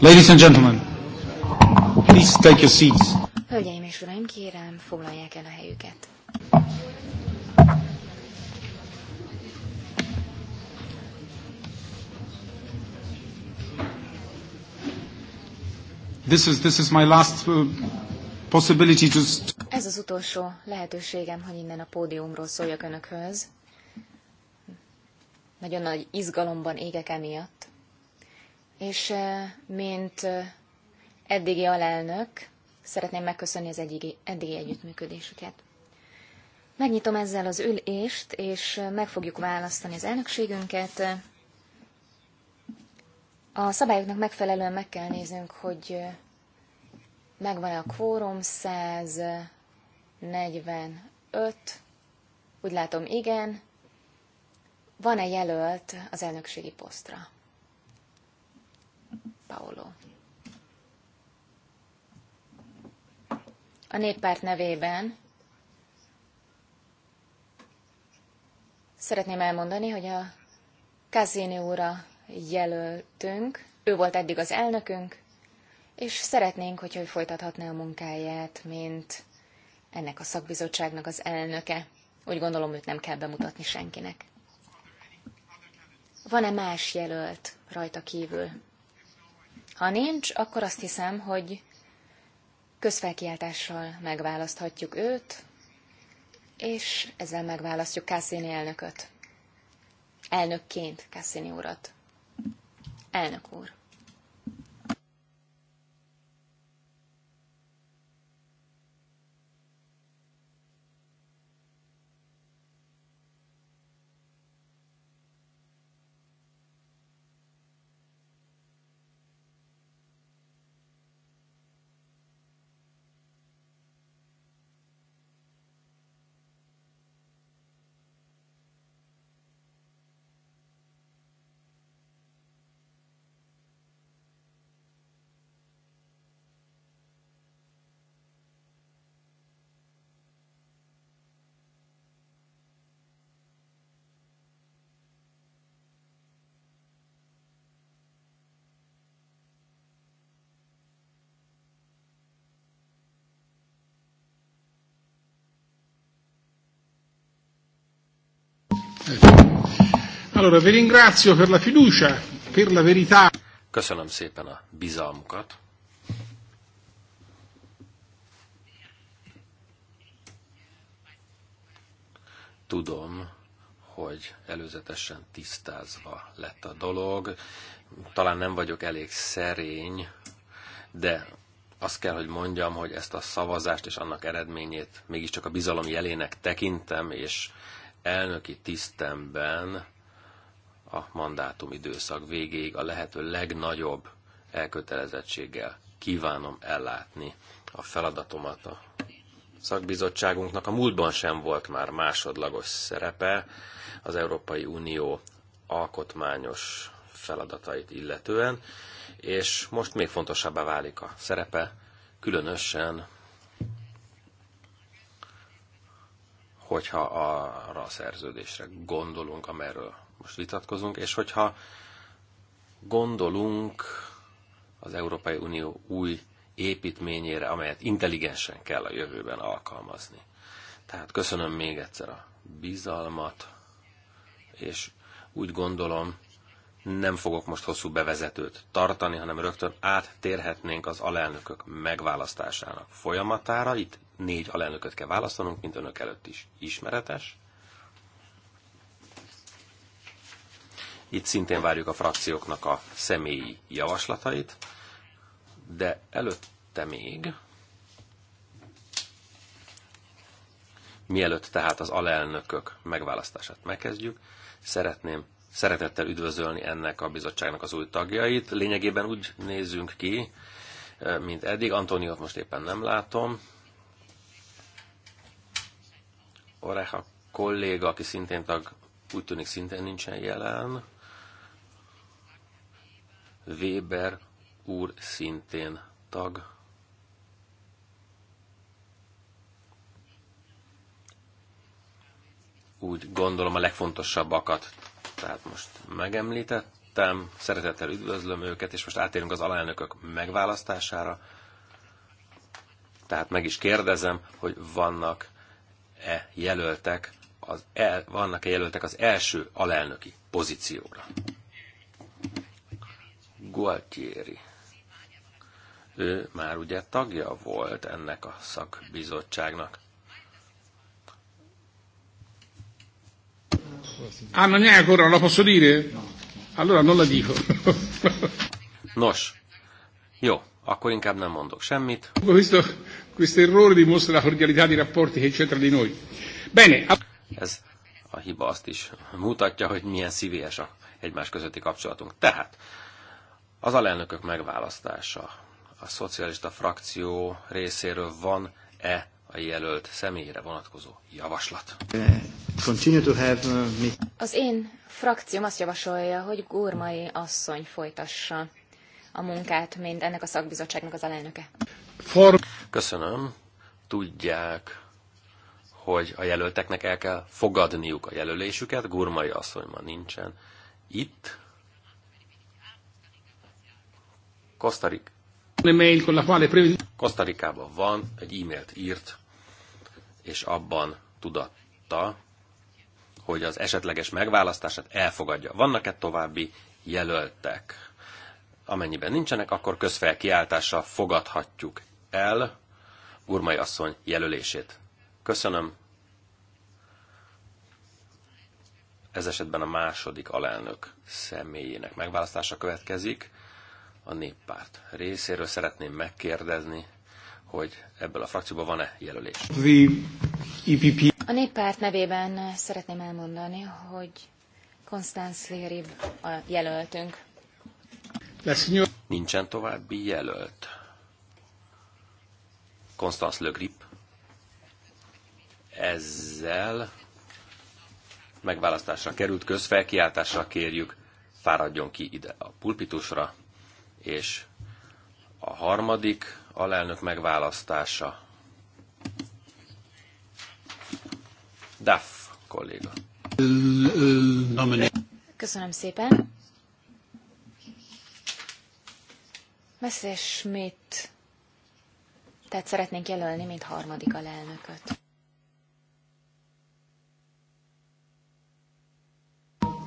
Ladies and gentlemen, please take your seats. Hölgyeim és uraim, kérem, foglalják el a helyüket. This is, this is my last uh, possibility to... Ez az utolsó lehetőségem, hogy innen a pódiumról szóljak önökhöz. Nagyon nagy izgalomban égek emiatt és mint eddigi alelnök szeretném megköszönni az eddigi, eddigi együttműködésüket. Megnyitom ezzel az ülést, és meg fogjuk választani az elnökségünket. A szabályoknak megfelelően meg kell néznünk, hogy megvan-e a kvórum 145, úgy látom igen. Van-e jelölt az elnökségi posztra? Paolo. A néppárt nevében szeretném elmondani, hogy a Kazini úra jelöltünk, ő volt eddig az elnökünk, és szeretnénk, hogyha ő folytathatná a munkáját, mint ennek a szakbizottságnak az elnöke. Úgy gondolom, őt nem kell bemutatni senkinek. Van-e más jelölt rajta kívül? Ha nincs, akkor azt hiszem, hogy közfelkiáltással megválaszthatjuk őt, és ezzel megválasztjuk Cassini elnököt. Elnökként Cassini urat. Elnök úr. Allora, vi ringrazio per la fiducia, per la verità. Köszönöm szépen a bizalmukat. Tudom, hogy előzetesen tisztázva lett a dolog. Talán nem vagyok elég szerény, de azt kell, hogy mondjam, hogy ezt a szavazást és annak eredményét mégiscsak a bizalom jelének tekintem, és elnöki tisztemben a mandátum időszak végéig a lehető legnagyobb elkötelezettséggel kívánom ellátni a feladatomat a szakbizottságunknak. A múltban sem volt már másodlagos szerepe az Európai Unió alkotmányos feladatait illetően, és most még fontosabbá válik a szerepe, különösen hogyha arra a szerződésre gondolunk, amerről most vitatkozunk, és hogyha gondolunk az Európai Unió új építményére, amelyet intelligensen kell a jövőben alkalmazni. Tehát köszönöm még egyszer a bizalmat, és úgy gondolom, nem fogok most hosszú bevezetőt tartani, hanem rögtön áttérhetnénk az alelnökök megválasztásának folyamatára. Itt négy alelnököt kell választanunk, mint önök előtt is ismeretes. Itt szintén várjuk a frakcióknak a személyi javaslatait, de előtte még, mielőtt tehát az alelnökök megválasztását megkezdjük, szeretném szeretettel üdvözölni ennek a bizottságnak az új tagjait. Lényegében úgy nézzünk ki, mint eddig. Antoniót most éppen nem látom. Oreha kolléga, aki szintén tag, úgy tűnik szintén nincsen jelen. Weber úr szintén tag. Úgy gondolom a legfontosabbakat. Tehát most megemlítettem, szeretettel üdvözlöm őket, és most átérünk az alelnökök megválasztására. Tehát meg is kérdezem, hogy vannak-e jelöltek vannak-e jelöltek az első alelnöki pozícióra? Gualtieri. Ő már ugye tagja volt ennek a szakbizottságnak. Ah, non è la posso dire? Allora non la dico. Nos, jó, akkor inkább nem mondok semmit. Questo, questo errore dimostra la cordialità dei rapporti che c'è tra di noi. Bene. Ez a hiba azt is mutatja, hogy milyen szívélyes a egymás közötti kapcsolatunk. Tehát, az alelnökök megválasztása a szocialista frakció részéről van-e a jelölt személyre vonatkozó javaslat? Uh, az én frakcióm azt javasolja, hogy Gurmai asszony folytassa a munkát, mint ennek a szakbizottságnak az alelnöke. Köszönöm. Tudják, hogy a jelölteknek el kell fogadniuk a jelölésüket. Gurmai asszony ma nincsen itt. Kosztarikában van, egy e-mailt írt, és abban tudatta, hogy az esetleges megválasztását elfogadja. Vannak-e további jelöltek? Amennyiben nincsenek, akkor közfelkiáltással fogadhatjuk el urmai asszony jelölését. Köszönöm. Ez esetben a második alelnök személyének megválasztása következik a néppárt részéről szeretném megkérdezni, hogy ebből a frakcióban van-e jelölés. E a néppárt nevében szeretném elmondani, hogy Konstanz Lérib a jelöltünk. Nincsen további jelölt. Konstanz Le Grip. Ezzel megválasztásra került közfelkiáltásra kérjük, fáradjon ki ide a pulpitusra és a harmadik alelnök megválasztása. Duff kolléga. Köszönöm szépen. Messerschmitt tehát szeretnénk jelölni, mint harmadik alelnököt.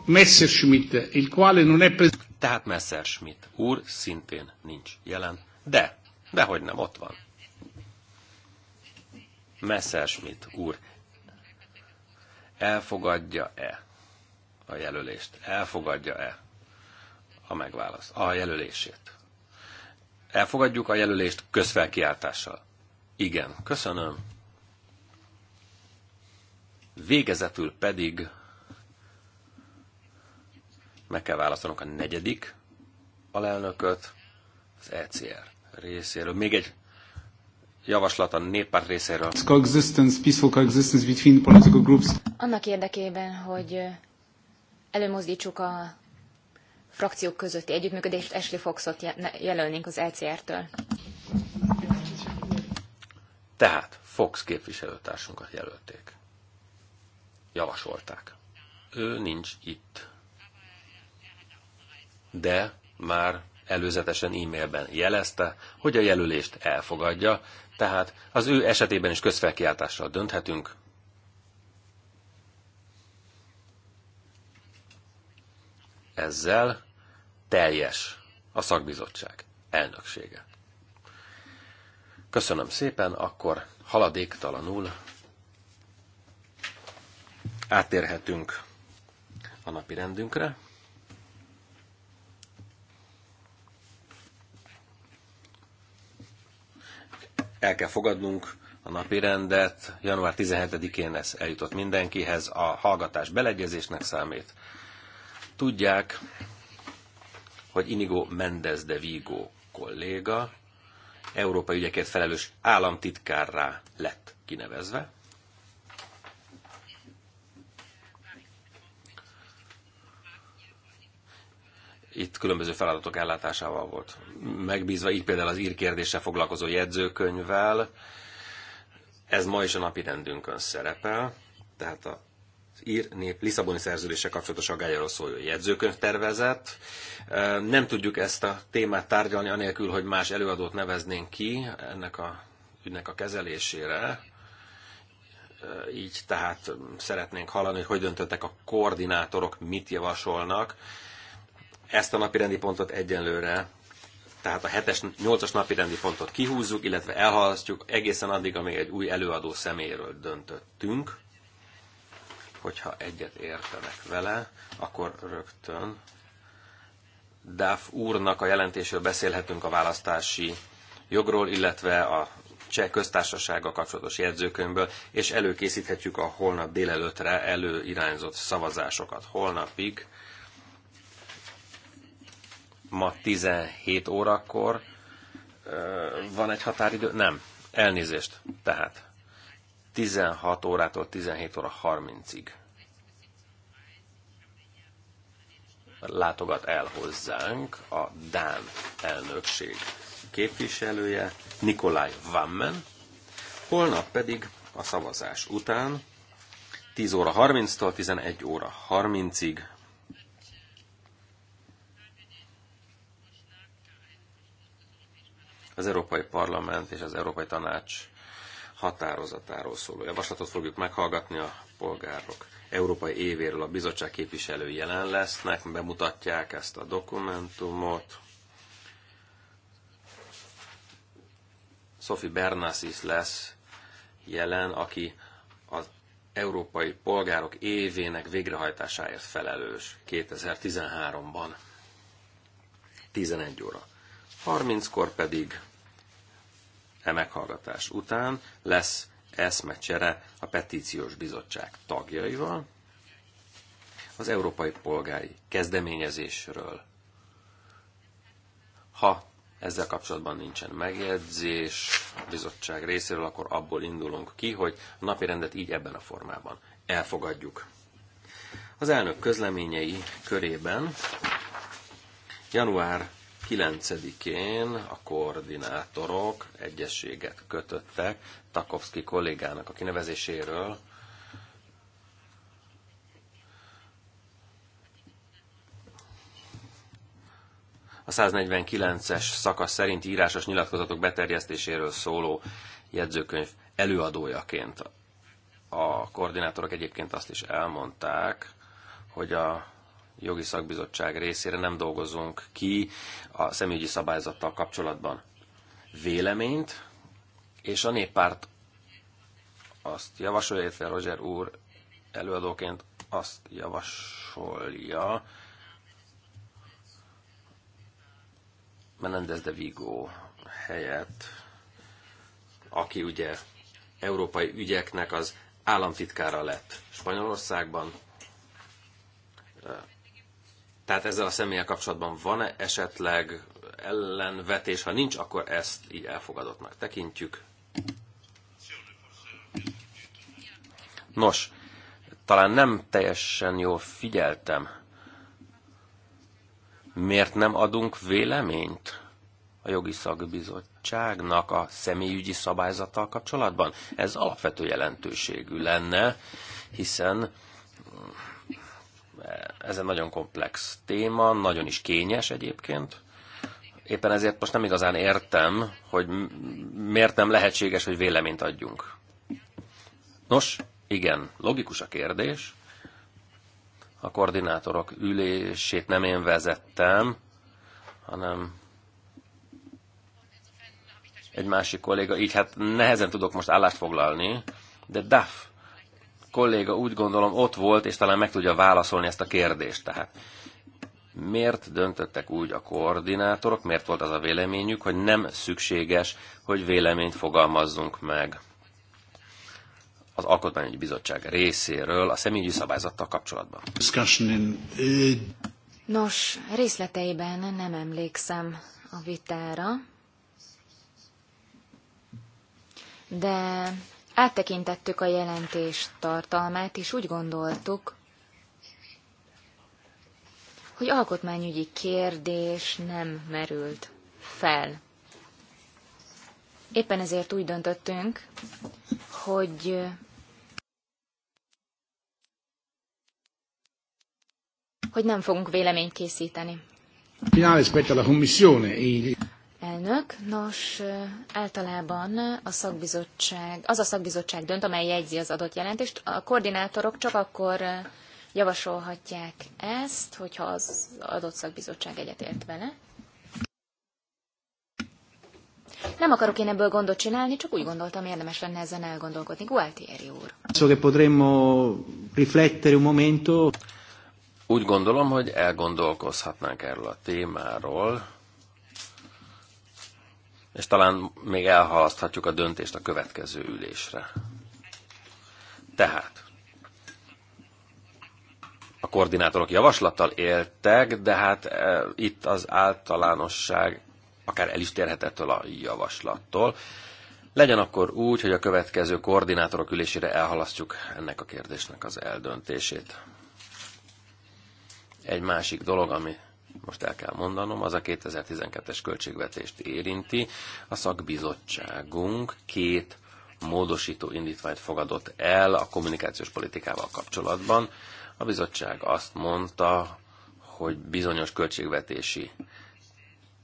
Messerschmitt, il quale non è presente. Tehát Messerschmitt úr szintén nincs jelen, de, dehogy nem, ott van. Messerschmitt úr elfogadja-e a jelölést? Elfogadja-e a megválasz, a jelölését? Elfogadjuk a jelölést közfelkiáltással. Igen, köszönöm. Végezetül pedig meg kell választanunk a negyedik alelnököt, az ECR részéről. Még egy javaslat a néppárt részéről. Coexistence, peaceful coexistence between political groups. Annak érdekében, hogy előmozdítsuk a frakciók közötti együttműködést, Ashley Foxot jelölnénk az ECR-től. Tehát Fox képviselőtársunkat jelölték. Javasolták. Ő nincs itt de már előzetesen e-mailben jelezte, hogy a jelölést elfogadja, tehát az ő esetében is közfelkiáltással dönthetünk. Ezzel teljes a szakbizottság elnöksége. Köszönöm szépen, akkor haladéktalanul átérhetünk a napi rendünkre. el kell fogadnunk a napi rendet. Január 17-én ez eljutott mindenkihez, a hallgatás beleegyezésnek számít. Tudják, hogy Inigo Mendez de Vigo kolléga európai ügyekért felelős államtitkárrá lett kinevezve. itt különböző feladatok ellátásával volt megbízva, így például az ír kérdéssel foglalkozó jegyzőkönyvvel. Ez ma is a napi rendünkön szerepel, tehát a ír nép Lisszaboni szerződése kapcsolatos agályáról szóló jegyzőkönyv tervezett. Nem tudjuk ezt a témát tárgyalni, anélkül, hogy más előadót neveznénk ki ennek a ügynek a kezelésére. Így tehát szeretnénk hallani, hogy hogy döntöttek a koordinátorok, mit javasolnak ezt a napirendi pontot egyenlőre, tehát a 7-es, 8-as napirendi pontot kihúzzuk, illetve elhalasztjuk egészen addig, amíg egy új előadó személyről döntöttünk. Hogyha egyet értenek vele, akkor rögtön DAF úrnak a jelentésről beszélhetünk a választási jogról, illetve a cseh köztársasággal kapcsolatos jegyzőkönyvből, és előkészíthetjük a holnap délelőtre előirányzott szavazásokat. Holnapig ma 17 órakor van egy határidő? Nem. Elnézést. Tehát 16 órától 17 óra 30-ig látogat el hozzánk a Dán elnökség képviselője, Nikolaj Vammen. Holnap pedig a szavazás után 10 óra 30-tól 11 óra 30-ig Az Európai Parlament és az Európai Tanács határozatáról szóló javaslatot fogjuk meghallgatni a polgárok Európai Évéről. A bizottság képviselői jelen lesznek, bemutatják ezt a dokumentumot. Sofi Bernasis lesz jelen, aki az európai polgárok évének végrehajtásáért felelős 2013-ban. 11 óra. 30-kor pedig e meghallgatás után lesz eszmecsere a petíciós bizottság tagjaival az európai polgári kezdeményezésről. Ha ezzel kapcsolatban nincsen megjegyzés a bizottság részéről, akkor abból indulunk ki, hogy a napi rendet így ebben a formában elfogadjuk. Az elnök közleményei körében január 9-én a koordinátorok egyességet kötöttek Takovski kollégának a kinevezéséről. A 149-es szakasz szerint írásos nyilatkozatok beterjesztéséről szóló jegyzőkönyv előadójaként. A koordinátorok egyébként azt is elmondták, hogy a jogi szakbizottság részére nem dolgozunk ki a személyügyi szabályzattal kapcsolatban véleményt, és a néppárt azt javasolja, illetve Roger úr előadóként azt javasolja, Menendez de Vigo helyett, aki ugye európai ügyeknek az államtitkára lett Spanyolországban, tehát ezzel a személlyel kapcsolatban van-e esetleg ellenvetés? Ha nincs, akkor ezt így elfogadottnak tekintjük. Nos, talán nem teljesen jól figyeltem. Miért nem adunk véleményt a jogi szakbizottságnak a személyügyi szabályzattal kapcsolatban? Ez alapvető jelentőségű lenne, hiszen ez egy nagyon komplex téma, nagyon is kényes egyébként. Éppen ezért most nem igazán értem, hogy miért nem lehetséges, hogy véleményt adjunk. Nos, igen, logikus a kérdés. A koordinátorok ülését nem én vezettem, hanem egy másik kolléga, így hát nehezen tudok most állást foglalni, de DAF kolléga úgy gondolom ott volt, és talán meg tudja válaszolni ezt a kérdést. Tehát miért döntöttek úgy a koordinátorok, miért volt az a véleményük, hogy nem szükséges, hogy véleményt fogalmazzunk meg az Alkotmányügyi Bizottság részéről a személyügyi szabályzattal kapcsolatban? Nos, részleteiben nem emlékszem a vitára, de Áttekintettük a jelentés tartalmát, és úgy gondoltuk, hogy alkotmányügyi kérdés nem merült fel. Éppen ezért úgy döntöttünk, hogy hogy nem fogunk véleményt készíteni. Elnök, nos, általában a szakbizottság, az a szakbizottság dönt, amely jegyzi az adott jelentést. A koordinátorok csak akkor javasolhatják ezt, hogyha az adott szakbizottság egyetért vele. Nem akarok én ebből gondot csinálni, csak úgy gondoltam, érdemes lenne ezen elgondolkodni. Gualtieri úr. So che potremmo riflettere un momento. Úgy gondolom, hogy elgondolkozhatnánk erről a témáról, és talán még elhalaszthatjuk a döntést a következő ülésre. Tehát a koordinátorok javaslattal éltek, de hát e, itt az általánosság akár el is térhetettől a javaslattól. Legyen akkor úgy, hogy a következő koordinátorok ülésére elhalasztjuk ennek a kérdésnek az eldöntését. Egy másik dolog, ami most el kell mondanom, az a 2012-es költségvetést érinti. A szakbizottságunk két módosító indítványt fogadott el a kommunikációs politikával kapcsolatban. A bizottság azt mondta, hogy bizonyos költségvetési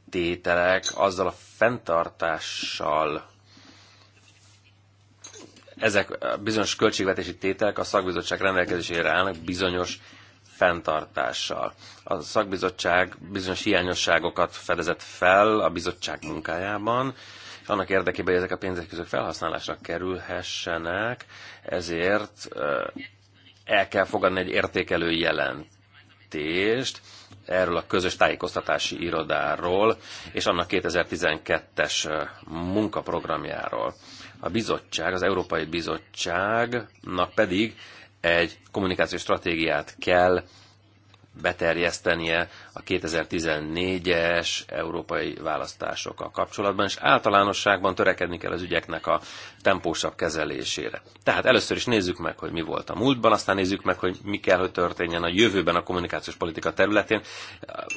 tételek azzal a fenntartással ezek bizonyos költségvetési tételek a szakbizottság rendelkezésére állnak bizonyos fenntartással. A szakbizottság bizonyos hiányosságokat fedezett fel a bizottság munkájában, és annak érdekében, hogy ezek a pénzek pénzeközök felhasználásra kerülhessenek, ezért el kell fogadni egy értékelő jelentést erről a közös tájékoztatási irodáról és annak 2012-es munkaprogramjáról. A bizottság, az Európai Bizottságnak pedig egy kommunikációs stratégiát kell beterjesztenie a 2014-es európai választásokkal kapcsolatban, és általánosságban törekedni kell az ügyeknek a tempósabb kezelésére. Tehát először is nézzük meg, hogy mi volt a múltban, aztán nézzük meg, hogy mi kell, hogy történjen a jövőben a kommunikációs politika területén.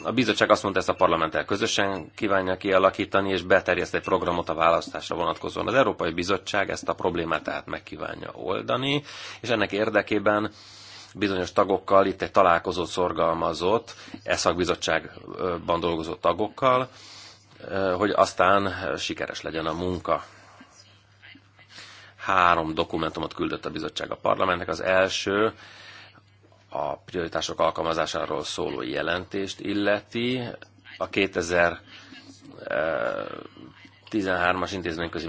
A bizottság azt mondta, ezt a parlamenttel közösen kívánja kialakítani, és beterjeszt egy programot a választásra vonatkozóan. Az Európai Bizottság ezt a problémát tehát megkívánja oldani, és ennek érdekében bizonyos tagokkal, itt egy találkozót szorgalmazott, e szakbizottságban dolgozó tagokkal, hogy aztán sikeres legyen a munka. Három dokumentumot küldött a bizottság a parlamentnek. Az első a prioritások alkalmazásáról szóló jelentést illeti, a 2000 13-as intézményközi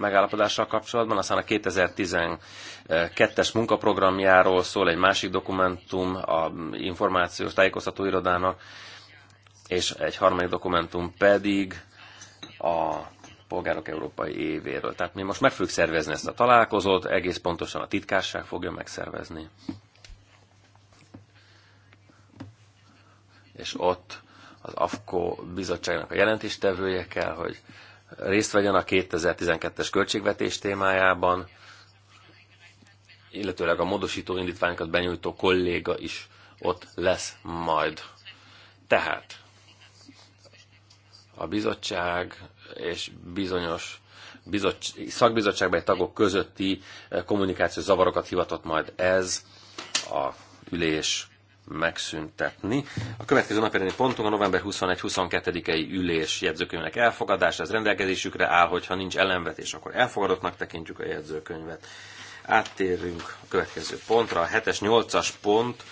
megállapodással kapcsolatban, aztán a 2012-es munkaprogramjáról szól egy másik dokumentum, a információs tájékoztató irodának, és egy harmadik dokumentum pedig a polgárok európai évéről. Tehát mi most meg fogjuk szervezni ezt a találkozót, egész pontosan a titkárság fogja megszervezni. És ott az AFKO bizottságnak a jelentéstevője kell, hogy részt vegyen a 2012-es költségvetés témájában, illetőleg a módosító indítványokat benyújtó kolléga is ott lesz majd. Tehát a bizottság és bizonyos bizottság, szakbizottságbeli tagok közötti kommunikációs zavarokat hivatott majd ez a ülés megszüntetni. A következő napi pontunk a november 21-22-i ülés jegyzőkönyvnek elfogadása. Ez rendelkezésükre áll, hogyha nincs ellenvetés, akkor elfogadottnak tekintjük a jegyzőkönyvet. Áttérünk a következő pontra. A 7-es, 8-as pont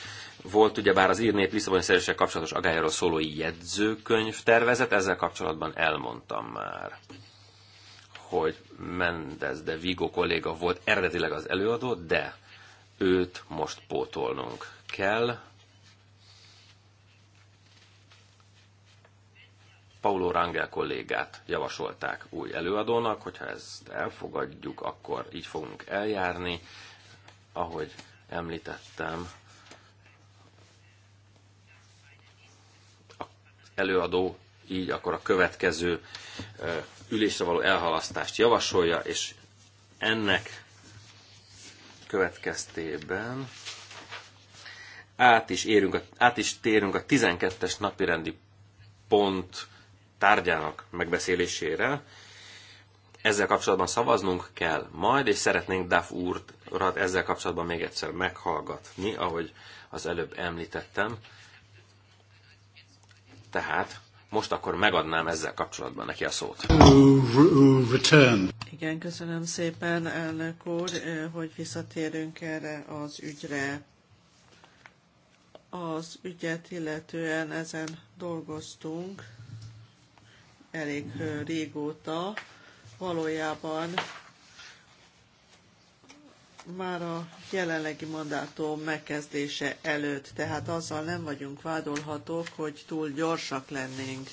volt ugyebár az írnép Lisszaboni szerzéssel kapcsolatos agályáról szóló jegyzőkönyv tervezet, ezzel kapcsolatban elmondtam már hogy Mendez de Vigo kolléga volt eredetileg az előadó, de őt most pótolnunk kell. Paulo Rangel kollégát javasolták új előadónak, hogyha ezt elfogadjuk, akkor így fogunk eljárni. Ahogy említettem, Az előadó így akkor a következő ülésre való elhalasztást javasolja, és ennek következtében át is, érünk, át is térünk a 12-es napirendi pont tárgyának megbeszélésére. Ezzel kapcsolatban szavaznunk kell majd, és szeretnénk Duff urat ezzel kapcsolatban még egyszer meghallgatni, ahogy az előbb említettem. Tehát most akkor megadnám ezzel kapcsolatban neki a szót. Return. Igen, köszönöm szépen, elnök úr, hogy visszatérünk erre az ügyre. Az ügyet illetően ezen dolgoztunk elég régóta. Valójában már a jelenlegi mandátum megkezdése előtt, tehát azzal nem vagyunk vádolhatók, hogy túl gyorsak lennénk.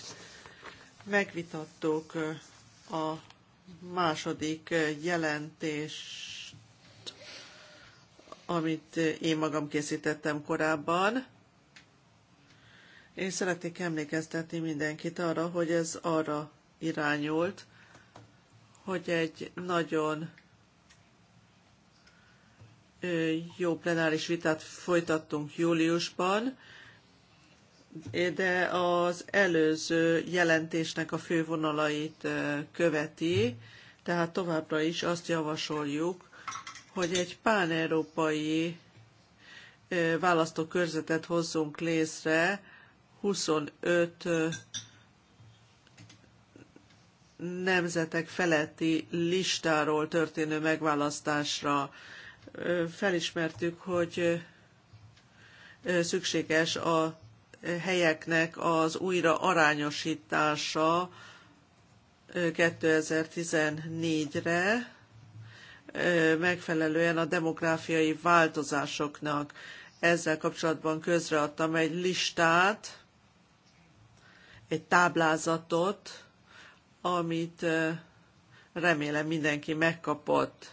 Megvitattuk a második jelentést, amit én magam készítettem korábban, én szeretnék emlékeztetni mindenkit arra, hogy ez arra irányult, hogy egy nagyon jó plenáris vitát folytattunk júliusban, de az előző jelentésnek a fővonalait követi, tehát továbbra is azt javasoljuk, hogy egy pán-európai választókörzetet hozzunk létre, 25 nemzetek feletti listáról történő megválasztásra felismertük, hogy szükséges a helyeknek az újra arányosítása 2014-re megfelelően a demográfiai változásoknak. Ezzel kapcsolatban közreadtam egy listát, egy táblázatot, amit remélem mindenki megkapott,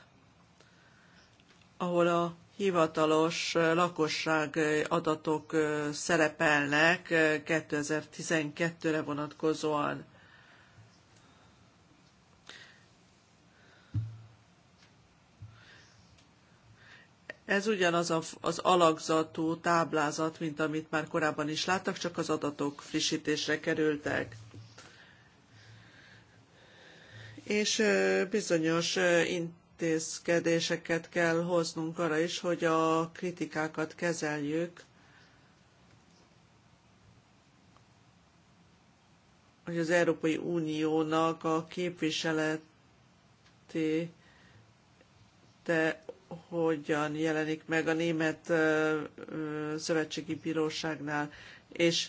ahol a hivatalos lakosság adatok szerepelnek 2012-re vonatkozóan. Ez ugyanaz az alakzatú táblázat, mint amit már korábban is láttak, csak az adatok frissítésre kerültek. És bizonyos intézkedéseket kell hoznunk arra is, hogy a kritikákat kezeljük, hogy az Európai Uniónak a képviseleti te hogyan jelenik meg a Német Szövetségi Bíróságnál, és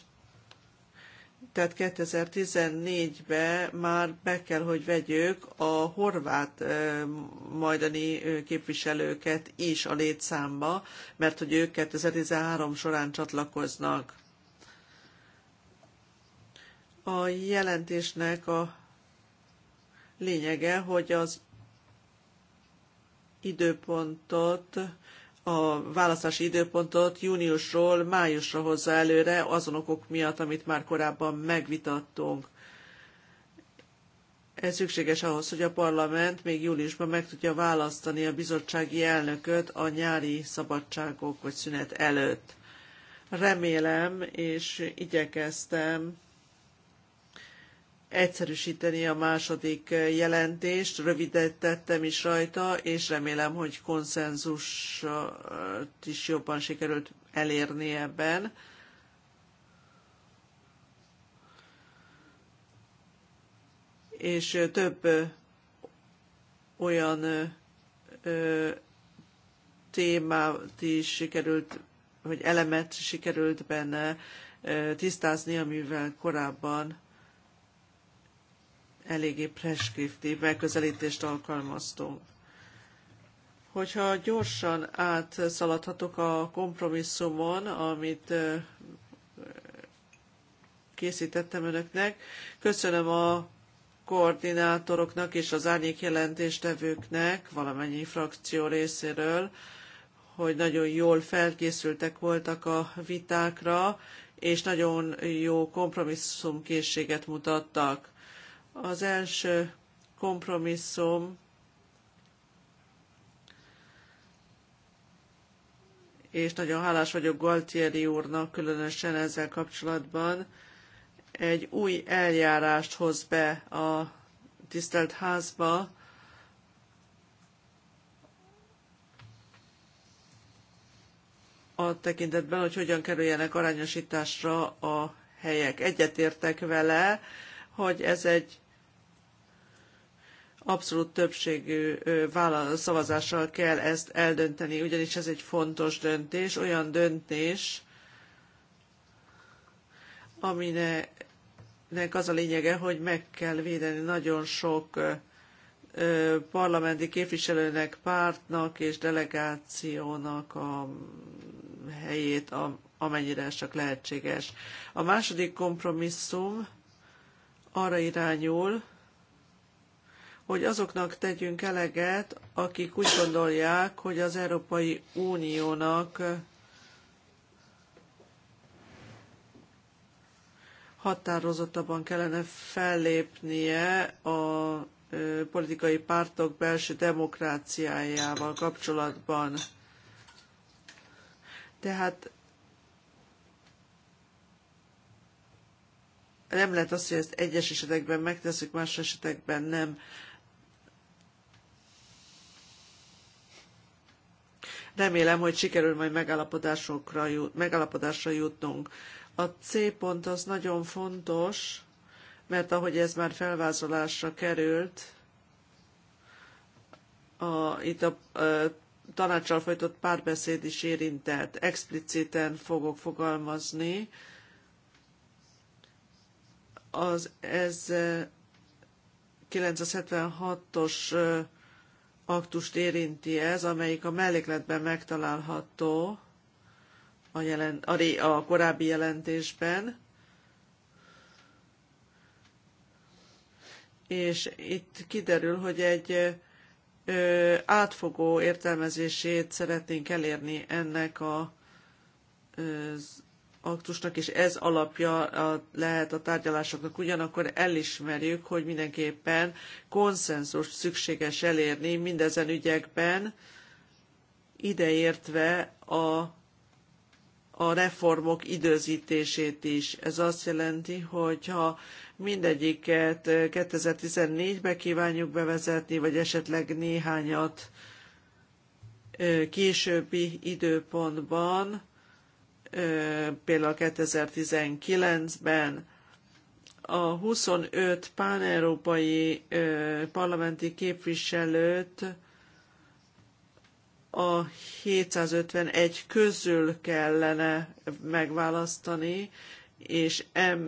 tehát 2014-ben már be kell, hogy vegyük a horvát majdani képviselőket is a létszámba, mert hogy ők 2013 során csatlakoznak. A jelentésnek a lényege, hogy az időpontot, a választási időpontot júniusról májusra hozza előre azon okok miatt, amit már korábban megvitattunk. Ez szükséges ahhoz, hogy a parlament még júliusban meg tudja választani a bizottsági elnököt a nyári szabadságok vagy szünet előtt. Remélem és igyekeztem egyszerűsíteni a második eh, jelentést, rövidítettem is rajta, és remélem, hogy konszenzus is jobban sikerült elérni ebben. És eh, több eh, olyan témát is sikerült, vagy elemet sikerült benne tisztázni, amivel korábban eléggé preskriptív megközelítést alkalmaztunk. Hogyha gyorsan átszaladhatok a kompromisszumon, amit készítettem önöknek, köszönöm a koordinátoroknak és az árnyék jelentéstevőknek valamennyi frakció részéről, hogy nagyon jól felkészültek voltak a vitákra, és nagyon jó kompromisszumkészséget mutattak. Az első kompromisszum és nagyon hálás vagyok Galtieri úrnak különösen ezzel kapcsolatban, egy új eljárást hoz be a tisztelt házba, a tekintetben, hogy hogyan kerüljenek arányosításra a helyek. Egyetértek vele, hogy ez egy abszolút többségű szavazással kell ezt eldönteni, ugyanis ez egy fontos döntés, olyan döntés, aminek az a lényege, hogy meg kell védeni nagyon sok parlamenti képviselőnek, pártnak és delegációnak a helyét, amennyire csak lehetséges. A második kompromisszum arra irányul, hogy azoknak tegyünk eleget, akik úgy gondolják, hogy az Európai Uniónak határozottabban kellene fellépnie a politikai pártok belső demokráciájával kapcsolatban. Tehát nem lehet azt, hogy ezt egyes esetekben megteszünk, más esetekben nem. Remélem, hogy sikerül majd megállapodásokra jut, megállapodásra jutnunk. A C pont az nagyon fontos, mert ahogy ez már felvázolásra került, a, itt a, a tanácssal folytott párbeszéd is érintett. Expliciten fogok fogalmazni. Az ez 976-os aktust érinti ez, amelyik a mellékletben megtalálható a, jelen, a, a korábbi jelentésben. És itt kiderül, hogy egy ö, átfogó értelmezését szeretnénk elérni ennek a, aktusnak, és ez alapja a, lehet a tárgyalásoknak. Ugyanakkor elismerjük, hogy mindenképpen konszenzust szükséges elérni mindezen ügyekben, ideértve a a reformok időzítését is. Ez azt jelenti, hogy ha mindegyiket 2014-be kívánjuk bevezetni, vagy esetleg néhányat későbbi időpontban, például 2019-ben a 25 páneurópai parlamenti képviselőt a 751 közül kellene megválasztani, és M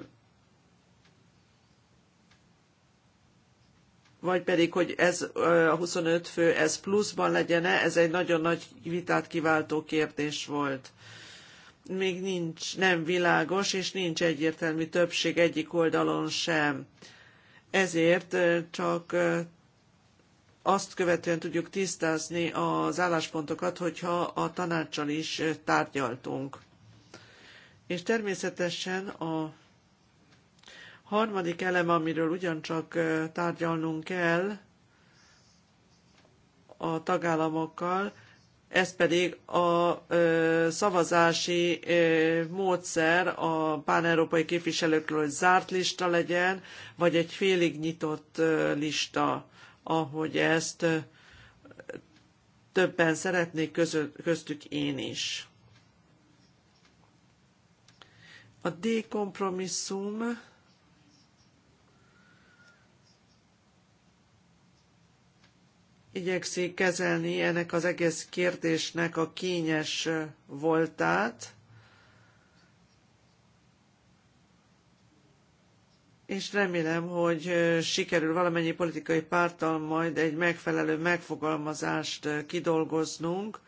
vagy pedig, hogy ez a 25 fő, ez pluszban legyen ez egy nagyon nagy vitát kiváltó kérdés volt még nincs, nem világos, és nincs egyértelmű többség egyik oldalon sem. Ezért csak azt követően tudjuk tisztázni az álláspontokat, hogyha a tanácssal is tárgyaltunk. És természetesen a harmadik elem, amiről ugyancsak tárgyalnunk kell a tagállamokkal, ez pedig a szavazási módszer a páneurópai képviselőkről, hogy zárt lista legyen, vagy egy félig nyitott lista, ahogy ezt többen szeretnék, köztük én is. A D kompromisszum igyekszik kezelni ennek az egész kérdésnek a kényes voltát, és remélem, hogy sikerül valamennyi politikai párttal majd egy megfelelő megfogalmazást kidolgoznunk,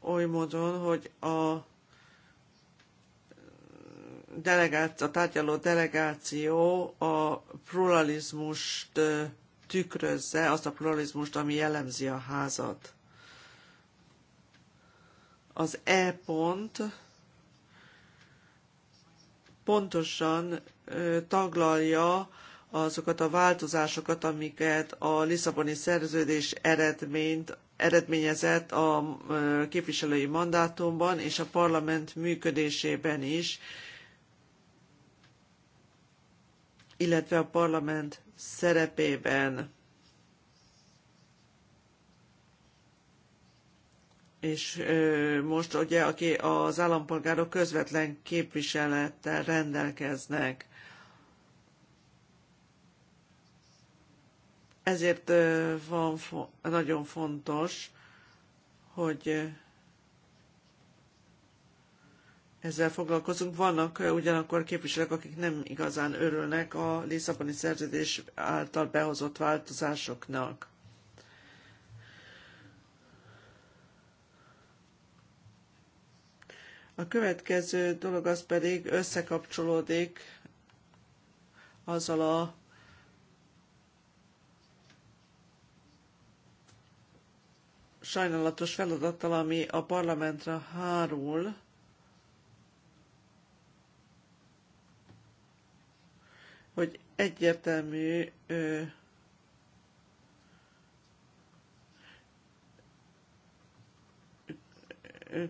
oly módon, hogy a delegáció, a tárgyaló delegáció a pluralizmust tükrözze, azt a pluralizmust, ami jellemzi a házat. Az E pont pontosan taglalja azokat a változásokat, amiket a Lisszaboni szerződés eredményt eredményezett a képviselői mandátumban és a parlament működésében is, illetve a parlament szerepében. és most ugye aki az állampolgárok közvetlen képviselettel rendelkeznek. Ezért van nagyon fontos, hogy ezzel foglalkozunk. Vannak ugyanakkor képviselők, akik nem igazán örülnek a Lisszaboni szerződés által behozott változásoknak. A következő dolog az pedig összekapcsolódik azzal a sajnálatos feladattal, ami a parlamentre hárul, hogy egyértelmű ö,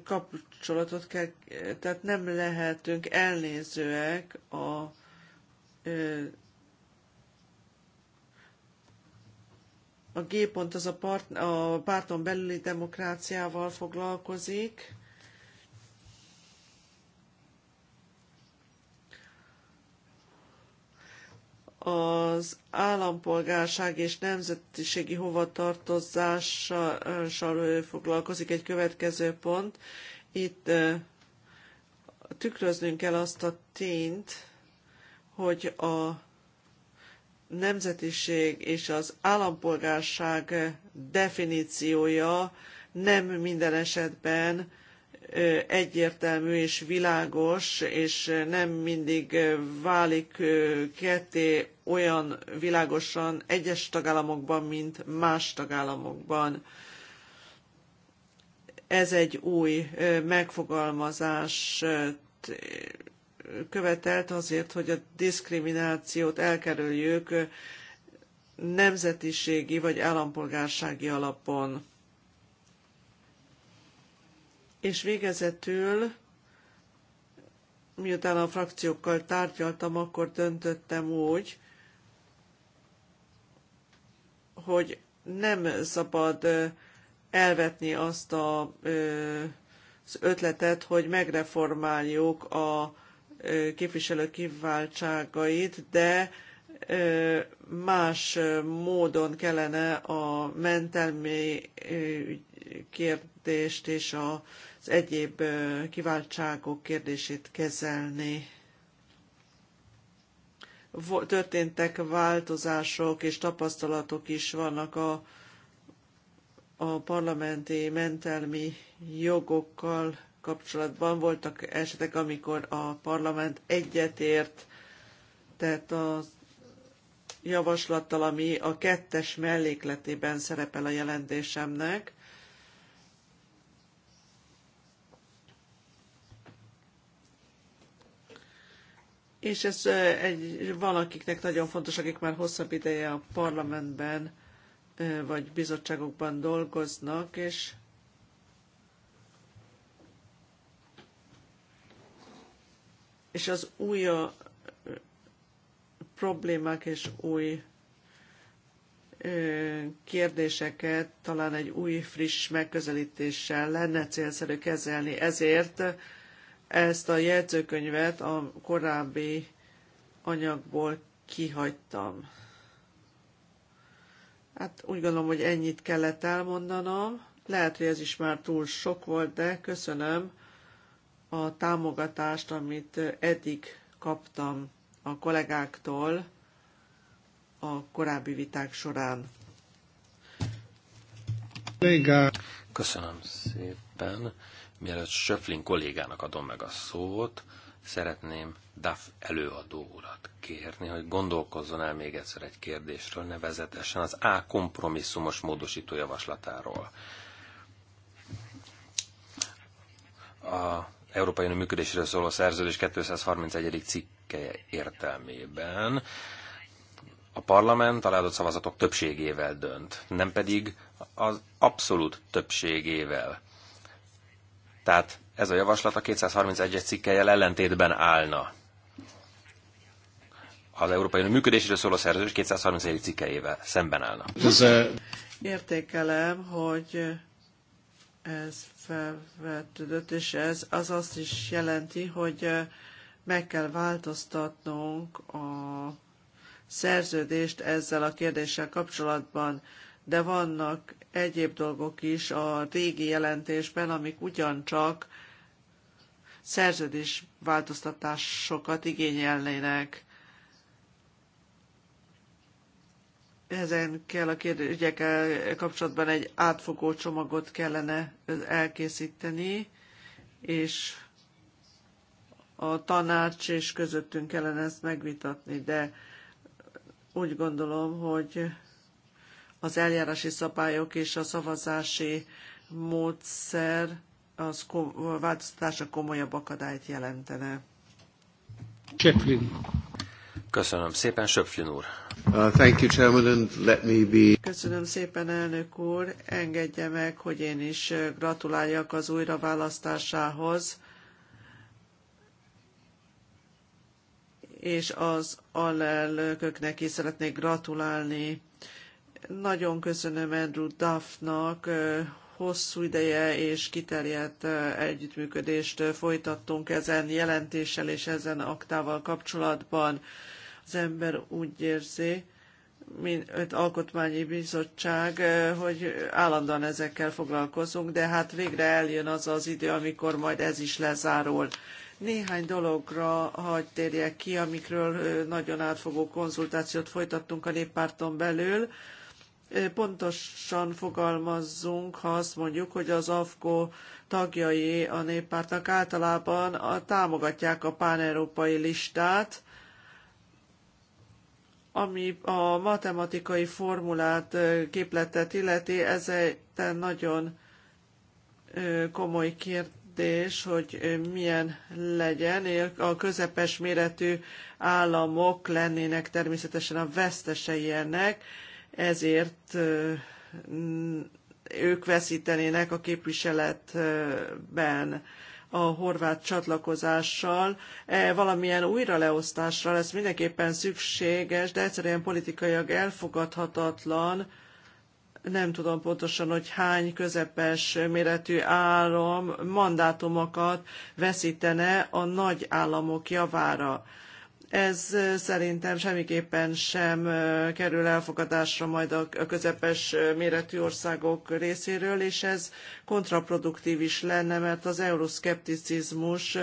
kapcsolatot kell, tehát nem lehetünk elnézőek a ö, a G pont az a, part, a párton belüli demokráciával foglalkozik, az állampolgárság és nemzetiségi hovatartozással foglalkozik egy következő pont. Itt tükröznünk kell azt a tényt, hogy a nemzetiség és az állampolgárság definíciója nem minden esetben egyértelmű és világos, és nem mindig válik ketté olyan világosan egyes tagállamokban, mint más tagállamokban. Ez egy új megfogalmazást követelt azért, hogy a diszkriminációt elkerüljük nemzetiségi vagy állampolgársági alapon és végezetül, miután a frakciókkal tárgyaltam, akkor döntöttem úgy, hogy nem szabad elvetni azt a, az ötletet, hogy megreformáljuk a képviselő kiváltságait, de más módon kellene a mentelmi kérdést és az egyéb kiváltságok kérdését kezelni. Történtek változások és tapasztalatok is vannak a, a parlamenti mentelmi jogokkal kapcsolatban. Voltak esetek, amikor a parlament egyetért, tehát az javaslattal, ami a kettes mellékletében szerepel a jelentésemnek. És ez egy, valakiknek nagyon fontos, akik már hosszabb ideje a parlamentben vagy bizottságokban dolgoznak, és és az új problémák és új kérdéseket talán egy új, friss megközelítéssel lenne célszerű kezelni. Ezért ezt a jegyzőkönyvet a korábbi anyagból kihagytam. Hát úgy gondolom, hogy ennyit kellett elmondanom. Lehet, hogy ez is már túl sok volt, de köszönöm a támogatást, amit eddig kaptam a kollégáktól a korábbi viták során. Köszönöm szépen. Mielőtt Söflin kollégának adom meg a szót, szeretném DAF előadó urat kérni, hogy gondolkozzon el még egyszer egy kérdésről, nevezetesen az A kompromisszumos módosító javaslatáról. A Európai Unió működéséről szóló szerződés 231. cikkeje értelmében a parlament a leadott szavazatok többségével dönt, nem pedig az abszolút többségével. Tehát ez a javaslat a 231-es cikkelyel ellentétben állna. Az Európai Unió működéséről szóló szerződés 231 cikkelyével szemben állna. Értékelem, hogy ez felvetődött, és ez az azt is jelenti, hogy meg kell változtatnunk a szerződést ezzel a kérdéssel kapcsolatban, de vannak egyéb dolgok is a régi jelentésben, amik ugyancsak szerződés változtatásokat igényelnének. ezen kell a kérdésekkel kapcsolatban egy átfogó csomagot kellene elkészíteni, és a tanács és közöttünk kellene ezt megvitatni, de úgy gondolom, hogy az eljárási szabályok és a szavazási módszer az kom- változtatása komolyabb akadályt jelentene. Chaplin. Köszönöm szépen, Söpfjön úr. Uh, thank you, Chairman, let me be... Köszönöm szépen, elnök úr. Engedje meg, hogy én is uh, gratuláljak az újraválasztásához. és az alelnököknek is szeretnék gratulálni. Nagyon köszönöm Andrew Duffnak, uh, hosszú ideje és kiterjedt együttműködést folytattunk ezen jelentéssel és ezen aktával kapcsolatban az ember úgy érzi, mint alkotmányi bizottság, hogy állandóan ezekkel foglalkozunk, de hát végre eljön az az idő, amikor majd ez is lezárul. Néhány dologra hagy térjek ki, amikről nagyon átfogó konzultációt folytattunk a néppárton belül. Pontosan fogalmazzunk, ha azt mondjuk, hogy az AFKO tagjai a néppártnak általában támogatják a páneurópai listát, ami a matematikai formulát, képletet illeti, ez egy nagyon komoly kérdés, hogy milyen legyen. A közepes méretű államok lennének természetesen a vesztesei ennek, ezért ők veszítenének a képviseletben a horvát csatlakozással, e, valamilyen újraleosztásra lesz mindenképpen szükséges, de egyszerűen politikaiak elfogadhatatlan, nem tudom pontosan, hogy hány közepes méretű állam mandátumokat veszítene a nagy államok javára. Ez szerintem semmiképpen sem kerül elfogadásra majd a közepes méretű országok részéről, és ez kontraproduktív is lenne, mert az euroszkepticizmus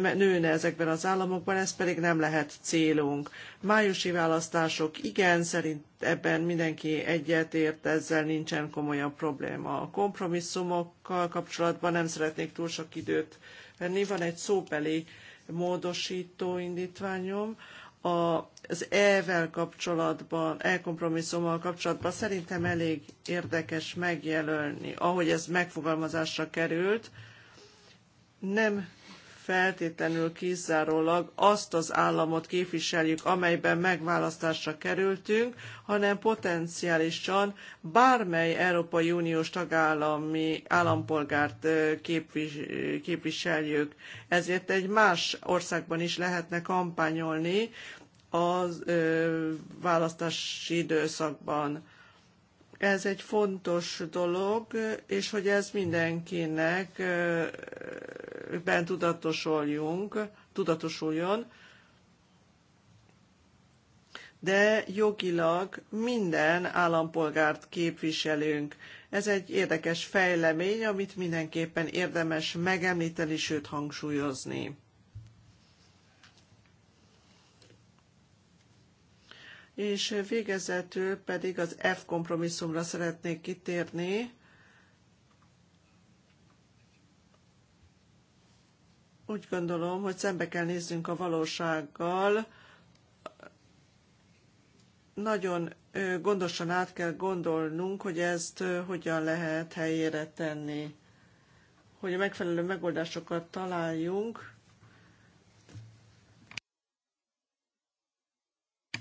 nőne ezekben az államokban, ez pedig nem lehet célunk. Májusi választások, igen, szerint ebben mindenki egyetért, ezzel nincsen komolyabb probléma. A kompromisszumokkal kapcsolatban nem szeretnék túl sok időt venni, van egy szóbeli módosító indítványom, az E-vel kapcsolatban, elkompromisszummal kapcsolatban szerintem elég érdekes megjelölni, ahogy ez megfogalmazásra került. Nem feltétlenül kizárólag azt az államot képviseljük, amelyben megválasztásra kerültünk, hanem potenciálisan bármely Európai Uniós tagállami állampolgárt képviseljük. Ezért egy más országban is lehetne kampányolni a választási időszakban ez egy fontos dolog, és hogy ez mindenkinek ben tudatosoljunk, tudatosuljon, de jogilag minden állampolgárt képviselünk. Ez egy érdekes fejlemény, amit mindenképpen érdemes megemlíteni, sőt hangsúlyozni. és végezetül pedig az F kompromisszumra szeretnék kitérni. Úgy gondolom, hogy szembe kell néznünk a valósággal, nagyon gondosan át kell gondolnunk, hogy ezt hogyan lehet helyére tenni. Hogy a megfelelő megoldásokat találjunk,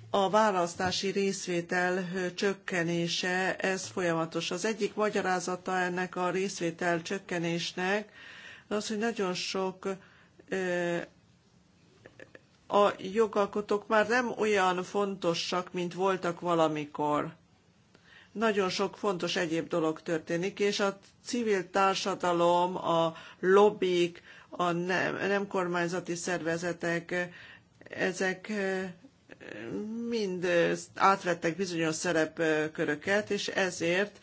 a választási részvétel csökkenése, ez folyamatos. Az egyik magyarázata ennek a részvétel csökkenésnek az, hogy nagyon sok a jogalkotók már nem olyan fontosak, mint voltak valamikor. Nagyon sok fontos egyéb dolog történik, és a civil társadalom, a lobbik, a nem, nem kormányzati szervezetek, ezek mind átvettek bizonyos szerepköröket, és ezért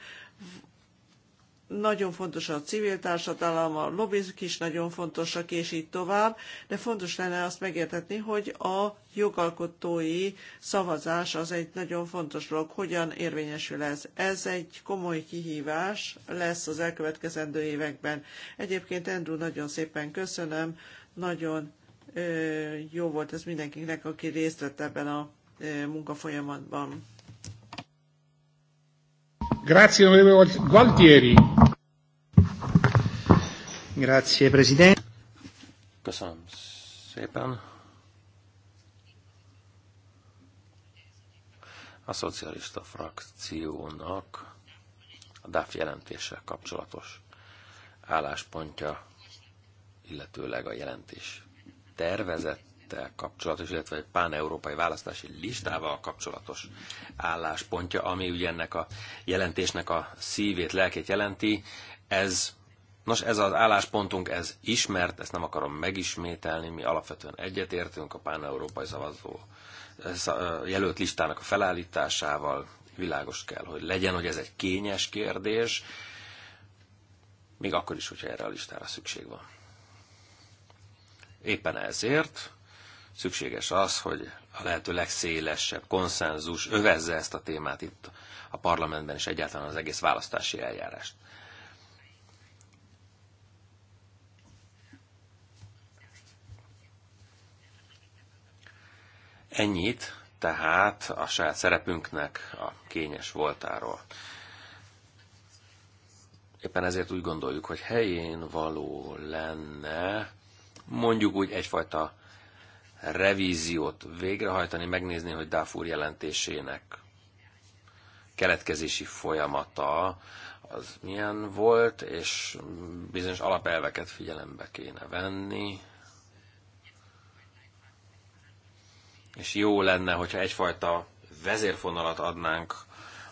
nagyon fontos a civil társadalom, a lobbizik is nagyon fontosak, és így tovább, de fontos lenne azt megértetni, hogy a jogalkotói szavazás az egy nagyon fontos dolog, hogyan érvényesül ez. Ez egy komoly kihívás lesz az elkövetkezendő években. Egyébként Andrew, nagyon szépen köszönöm, nagyon jó volt ez mindenkinek, aki részt vett ebben a munkafolyamatban. Grazie, onorevole Gualtieri. Grazie, Presidente. Köszönöm szépen. A szocialista frakciónak a DAF jelentéssel kapcsolatos álláspontja, illetőleg a jelentés tervezettel kapcsolatos, illetve egy pán-európai választási listával kapcsolatos álláspontja, ami ugye ennek a jelentésnek a szívét, lelkét jelenti. Ez, nos, ez az álláspontunk, ez ismert, ezt nem akarom megismételni, mi alapvetően egyetértünk a pán-európai szavazó jelölt listának a felállításával, világos kell, hogy legyen, hogy ez egy kényes kérdés, még akkor is, hogyha erre a listára szükség van. Éppen ezért szükséges az, hogy a lehető legszélesebb konszenzus övezze ezt a témát itt a parlamentben és egyáltalán az egész választási eljárást. Ennyit tehát a saját szerepünknek a kényes voltáról. Éppen ezért úgy gondoljuk, hogy helyén való lenne mondjuk úgy egyfajta revíziót végrehajtani, megnézni, hogy Dáfúr jelentésének keletkezési folyamata az milyen volt, és bizonyos alapelveket figyelembe kéne venni. És jó lenne, hogyha egyfajta vezérfonalat adnánk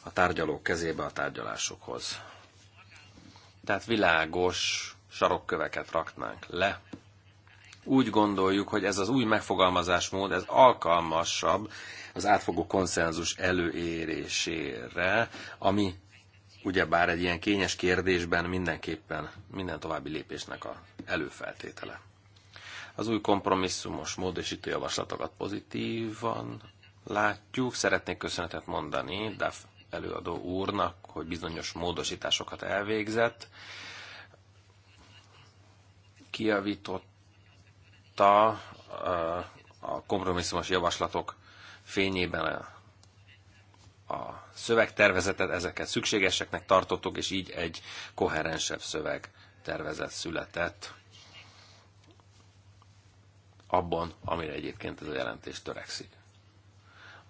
a tárgyalók kezébe a tárgyalásokhoz. Tehát világos sarokköveket raknánk le, úgy gondoljuk, hogy ez az új megfogalmazásmód, ez alkalmasabb az átfogó konszenzus előérésére, ami ugyebár egy ilyen kényes kérdésben mindenképpen minden további lépésnek a előfeltétele. Az új kompromisszumos módosító javaslatokat pozitívan látjuk. Szeretnék köszönetet mondani Duff előadó úrnak, hogy bizonyos módosításokat elvégzett. Kiavított megvitatta a kompromisszumos javaslatok fényében a, a szövegtervezetet, ezeket szükségeseknek tartottuk, és így egy koherensebb szövegtervezet született abban, amire egyébként ez a jelentés törekszik.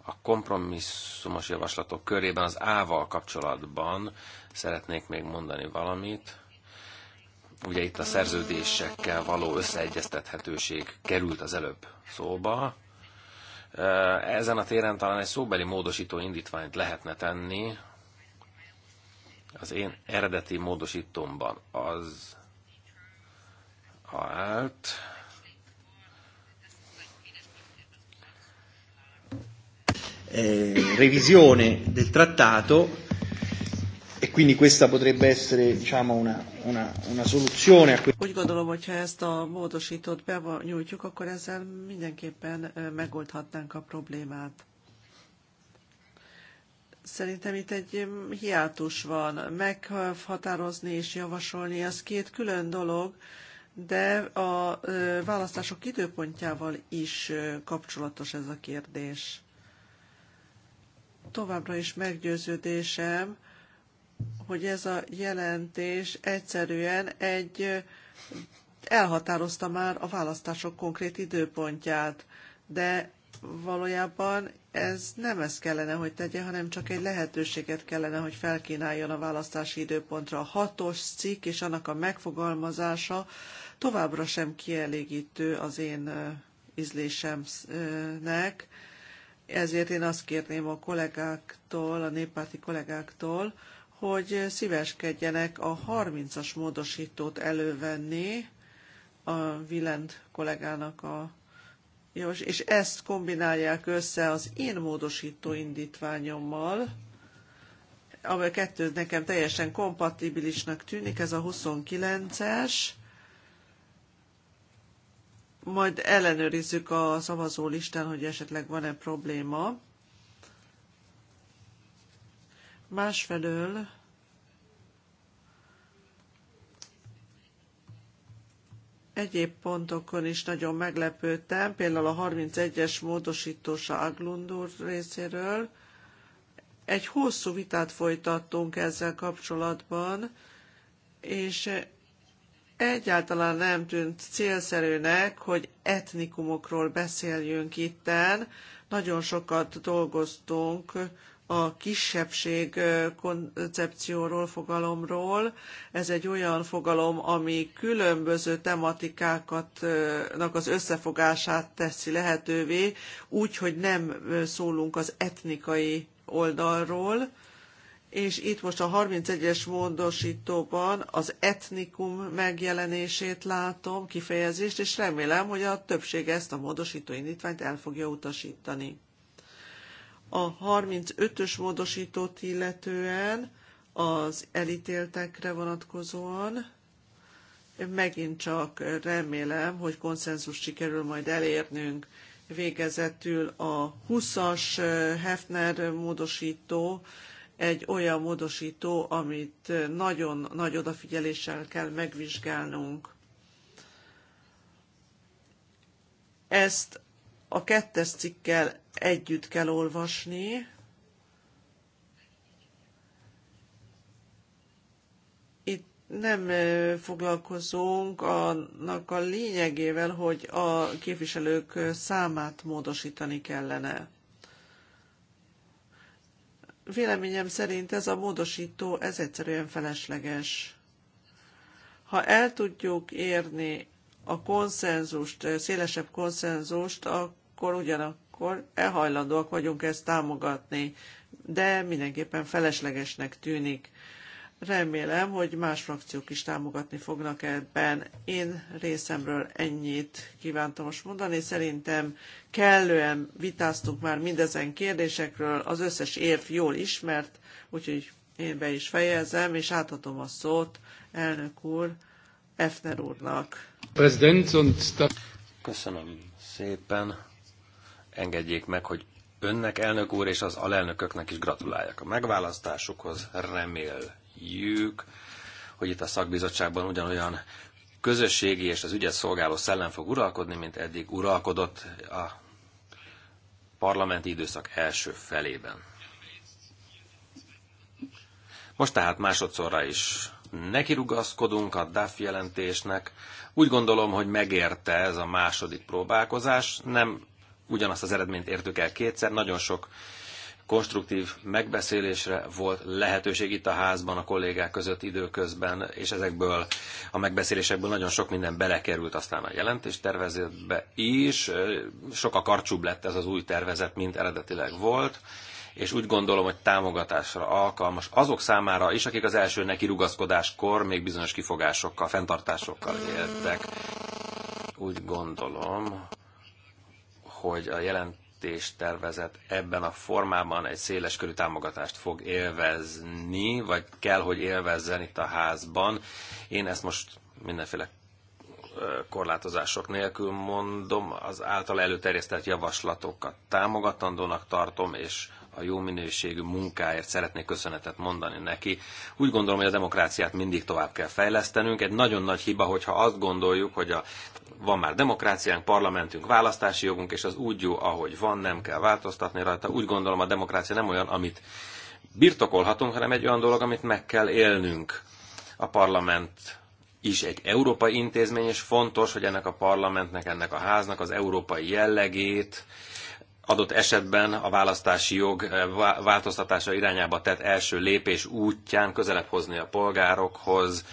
A kompromisszumos javaslatok körében az A-val kapcsolatban szeretnék még mondani valamit. Ugye itt a szerződésekkel való összeegyeztethetőség került az előbb szóba. Ezen a téren talán egy szóbeli módosító indítványt lehetne tenni. Az én eredeti módosítomban az állt, Eh, revisione del trattato E quindi questa potrebbe essere diciamo, una, una, una soluzione. A Úgy gondolom, hogy ha ezt a módosítót nyújtjuk, akkor ezzel mindenképpen megoldhatnánk a problémát. Szerintem itt egy hiátus van. Meghatározni és javasolni, az két külön dolog, de a választások időpontjával is kapcsolatos ez a kérdés. Továbbra is meggyőződésem, hogy ez a jelentés egyszerűen egy elhatározta már a választások konkrét időpontját, de valójában ez nem ezt kellene, hogy tegye, hanem csak egy lehetőséget kellene, hogy felkínáljon a választási időpontra. A hatos cikk és annak a megfogalmazása továbbra sem kielégítő az én ízlésemnek, ezért én azt kérném a kollégáktól, a néppárti kollégáktól, hogy szíveskedjenek a 30-as módosítót elővenni a vilend kollégának a és ezt kombinálják össze az én módosító indítványommal, amely kettő nekem teljesen kompatibilisnak tűnik, ez a 29-es, majd ellenőrizzük a szavazólistán, hogy esetleg van-e probléma. Másfelől egyéb pontokon is nagyon meglepődtem, például a 31-es módosítósa Aglundur részéről. Egy hosszú vitát folytattunk ezzel kapcsolatban, és egyáltalán nem tűnt célszerűnek, hogy etnikumokról beszéljünk itten. Nagyon sokat dolgoztunk a kisebbség koncepcióról, fogalomról. Ez egy olyan fogalom, ami különböző tematikáknak az összefogását teszi lehetővé, úgy, hogy nem szólunk az etnikai oldalról, és itt most a 31-es módosítóban az etnikum megjelenését látom, kifejezést, és remélem, hogy a többség ezt a módosító indítványt el fogja utasítani. A 35-ös módosítót illetően az elítéltekre vonatkozóan megint csak remélem, hogy konszenzus sikerül majd elérnünk. Végezetül a 20-as Hefner módosító egy olyan módosító, amit nagyon nagy odafigyeléssel kell megvizsgálnunk. Ezt a kettes cikkel együtt kell olvasni, Itt nem foglalkozunk annak a lényegével, hogy a képviselők számát módosítani kellene. Véleményem szerint ez a módosító, ez egyszerűen felesleges. Ha el tudjuk érni a konszenzust, szélesebb konszenzust, akkor akkor ugyanakkor elhajlandóak vagyunk ezt támogatni, de mindenképpen feleslegesnek tűnik. Remélem, hogy más frakciók is támogatni fognak ebben. Én részemről ennyit kívántam most mondani. Szerintem kellően vitáztunk már mindezen kérdésekről. Az összes érv jól ismert, úgyhogy én be is fejezem, és átadom a szót elnök úr Efner úrnak. Köszönöm szépen engedjék meg, hogy önnek, elnök úr, és az alelnököknek is gratuláljak a megválasztásukhoz. Reméljük, hogy itt a szakbizottságban ugyanolyan közösségi és az ügyet szolgáló szellem fog uralkodni, mint eddig uralkodott a parlamenti időszak első felében. Most tehát másodszorra is nekirugaszkodunk a DAF jelentésnek. Úgy gondolom, hogy megérte ez a második próbálkozás. Nem ugyanazt az eredményt értük el kétszer, nagyon sok konstruktív megbeszélésre volt lehetőség itt a házban a kollégák között időközben, és ezekből a megbeszélésekből nagyon sok minden belekerült aztán a jelentés tervezetbe is. Sokkal karcsúbb lett ez az új tervezet, mint eredetileg volt és úgy gondolom, hogy támogatásra alkalmas azok számára is, akik az első neki rugaszkodáskor még bizonyos kifogásokkal, fenntartásokkal éltek. Úgy gondolom, hogy a jelentés tervezet ebben a formában egy széles körű támogatást fog élvezni, vagy kell, hogy élvezzen itt a házban. Én ezt most mindenféle korlátozások nélkül mondom, az által előterjesztett javaslatokat támogatandónak tartom, és a jó minőségű munkáért szeretnék köszönetet mondani neki. Úgy gondolom, hogy a demokráciát mindig tovább kell fejlesztenünk. Egy nagyon nagy hiba, hogyha azt gondoljuk, hogy a, van már demokráciánk, parlamentünk, választási jogunk, és az úgy jó, ahogy van, nem kell változtatni rajta. Úgy gondolom, a demokrácia nem olyan, amit birtokolhatunk, hanem egy olyan dolog, amit meg kell élnünk. A parlament is egy európai intézmény, és fontos, hogy ennek a parlamentnek, ennek a háznak az európai jellegét, adott esetben a választási jog eh, változtatása irányába tett első lépés útján közelebb hozni a polgárokhoz,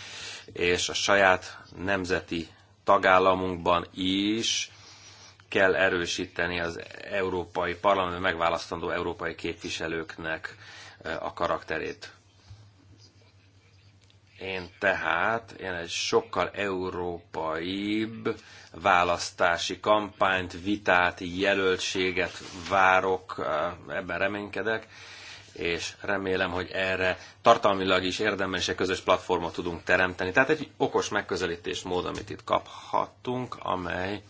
és a saját nemzeti tagállamunkban is kell erősíteni az európai parlament megválasztandó európai képviselőknek eh, a karakterét. Én tehát én egy sokkal európaibb választási kampányt, vitát, jelöltséget várok, eh, ebben reménykedek, és remélem, hogy erre tartalmilag is érdemes egy közös platformot tudunk teremteni. Tehát egy okos megközelítés mód, amit itt kaphattunk, amely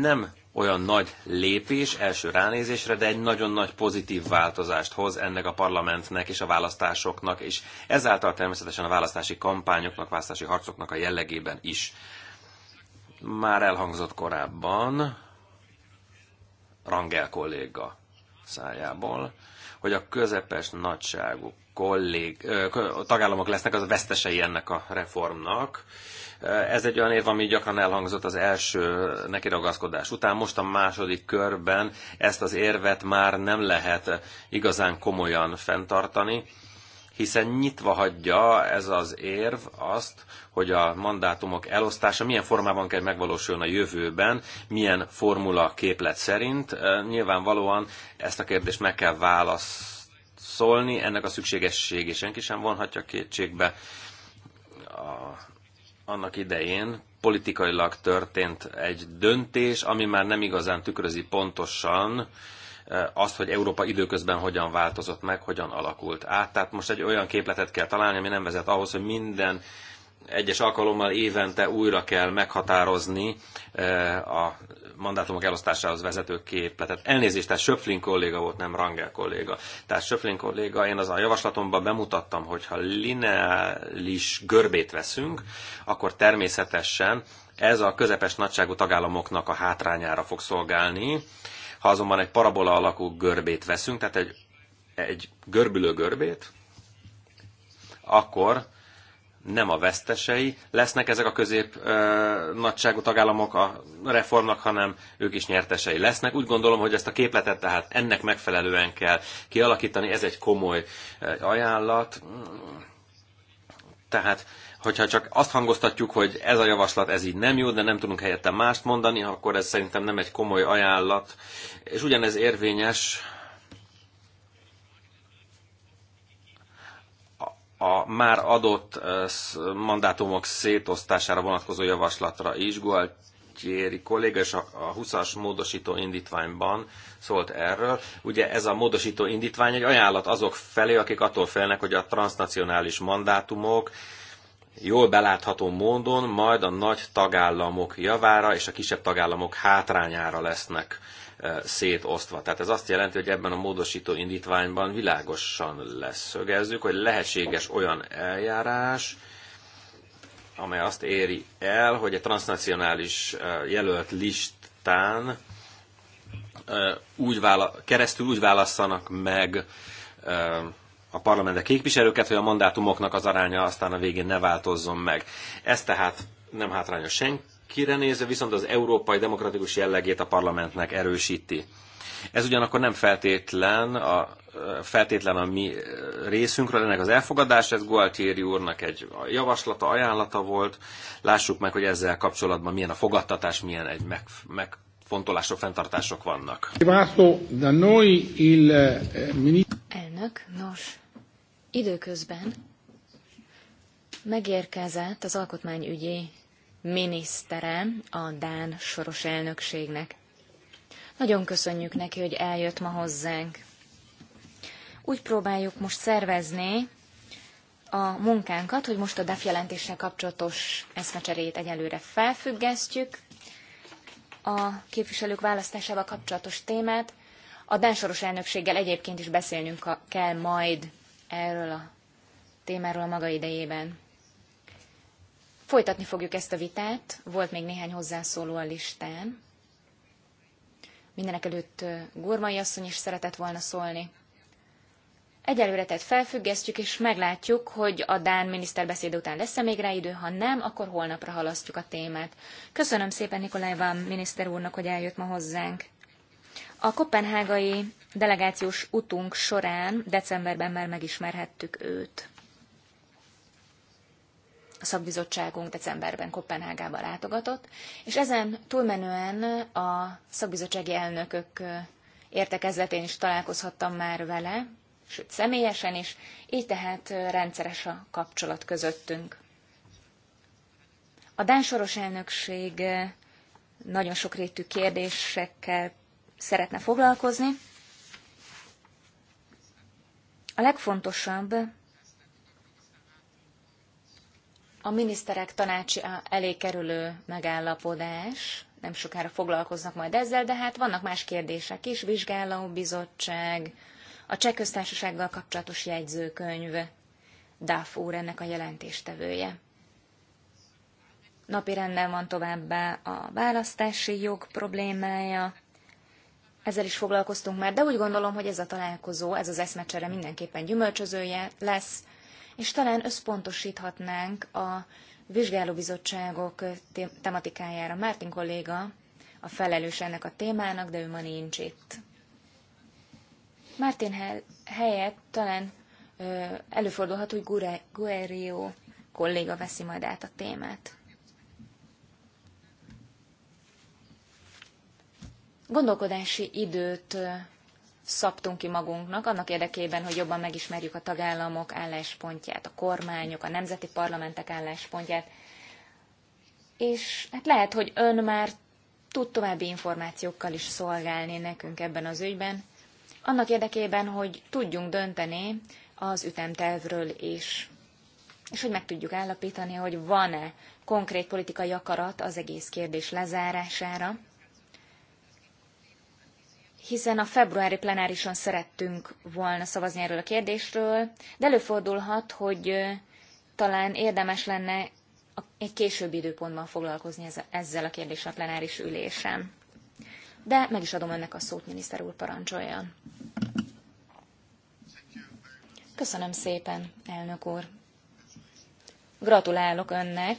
nem olyan nagy lépés első ránézésre, de egy nagyon nagy pozitív változást hoz ennek a parlamentnek és a választásoknak, és ezáltal természetesen a választási kampányoknak, választási harcoknak a jellegében is. Már elhangzott korábban Rangel kolléga szájából, hogy a közepes nagyságú kollég, ö, tagállamok lesznek az vesztesei ennek a reformnak, ez egy olyan érv, ami gyakran elhangzott az első neki ragaszkodás után. Most a második körben ezt az érvet már nem lehet igazán komolyan fenntartani, hiszen nyitva hagyja ez az érv azt, hogy a mandátumok elosztása milyen formában kell megvalósuljon a jövőben, milyen formula képlet szerint. Nyilvánvalóan ezt a kérdést meg kell válaszolni, ennek a szükségességét senki sem vonhatja kétségbe. A annak idején politikailag történt egy döntés, ami már nem igazán tükrözi pontosan e, azt, hogy Európa időközben hogyan változott meg, hogyan alakult át. Tehát most egy olyan képletet kell találni, ami nem vezet ahhoz, hogy minden egyes alkalommal évente újra kell meghatározni eh, a mandátumok elosztásához vezető képletet. Elnézést, tehát Söpflin kolléga volt, nem Rangel kolléga. Tehát Söpflin kolléga, én az a javaslatomban bemutattam, hogy ha lineális görbét veszünk, akkor természetesen ez a közepes nagyságú tagállamoknak a hátrányára fog szolgálni. Ha azonban egy parabola alakú görbét veszünk, tehát egy, egy görbülő görbét, akkor nem a vesztesei lesznek ezek a közép ö, nagyságú tagállamok a reformnak, hanem ők is nyertesei lesznek. Úgy gondolom, hogy ezt a képletet tehát ennek megfelelően kell kialakítani, ez egy komoly ajánlat. Tehát hogyha csak azt hangoztatjuk, hogy ez a javaslat, ez így nem jó, de nem tudunk helyette mást mondani, akkor ez szerintem nem egy komoly ajánlat. És ugyanez érvényes a már adott eh, mandátumok szétosztására vonatkozó javaslatra is. Gualtieri kolléga és a 20-as módosító indítványban szólt erről. Ugye ez a módosító indítvány egy ajánlat azok felé, akik attól félnek, hogy a transnacionális mandátumok jól belátható módon majd a nagy tagállamok javára és a kisebb tagállamok hátrányára lesznek szétosztva. Tehát ez azt jelenti, hogy ebben a módosító indítványban világosan szögezzük, hogy lehetséges olyan eljárás, amely azt éri el, hogy egy transnacionális jelölt listán úgy vála- keresztül úgy válasszanak meg a parlamentek képviselőket, hogy a mandátumoknak az aránya aztán a végén ne változzon meg. Ez tehát nem hátrányos senki nézve, viszont az európai demokratikus jellegét a parlamentnek erősíti. Ez ugyanakkor nem feltétlen a, feltétlen a mi részünkről ennek az elfogadás, ez Gualtieri úrnak egy javaslata, ajánlata volt. Lássuk meg, hogy ezzel kapcsolatban milyen a fogadtatás, milyen egy meg, megfontolások, fenntartások vannak. Eh, Elnök, nos, időközben megérkezett az alkotmányügyi minisztere a Dán soros elnökségnek. Nagyon köszönjük neki, hogy eljött ma hozzánk. Úgy próbáljuk most szervezni a munkánkat, hogy most a DAF jelentéssel kapcsolatos eszmecserét egyelőre felfüggesztjük, a képviselők választásával kapcsolatos témát. A Dán soros elnökséggel egyébként is beszélnünk kell majd erről a témáról a maga idejében. Folytatni fogjuk ezt a vitát, volt még néhány hozzászóló a listán. Mindenek előtt Gurmai asszony is szeretett volna szólni. Egyelőre tehát felfüggesztjük, és meglátjuk, hogy a Dán miniszter beszéd után lesz-e még rá idő, ha nem, akkor holnapra halasztjuk a témát. Köszönöm szépen Nikolaj Van miniszter úrnak, hogy eljött ma hozzánk. A kopenhágai delegációs utunk során decemberben már megismerhettük őt a szakbizottságunk decemberben Kopenhágába látogatott, és ezen túlmenően a szakbizottsági elnökök értekezletén is találkozhattam már vele, sőt személyesen is, így tehát rendszeres a kapcsolat közöttünk. A Dán Soros elnökség nagyon sokrétű kérdésekkel szeretne foglalkozni. A legfontosabb a miniszterek tanácsi elé kerülő megállapodás, nem sokára foglalkoznak majd ezzel, de hát vannak más kérdések is, vizsgálóbizottság, a cseh köztársasággal kapcsolatos jegyzőkönyv, DAF úr ennek a jelentéstevője. Napi renden van továbbá a választási jog problémája, ezzel is foglalkoztunk már, de úgy gondolom, hogy ez a találkozó, ez az eszmecsere mindenképpen gyümölcsözője lesz, és talán összpontosíthatnánk a vizsgálóbizottságok tematikájára. Mártin kolléga a felelős ennek a témának, de ő ma nincs itt. Mártin helyett talán előfordulhat, hogy Guerrero kolléga veszi majd át a témát. Gondolkodási időt szabtunk ki magunknak, annak érdekében, hogy jobban megismerjük a tagállamok álláspontját, a kormányok, a nemzeti parlamentek álláspontját, és hát lehet, hogy ön már tud további információkkal is szolgálni nekünk ebben az ügyben, annak érdekében, hogy tudjunk dönteni az ütemtervről is, és hogy meg tudjuk állapítani, hogy van-e konkrét politikai akarat az egész kérdés lezárására, hiszen a februári plenárison szerettünk volna szavazni erről a kérdésről, de előfordulhat, hogy talán érdemes lenne egy későbbi időpontban foglalkozni ezzel a kérdéssel a plenáris ülésen. De meg is adom önnek a szót, miniszter úr, parancsolja. Köszönöm szépen, elnök úr. Gratulálok önnek,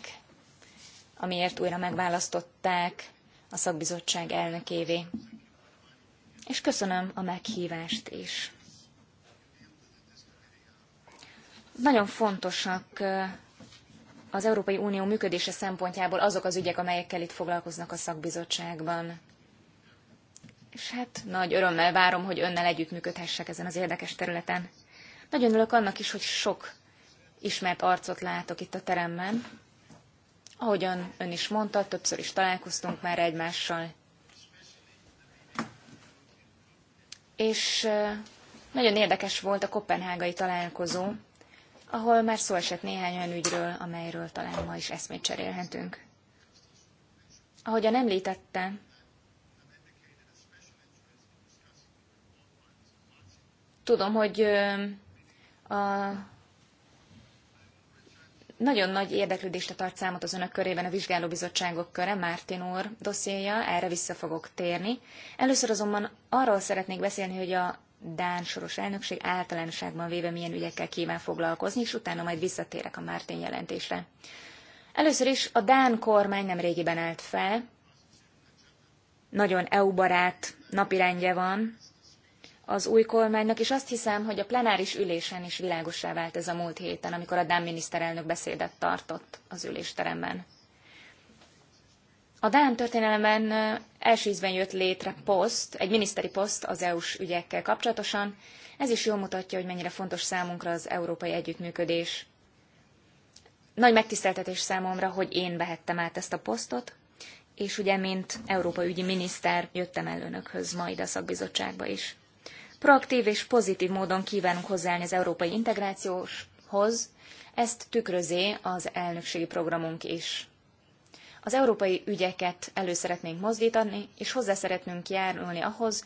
amiért újra megválasztották a szakbizottság elnökévé és köszönöm a meghívást is. Nagyon fontosak az Európai Unió működése szempontjából azok az ügyek, amelyekkel itt foglalkoznak a szakbizottságban. És hát nagy örömmel várom, hogy önnel együttműködhessek ezen az érdekes területen. Nagyon örülök annak is, hogy sok ismert arcot látok itt a teremben. Ahogyan ön is mondta, többször is találkoztunk már egymással, és nagyon érdekes volt a kopenhágai találkozó, ahol már szó esett néhány olyan ügyről, amelyről talán ma is eszmét cserélhetünk. Ahogyan említette, tudom, hogy a nagyon nagy érdeklődést tart számot az önök körében a vizsgálóbizottságok köre, Mártin úr dossziéja, erre vissza fogok térni. Először azonban arról szeretnék beszélni, hogy a Dán soros elnökség általánosságban véve milyen ügyekkel kíván foglalkozni, és utána majd visszatérek a Mártin jelentésre. Először is a Dán kormány nem régiben állt fel, nagyon EU-barát napirendje van, az új kormánynak, és azt hiszem, hogy a plenáris ülésen is világossá vált ez a múlt héten, amikor a Dán miniszterelnök beszédet tartott az ülésteremben. A Dán történelemben első ízben jött létre poszt, egy miniszteri poszt az EU-s ügyekkel kapcsolatosan. Ez is jól mutatja, hogy mennyire fontos számunkra az európai együttműködés. Nagy megtiszteltetés számomra, hogy én vehettem át ezt a posztot, és ugye, mint Európa ügyi miniszter, jöttem el önökhöz ma ide a szakbizottságba is. Proaktív és pozitív módon kívánunk hozzáállni az európai integrációhoz, ezt tükrözi az elnökségi programunk is. Az európai ügyeket elő szeretnénk mozdítani, és hozzá szeretnünk járulni ahhoz,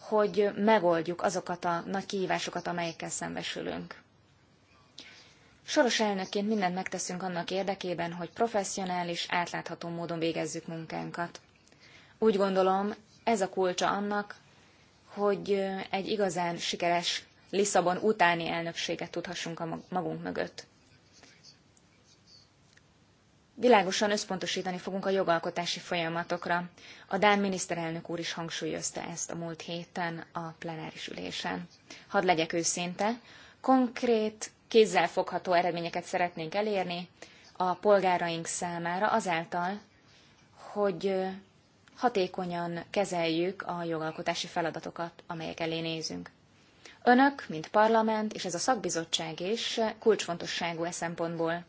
hogy megoldjuk azokat a nagy kihívásokat, amelyekkel szembesülünk. Soros elnökként mindent megteszünk annak érdekében, hogy professzionális, átlátható módon végezzük munkánkat. Úgy gondolom, ez a kulcsa annak, hogy egy igazán sikeres Lisszabon utáni elnökséget tudhassunk a magunk mögött. Világosan összpontosítani fogunk a jogalkotási folyamatokra. A Dán miniszterelnök úr is hangsúlyozta ezt a múlt héten a plenáris ülésen. Hadd legyek őszinte, konkrét, kézzelfogható eredményeket szeretnénk elérni a polgáraink számára azáltal, hogy hatékonyan kezeljük a jogalkotási feladatokat, amelyek elé nézünk. Önök, mint parlament, és ez a szakbizottság is kulcsfontosságú e szempontból.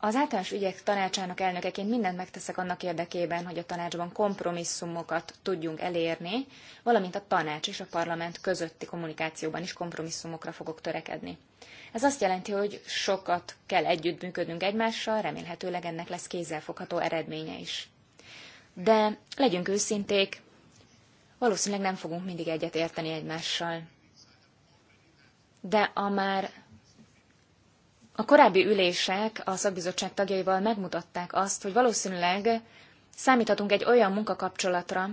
Az általános ügyek tanácsának elnökeként mindent megteszek annak érdekében, hogy a tanácsban kompromisszumokat tudjunk elérni, valamint a tanács és a parlament közötti kommunikációban is kompromisszumokra fogok törekedni. Ez azt jelenti, hogy sokat kell együttműködnünk egymással, remélhetőleg ennek lesz kézzelfogható eredménye is de legyünk őszinték, valószínűleg nem fogunk mindig egyet érteni egymással. De a már a korábbi ülések a szakbizottság tagjaival megmutatták azt, hogy valószínűleg számíthatunk egy olyan munkakapcsolatra,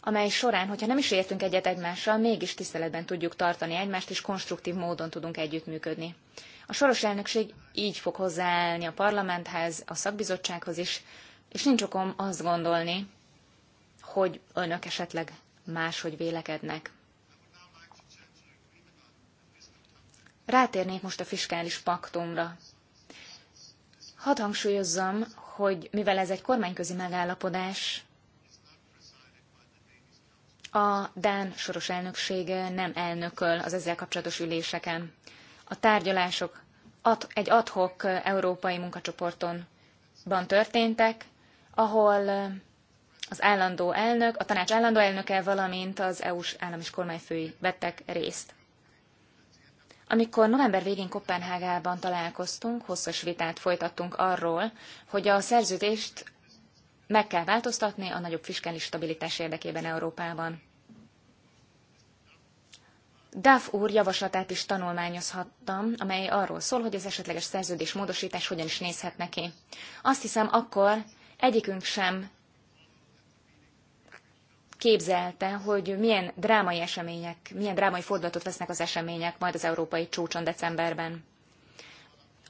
amely során, hogyha nem is értünk egyet egymással, mégis tiszteletben tudjuk tartani egymást, és konstruktív módon tudunk együttműködni. A soros elnökség így fog hozzáállni a parlamenthez, a szakbizottsághoz is, és nincs okom azt gondolni, hogy önök esetleg máshogy vélekednek. Rátérnék most a fiskális paktumra. Hadd hangsúlyozzam, hogy mivel ez egy kormányközi megállapodás, a Dán soros elnöksége nem elnököl az ezzel kapcsolatos üléseken. A tárgyalások ad, egy adhok európai munkacsoportonban történtek, ahol az állandó elnök, a tanács állandó elnöke, valamint az EU-s állam és kormányfői vettek részt. Amikor november végén Kopenhágában találkoztunk, hosszas vitát folytattunk arról, hogy a szerződést meg kell változtatni a nagyobb fiskális stabilitás érdekében Európában. Duff úr javaslatát is tanulmányozhattam, amely arról szól, hogy az esetleges szerződés módosítás hogyan is nézhet neki. Azt hiszem, akkor Egyikünk sem képzelte, hogy milyen drámai események, milyen drámai fordulatot vesznek az események majd az európai csúcson decemberben.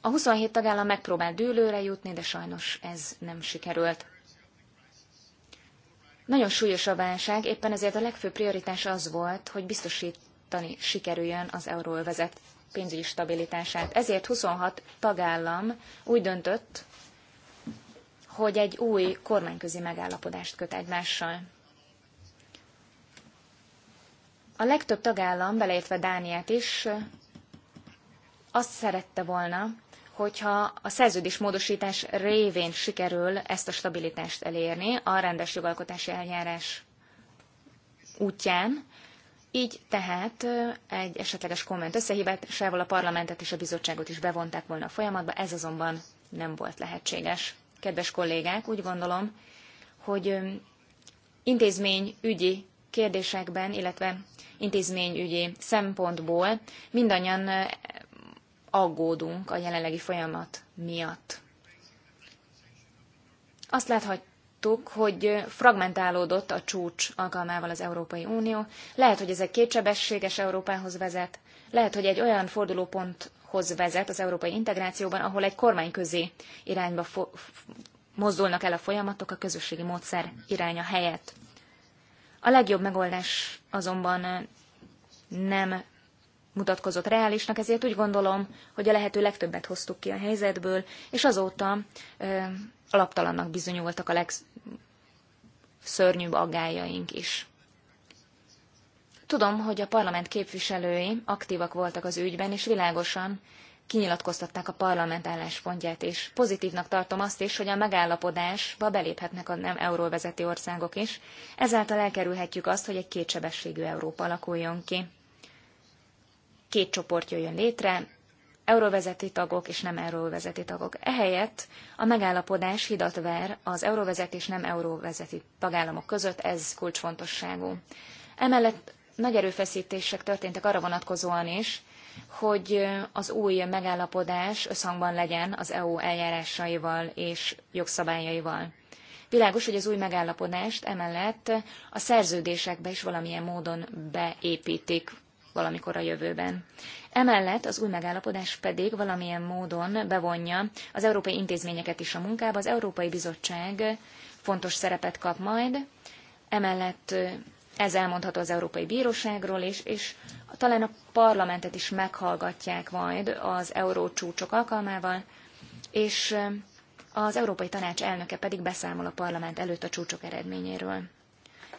A 27 tagállam megpróbált dőlőre jutni, de sajnos ez nem sikerült. Nagyon súlyos a válság, éppen ezért a legfőbb prioritás az volt, hogy biztosítani sikerüljön az euróövezet pénzügyi stabilitását. Ezért 26 tagállam úgy döntött, hogy egy új kormányközi megállapodást köt egymással. A legtöbb tagállam, beleértve Dániát is, azt szerette volna, hogyha a szerződés módosítás révén sikerül ezt a stabilitást elérni a rendes jogalkotási eljárás útján, így tehát egy esetleges komment összehívásával a parlamentet és a bizottságot is bevonták volna a folyamatba, ez azonban nem volt lehetséges kedves kollégák, úgy gondolom, hogy intézményügyi kérdésekben, illetve intézményügyi szempontból mindannyian aggódunk a jelenlegi folyamat miatt. Azt láthattuk, hogy fragmentálódott a csúcs alkalmával az Európai Unió. Lehet, hogy ez egy kétsebességes Európához vezet, lehet, hogy egy olyan fordulópont hoz vezet az európai integrációban, ahol egy kormányközi irányba mozdulnak el a folyamatok a közösségi módszer iránya helyett. A legjobb megoldás azonban eh, nem mutatkozott reálisnak, ezért úgy gondolom, hogy a lehető legtöbbet hoztuk ki a helyzetből, és azóta ö, eh, alaptalannak bizonyultak a legszörnyűbb aggájaink is. Tudom, hogy a parlament képviselői aktívak voltak az ügyben, és világosan kinyilatkoztatták a parlament álláspontját, és pozitívnak tartom azt is, hogy a megállapodásba beléphetnek a nem euróvezeti országok is, ezáltal elkerülhetjük azt, hogy egy kétsebességű Európa alakuljon ki. Két csoport jöjjön létre, euróvezeti tagok és nem euróvezeti tagok. Ehelyett a megállapodás hidat ver az euróvezet és nem euróvezeti tagállamok között, ez kulcsfontosságú. Emellett nagy erőfeszítések történtek arra vonatkozóan is, hogy az új megállapodás összhangban legyen az EU eljárásaival és jogszabályaival. Világos, hogy az új megállapodást emellett a szerződésekbe is valamilyen módon beépítik valamikor a jövőben. Emellett az új megállapodás pedig valamilyen módon bevonja az európai intézményeket is a munkába. Az Európai Bizottság fontos szerepet kap majd, emellett ez elmondható az Európai Bíróságról is, és talán a parlamentet is meghallgatják majd az eurócsúcsok alkalmával, és az Európai Tanács elnöke pedig beszámol a parlament előtt a csúcsok eredményéről.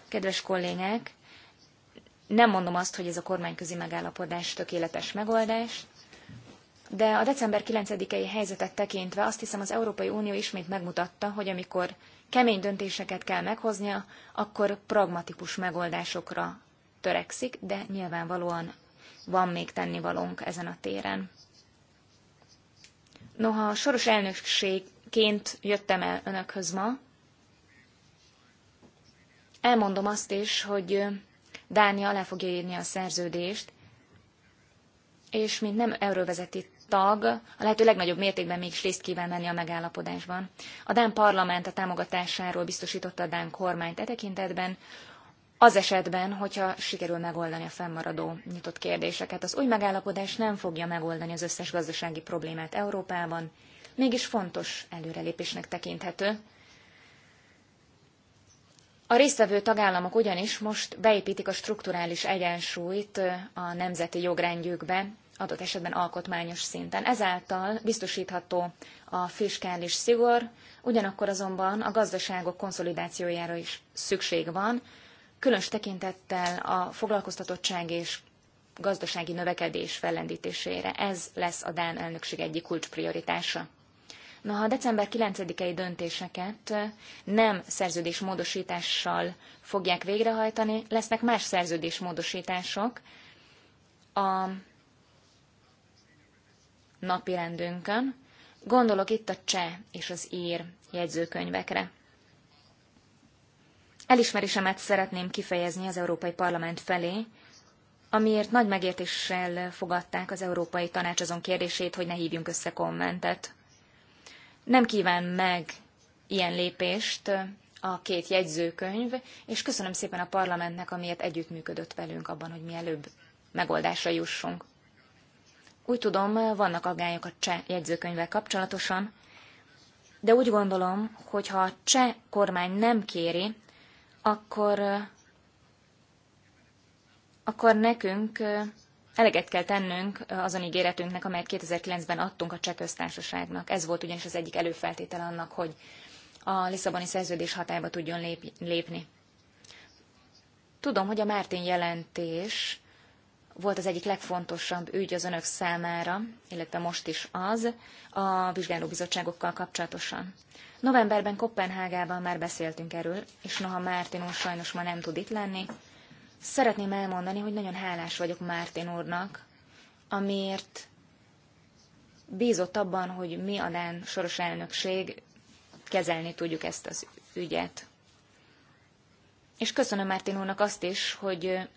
Kedves kollégák, nem mondom azt, hogy ez a kormányközi megállapodás tökéletes megoldás, de a december 9-i helyzetet tekintve azt hiszem az Európai Unió ismét megmutatta, hogy amikor kemény döntéseket kell meghoznia, akkor pragmatikus megoldásokra törekszik, de nyilvánvalóan van még tennivalónk ezen a téren. Noha soros elnökségként jöttem el önökhöz ma, elmondom azt is, hogy Dánia alá fogja írni a szerződést, és mint nem euróvezeti tag a lehető legnagyobb mértékben mégis részt kíván venni a megállapodásban. A Dán parlament a támogatásáról biztosította a Dán kormányt e tekintetben, az esetben, hogyha sikerül megoldani a fennmaradó nyitott kérdéseket, az új megállapodás nem fogja megoldani az összes gazdasági problémát Európában, mégis fontos előrelépésnek tekinthető. A résztvevő tagállamok ugyanis most beépítik a strukturális egyensúlyt a nemzeti jogrendjükbe, adott esetben alkotmányos szinten. Ezáltal biztosítható a fiskális szigor, ugyanakkor azonban a gazdaságok konszolidációjára is szükség van, különös tekintettel a foglalkoztatottság és gazdasági növekedés fellendítésére. Ez lesz a Dán elnökség egyik kulcsprioritása. Na, ha a december 9-i döntéseket nem szerződésmódosítással fogják végrehajtani, lesznek más szerződésmódosítások, a napi rendünkön. Gondolok itt a cseh és az ír jegyzőkönyvekre. Elismerésemet szeretném kifejezni az Európai Parlament felé, amiért nagy megértéssel fogadták az Európai Tanács azon kérdését, hogy ne hívjunk össze kommentet. Nem kíván meg ilyen lépést a két jegyzőkönyv, és köszönöm szépen a parlamentnek, amiért együttműködött velünk abban, hogy mielőbb megoldásra jussunk. Úgy tudom, vannak aggályok a cseh jegyzőkönyvvel kapcsolatosan, de úgy gondolom, hogy ha a cseh kormány nem kéri, akkor, akkor nekünk eleget kell tennünk azon ígéretünknek, amelyet 2009-ben adtunk a cseh köztársaságnak. Ez volt ugyanis az egyik előfeltétele annak, hogy a Lisszaboni szerződés hatályba tudjon lépni. Tudom, hogy a Mártin jelentés volt az egyik legfontosabb ügy az önök számára, illetve most is az, a vizsgálóbizottságokkal kapcsolatosan. Novemberben Kopenhágában már beszéltünk erről, és noha Mártin úr sajnos ma nem tud itt lenni, szeretném elmondani, hogy nagyon hálás vagyok Mártin úrnak, amiért bízott abban, hogy mi a Dán soros elnökség kezelni tudjuk ezt az ügyet. És köszönöm Mártin úrnak azt is, hogy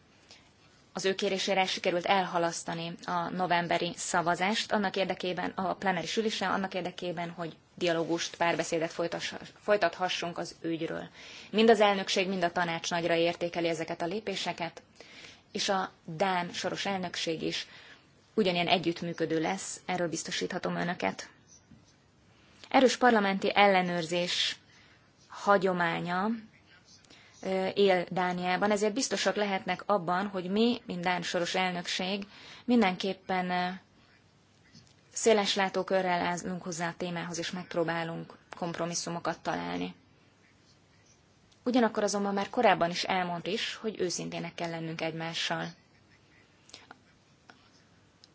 az ő kérésére sikerült elhalasztani a novemberi szavazást, annak érdekében, a plenáris ülésen, annak érdekében, hogy dialógust, párbeszédet folytathassunk az ügyről. Mind az elnökség, mind a tanács nagyra értékeli ezeket a lépéseket, és a Dán soros elnökség is ugyanilyen együttműködő lesz, erről biztosíthatom önöket. Erős parlamenti ellenőrzés hagyománya él Dániában, ezért biztosak lehetnek abban, hogy mi, mint Dán soros elnökség, mindenképpen széles látókörrel állunk hozzá a témához, és megpróbálunk kompromisszumokat találni. Ugyanakkor azonban már korábban is elmondta, is, hogy őszintének kell lennünk egymással.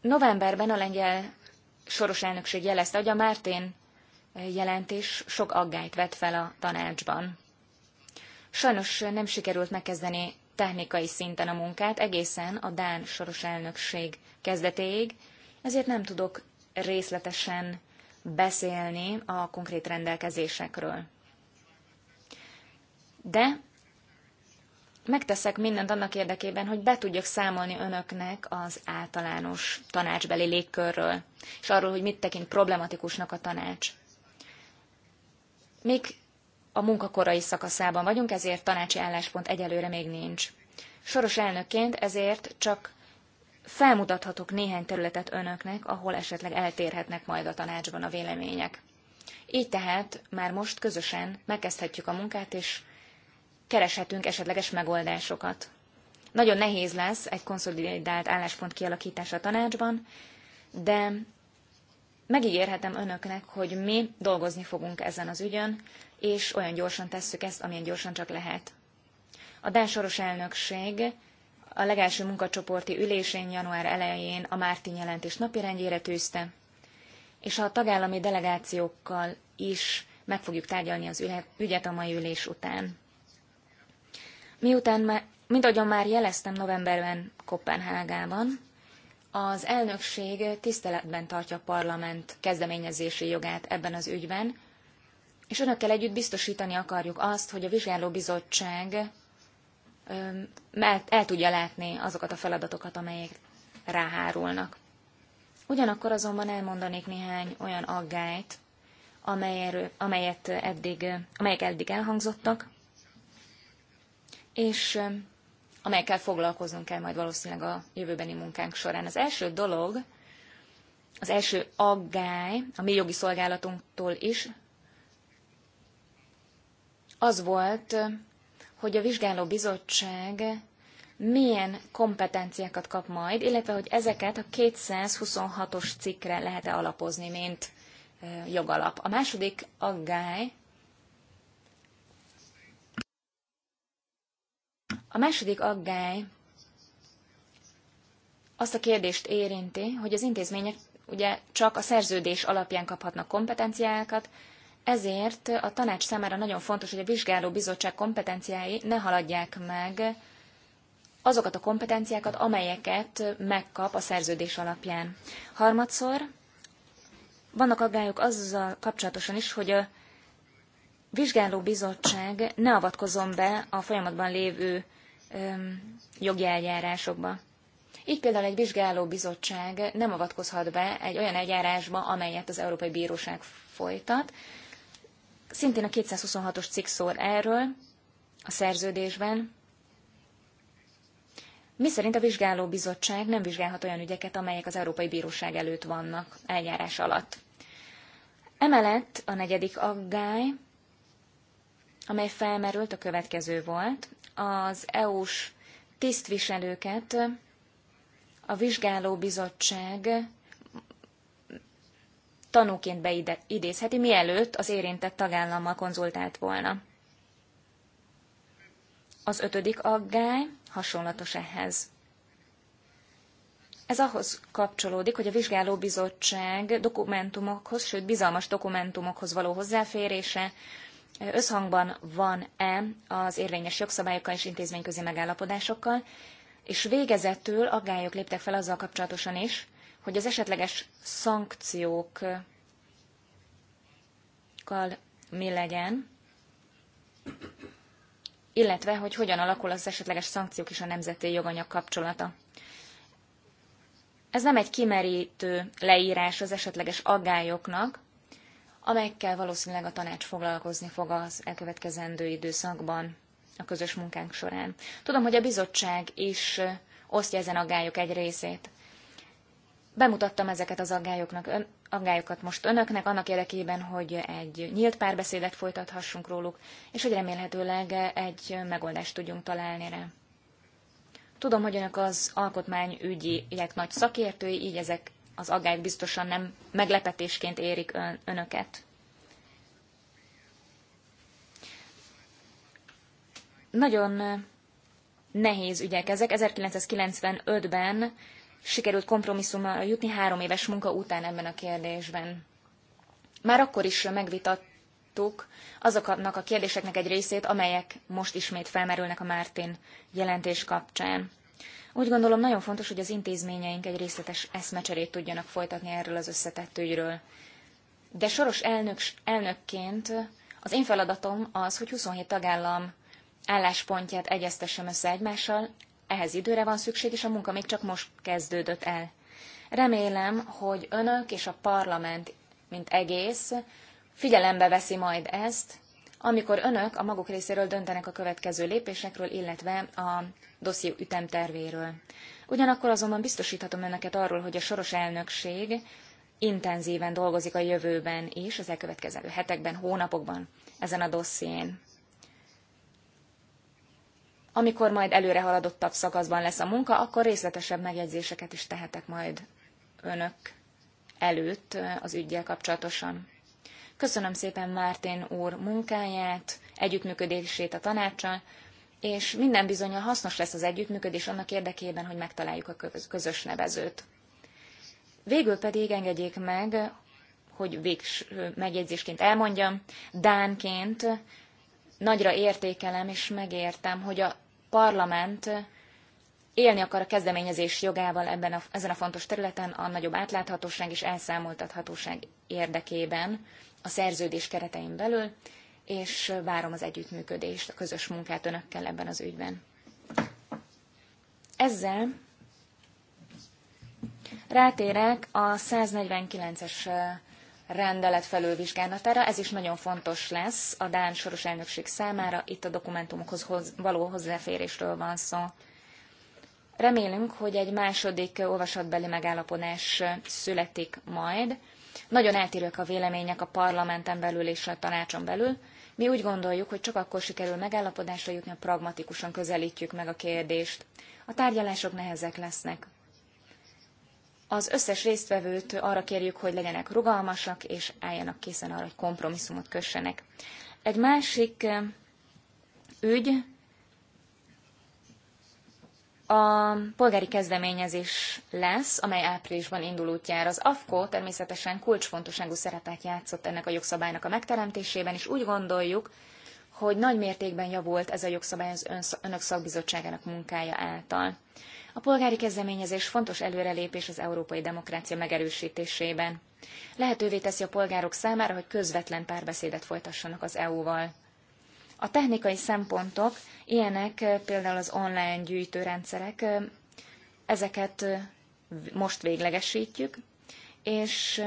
Novemberben a lengyel soros elnökség jelezte, hogy a Mártén jelentés sok aggályt vet fel a tanácsban. Sajnos nem sikerült megkezdeni technikai szinten a munkát egészen a Dán soros elnökség kezdetéig, ezért nem tudok részletesen beszélni a konkrét rendelkezésekről. De megteszek mindent annak érdekében, hogy be tudjak számolni önöknek az általános tanácsbeli légkörről, és arról, hogy mit tekint problematikusnak a tanács. Még a munkakorai szakaszában vagyunk, ezért tanácsi álláspont egyelőre még nincs. Soros elnökként ezért csak felmutathatok néhány területet önöknek, ahol esetleg eltérhetnek majd a tanácsban a vélemények. Így tehát már most közösen megkezdhetjük a munkát, és kereshetünk esetleges megoldásokat. Nagyon nehéz lesz egy konszolidált álláspont kialakítása a tanácsban, de megígérhetem önöknek, hogy mi dolgozni fogunk ezen az ügyön, és olyan gyorsan tesszük ezt, amilyen gyorsan csak lehet. A Dán soros elnökség a legelső munkacsoporti ülésén január elején a Mártin jelentés napirendjére tűzte, és a tagállami delegációkkal is meg fogjuk tárgyalni az ügyet a mai ülés után. Miután mint ahogyan már jeleztem novemberben Kopenhágában, az elnökség tiszteletben tartja a parlament kezdeményezési jogát ebben az ügyben, és önökkel együtt biztosítani akarjuk azt, hogy a vizsgálóbizottság el tudja látni azokat a feladatokat, amelyek ráhárulnak. Ugyanakkor azonban elmondanék néhány olyan aggályt, amelyet eddig, amelyek eddig elhangzottak, és amelyekkel foglalkoznunk kell majd valószínűleg a jövőbeni munkánk során. Az első dolog, az első aggály a mi jogi szolgálatunktól is az volt, hogy a vizsgáló bizottság milyen kompetenciákat kap majd, illetve hogy ezeket a 226-os cikkre lehet-e alapozni, mint jogalap. A második aggály, a második aggály azt a kérdést érinti, hogy az intézmények ugye csak a szerződés alapján kaphatnak kompetenciákat, ezért a tanács számára nagyon fontos, hogy a vizsgáló bizottság kompetenciái ne haladják meg azokat a kompetenciákat, amelyeket megkap a szerződés alapján. Harmadszor vannak aggályok azzal kapcsolatosan is, hogy a vizsgáló bizottság ne avatkozom be a folyamatban lévő öm, jogi eljárásokba. Így például egy vizsgáló bizottság nem avatkozhat be egy olyan eljárásba, amelyet az Európai Bíróság folytat, Szintén a 226-os cikk szól erről a szerződésben, mi szerint a vizsgálóbizottság nem vizsgálhat olyan ügyeket, amelyek az Európai Bíróság előtt vannak eljárás alatt. Emellett a negyedik aggály, amely felmerült, a következő volt. Az EU-s tisztviselőket a vizsgálóbizottság tanúként beidézheti, mielőtt az érintett tagállammal konzultált volna. Az ötödik aggály hasonlatos ehhez. Ez ahhoz kapcsolódik, hogy a vizsgálóbizottság dokumentumokhoz, sőt bizalmas dokumentumokhoz való hozzáférése összhangban van-e az érvényes jogszabályokkal és intézményközi megállapodásokkal, és végezetül aggályok léptek fel azzal kapcsolatosan is, hogy az esetleges szankciókkal mi legyen, illetve hogy hogyan alakul az esetleges szankciók és a nemzeti joganyag kapcsolata. Ez nem egy kimerítő leírás az esetleges aggályoknak, amelyekkel valószínűleg a tanács foglalkozni fog az elkövetkezendő időszakban a közös munkánk során. Tudom, hogy a bizottság is osztja ezen aggályok egy részét. Bemutattam ezeket az aggályoknak, ön, aggályokat most önöknek, annak érdekében, hogy egy nyílt párbeszédet folytathassunk róluk, és hogy remélhetőleg egy megoldást tudjunk találni rá. Tudom, hogy önök az alkotmányügyiek nagy szakértői, így ezek az aggályok biztosan nem meglepetésként érik ön, önöket. Nagyon nehéz ügyek ezek. 1995-ben sikerült kompromisszumra jutni három éves munka után ebben a kérdésben. Már akkor is megvitattuk azoknak a kérdéseknek egy részét, amelyek most ismét felmerülnek a Mártin jelentés kapcsán. Úgy gondolom nagyon fontos, hogy az intézményeink egy részletes eszmecserét tudjanak folytatni erről az összetett ügyről. De soros elnök, elnökként az én feladatom az, hogy 27 tagállam álláspontját egyeztessem össze egymással, ehhez időre van szükség, és a munka még csak most kezdődött el. Remélem, hogy önök és a parlament, mint egész, figyelembe veszi majd ezt, amikor önök a maguk részéről döntenek a következő lépésekről, illetve a dosszió ütemtervéről. Ugyanakkor azonban biztosíthatom önöket arról, hogy a soros elnökség intenzíven dolgozik a jövőben és az elkövetkező hetekben, hónapokban ezen a dosszién amikor majd előre haladottabb szakaszban lesz a munka, akkor részletesebb megjegyzéseket is tehetek majd önök előtt az ügyjel kapcsolatosan. Köszönöm szépen Mártén úr munkáját, együttműködését a tanácssal, és minden bizonyal hasznos lesz az együttműködés annak érdekében, hogy megtaláljuk a közös nevezőt. Végül pedig engedjék meg, hogy végső megjegyzésként elmondjam, Dánként nagyra értékelem és megértem, hogy a parlament élni akar a kezdeményezés jogával ebben a, ezen a fontos területen a nagyobb átláthatóság és elszámoltathatóság érdekében a szerződés keretein belül, és várom az együttműködést, a közös munkát önökkel ebben az ügyben. Ezzel rátérek a 149-es rendelet felülvizsgálatára. Ez is nagyon fontos lesz a Dán soros elnökség számára. Itt a dokumentumokhoz való hozzáférésről van szó. Remélünk, hogy egy második olvasatbeli megállapodás születik majd. Nagyon eltérők a vélemények a parlamenten belül és a tanácson belül. Mi úgy gondoljuk, hogy csak akkor sikerül megállapodásra jutni, ha pragmatikusan közelítjük meg a kérdést. A tárgyalások nehezek lesznek. Az összes résztvevőt arra kérjük, hogy legyenek rugalmasak, és álljanak készen arra, hogy kompromisszumot kössenek. Egy másik eh, ügy a polgári kezdeményezés lesz, amely áprilisban indul útjára. Az AFKO természetesen kulcsfontosságú szerepet játszott ennek a jogszabálynak a megteremtésében, és úgy gondoljuk, hogy nagy mértékben javult ez a jogszabály az önök szakbizottságának munkája által. A polgári kezdeményezés fontos előrelépés az európai demokrácia megerősítésében. Lehetővé teszi a polgárok számára, hogy közvetlen párbeszédet folytassanak az EU-val. A technikai szempontok, ilyenek eh, például az online gyűjtőrendszerek, eh, ezeket eh, most véglegesítjük, és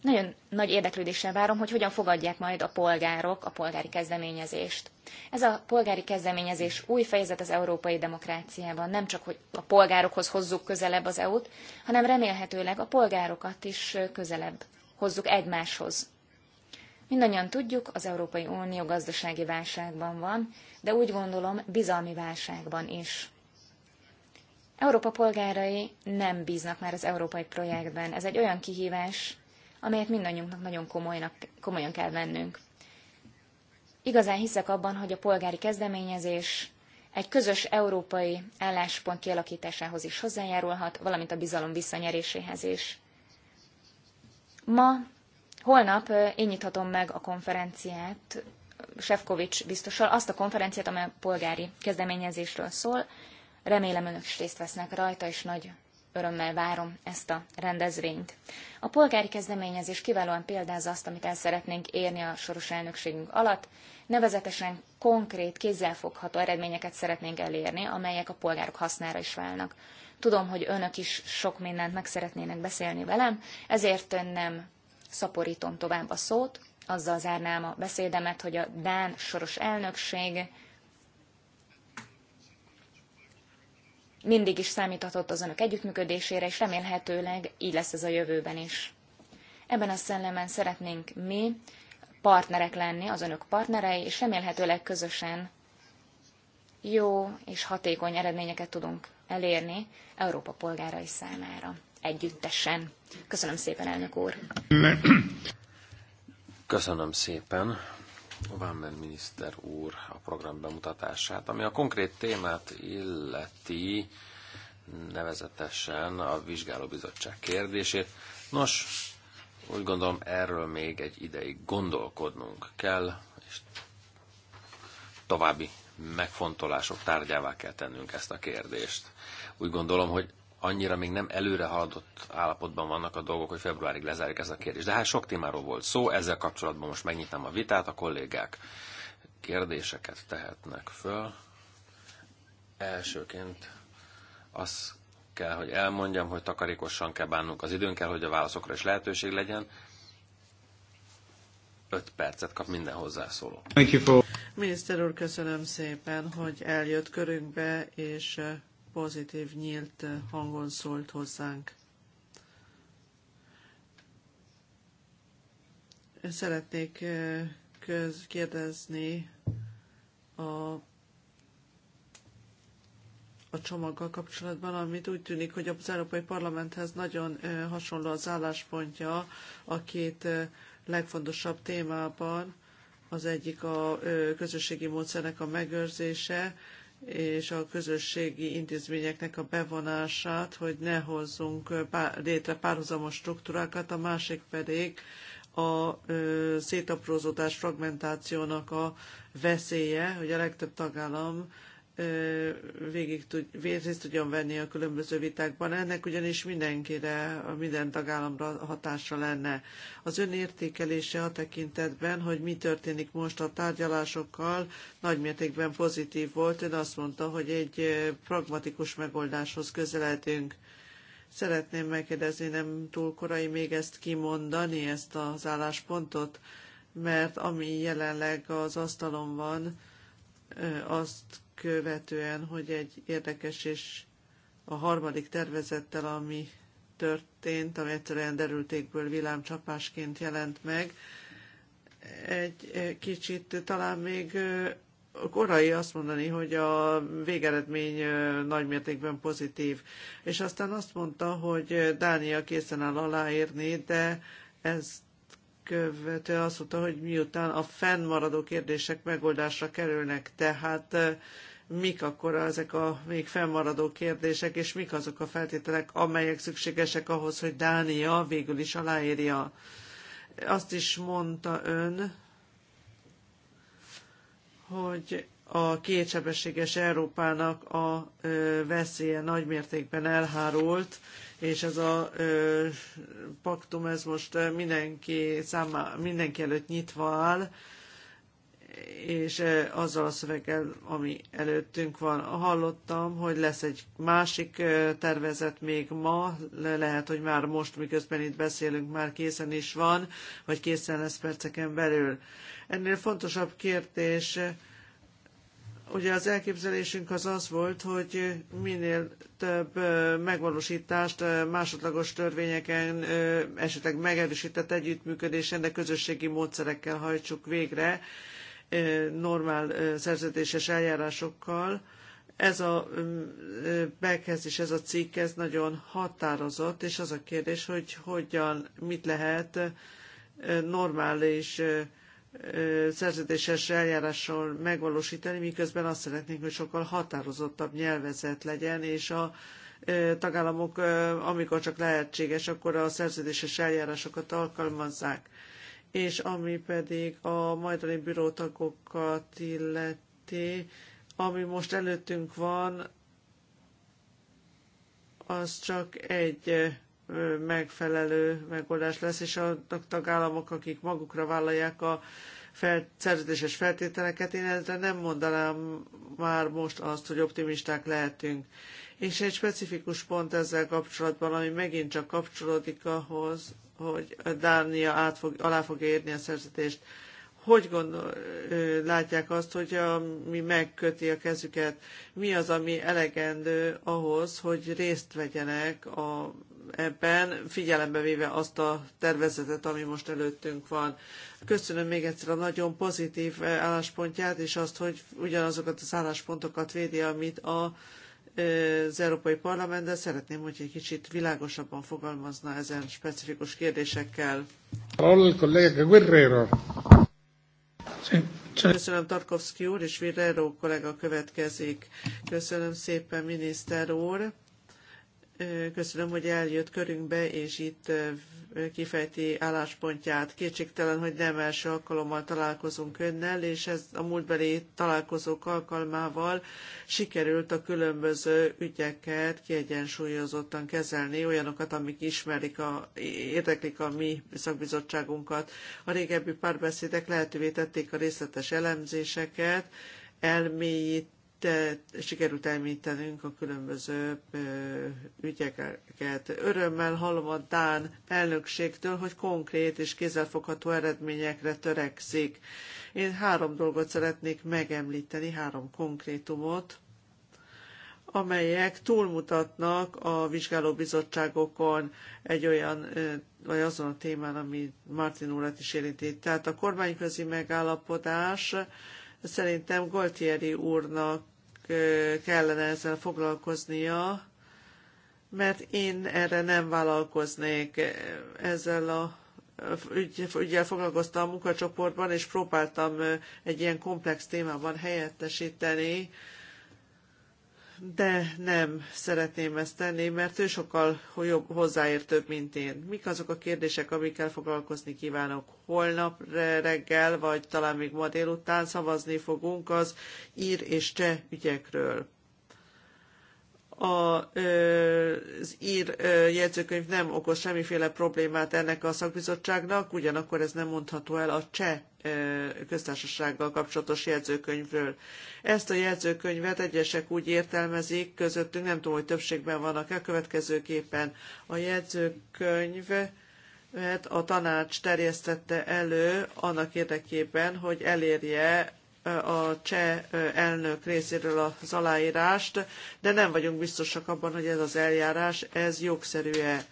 nagyon nagy érdeklődéssel várom, hogy hogyan fogadják majd a polgárok a polgári kezdeményezést. Ez a polgári kezdeményezés új fejezet az európai demokráciában. Nem csak, hogy a polgárokhoz hozzuk közelebb az EU-t, hanem remélhetőleg a polgárokat is közelebb hozzuk egymáshoz. Mindannyian tudjuk, az Európai Unió gazdasági válságban van, de úgy gondolom bizalmi válságban is. Európa polgárai nem bíznak már az európai projektben. Ez egy olyan kihívás, amelyet mindannyiunknak nagyon komolynak, komolyan kell vennünk. Igazán hiszek abban, hogy a polgári kezdeményezés egy közös európai álláspont kialakításához is hozzájárulhat, valamint a bizalom visszanyeréséhez is. Ma, holnap én nyithatom meg a konferenciát Sefkovics biztosal, azt a konferenciát, amely a polgári kezdeményezésről szól. Remélem önök is részt vesznek rajta, és nagy örömmel várom ezt a rendezvényt. A polgári kezdeményezés kiválóan példázza azt, amit el szeretnénk érni a soros elnökségünk alatt, nevezetesen konkrét, kézzelfogható eredményeket szeretnénk elérni, amelyek a polgárok hasznára is válnak. Tudom, hogy önök is sok mindent meg szeretnének beszélni velem, ezért nem szaporítom tovább a szót, azzal zárnám a beszédemet, hogy a Dán soros elnökség mindig is számíthatott az önök együttműködésére, és remélhetőleg így lesz ez a jövőben is. Ebben a szellemben szeretnénk mi partnerek lenni, az önök partnerei, és remélhetőleg közösen jó és hatékony eredményeket tudunk elérni Európa polgárai számára együttesen. Köszönöm szépen, elnök úr! Köszönöm szépen! Vámen miniszter úr a program bemutatását. Ami a konkrét témát illeti, nevezetesen a vizsgálóbizottság kérdését. Nos, úgy gondolom erről még egy ideig gondolkodnunk kell, és további megfontolások tárgyává kell tennünk ezt a kérdést. Úgy gondolom, hogy annyira még nem előre haladott állapotban vannak a dolgok, hogy februárig lezárjuk ezt a kérdést. De hát sok témáról volt szó, ezzel kapcsolatban most megnyitnám a vitát, a kollégák kérdéseket tehetnek föl. Elsőként az kell, hogy elmondjam, hogy takarékosan kell bánnunk az időnkkel, hogy a válaszokra is lehetőség legyen. Öt percet kap minden hozzászóló. Thank you for... Miniszter úr, köszönöm szépen, hogy eljött körünkbe, és pozitív, nyílt hangon szólt hozzánk. Szeretnék eh, köz kérdezni a, a csomaggal kapcsolatban, amit úgy tűnik, hogy az Európai Parlamenthez nagyon eh, hasonló az álláspontja a két eh, legfontosabb témában. Az egyik a közösségi módszernek a megőrzése, és a közösségi intézményeknek a bevonását, hogy ne hozzunk létre párhuzamos struktúrákat, a másik pedig a szétaprózódás fragmentációnak a veszélye, hogy a legtöbb tagállam végig tud, részt tudjon venni a különböző vitákban. Ennek ugyanis mindenkire, minden tagállamra hatása lenne. Az ön értékelése a tekintetben, hogy mi történik most a tárgyalásokkal, nagymértékben pozitív volt. Ön azt mondta, hogy egy pragmatikus megoldáshoz közeledünk. Szeretném megkérdezni, nem túl korai még ezt kimondani, ezt az álláspontot, mert ami jelenleg az asztalon van, azt követően, hogy egy érdekes és a harmadik tervezettel, ami történt, ami egyszerűen derültékből villámcsapásként jelent meg, egy kicsit talán még korai azt mondani, hogy a végeredmény nagymértékben pozitív. És aztán azt mondta, hogy Dánia készen áll aláírni, de ezt követő azt mondta, hogy miután a fennmaradó kérdések megoldásra kerülnek, tehát mik akkor ezek a még fennmaradó kérdések, és mik azok a feltételek, amelyek szükségesek ahhoz, hogy Dánia végül is aláírja. Azt is mondta ön, hogy a kétsebességes Európának a veszélye nagymértékben elhárult, és ez a ö, paktum ez most mindenki, számá, mindenki előtt nyitva áll, és azzal a szöveggel, ami előttünk van. Hallottam, hogy lesz egy másik tervezet még ma, lehet, hogy már most, miközben itt beszélünk, már készen is van, vagy készen lesz perceken belül. Ennél fontosabb kérdés, Ugye az elképzelésünk az az volt, hogy minél több megvalósítást másodlagos törvényeken, esetleg megerősített együttműködésen, de közösségi módszerekkel hajtsuk végre, normál szerződéses eljárásokkal. Ez a bekezdés, ez a cikk, ez nagyon határozott, és az a kérdés, hogy hogyan, mit lehet normális szerződéses eljárással megvalósítani, miközben azt szeretnénk, hogy sokkal határozottabb nyelvezet legyen, és a tagállamok, amikor csak lehetséges, akkor a szerződéses eljárásokat alkalmazzák. És ami pedig a majdani bürótagokat illeti, ami most előttünk van, az csak egy megfelelő megoldás lesz, és a tagállamok, akik magukra vállalják a fel, szerződéses feltételeket, én ezre nem mondanám már most azt, hogy optimisták lehetünk. És egy specifikus pont ezzel kapcsolatban, ami megint csak kapcsolódik ahhoz, hogy Dánia át fog, alá fog érni a szerződést. Hogy gondol, látják azt, hogy ami mi megköti a kezüket, mi az, ami elegendő ahhoz, hogy részt vegyenek a ebben, figyelembe véve azt a tervezetet, ami most előttünk van. Köszönöm még egyszer a nagyon pozitív eh, álláspontját, és azt, hogy ugyanazokat az álláspontokat védi, amit a eh, az Európai Parlament, de szeretném, hogy egy kicsit világosabban fogalmazna ezen specifikus kérdésekkel. Köszönöm Tarkovsky úr, és Guerrero kollega következik. Köszönöm szépen, miniszter úr. Köszönöm, hogy eljött körünkbe, és itt kifejti álláspontját. Kétségtelen, hogy nem első alkalommal találkozunk önnel, és ez a múltbeli találkozók alkalmával sikerült a különböző ügyeket kiegyensúlyozottan kezelni, olyanokat, amik ismerik, a, érdeklik a mi szakbizottságunkat. A régebbi párbeszédek lehetővé tették a részletes elemzéseket, elmélyít te, sikerült említenünk a különböző ügyeket. Örömmel hallom a Dán elnökségtől, hogy konkrét és kézzelfogható eredményekre törekszik. Én három dolgot szeretnék megemlíteni, három konkrétumot, amelyek túlmutatnak a vizsgálóbizottságokon egy olyan, vagy azon a témán, ami Martin urat is érinti. Tehát a kormányközi megállapodás, Szerintem Goltieri úrnak kellene ezzel foglalkoznia, mert én erre nem vállalkoznék ezzel a ügy, ügyel foglalkoztam a munkacsoportban, és próbáltam egy ilyen komplex témában helyettesíteni, de nem szeretném ezt tenni, mert ő sokkal jobb, hozzáértőbb, mint én. Mik azok a kérdések, amikkel foglalkozni kívánok? Holnap reggel, vagy talán még ma délután szavazni fogunk az ír és cseh ügyekről a, az ír jegyzőkönyv nem okoz semmiféle problémát ennek a szakbizottságnak, ugyanakkor ez nem mondható el a cseh köztársasággal kapcsolatos jegyzőkönyvről. Ezt a jegyzőkönyvet egyesek úgy értelmezik közöttünk, nem tudom, hogy többségben vannak-e, következőképpen a jegyzőkönyv a tanács terjesztette elő annak érdekében, hogy elérje a cseh elnök részéről az aláírást, de nem vagyunk biztosak abban, hogy ez az eljárás, ez jogszerű-e.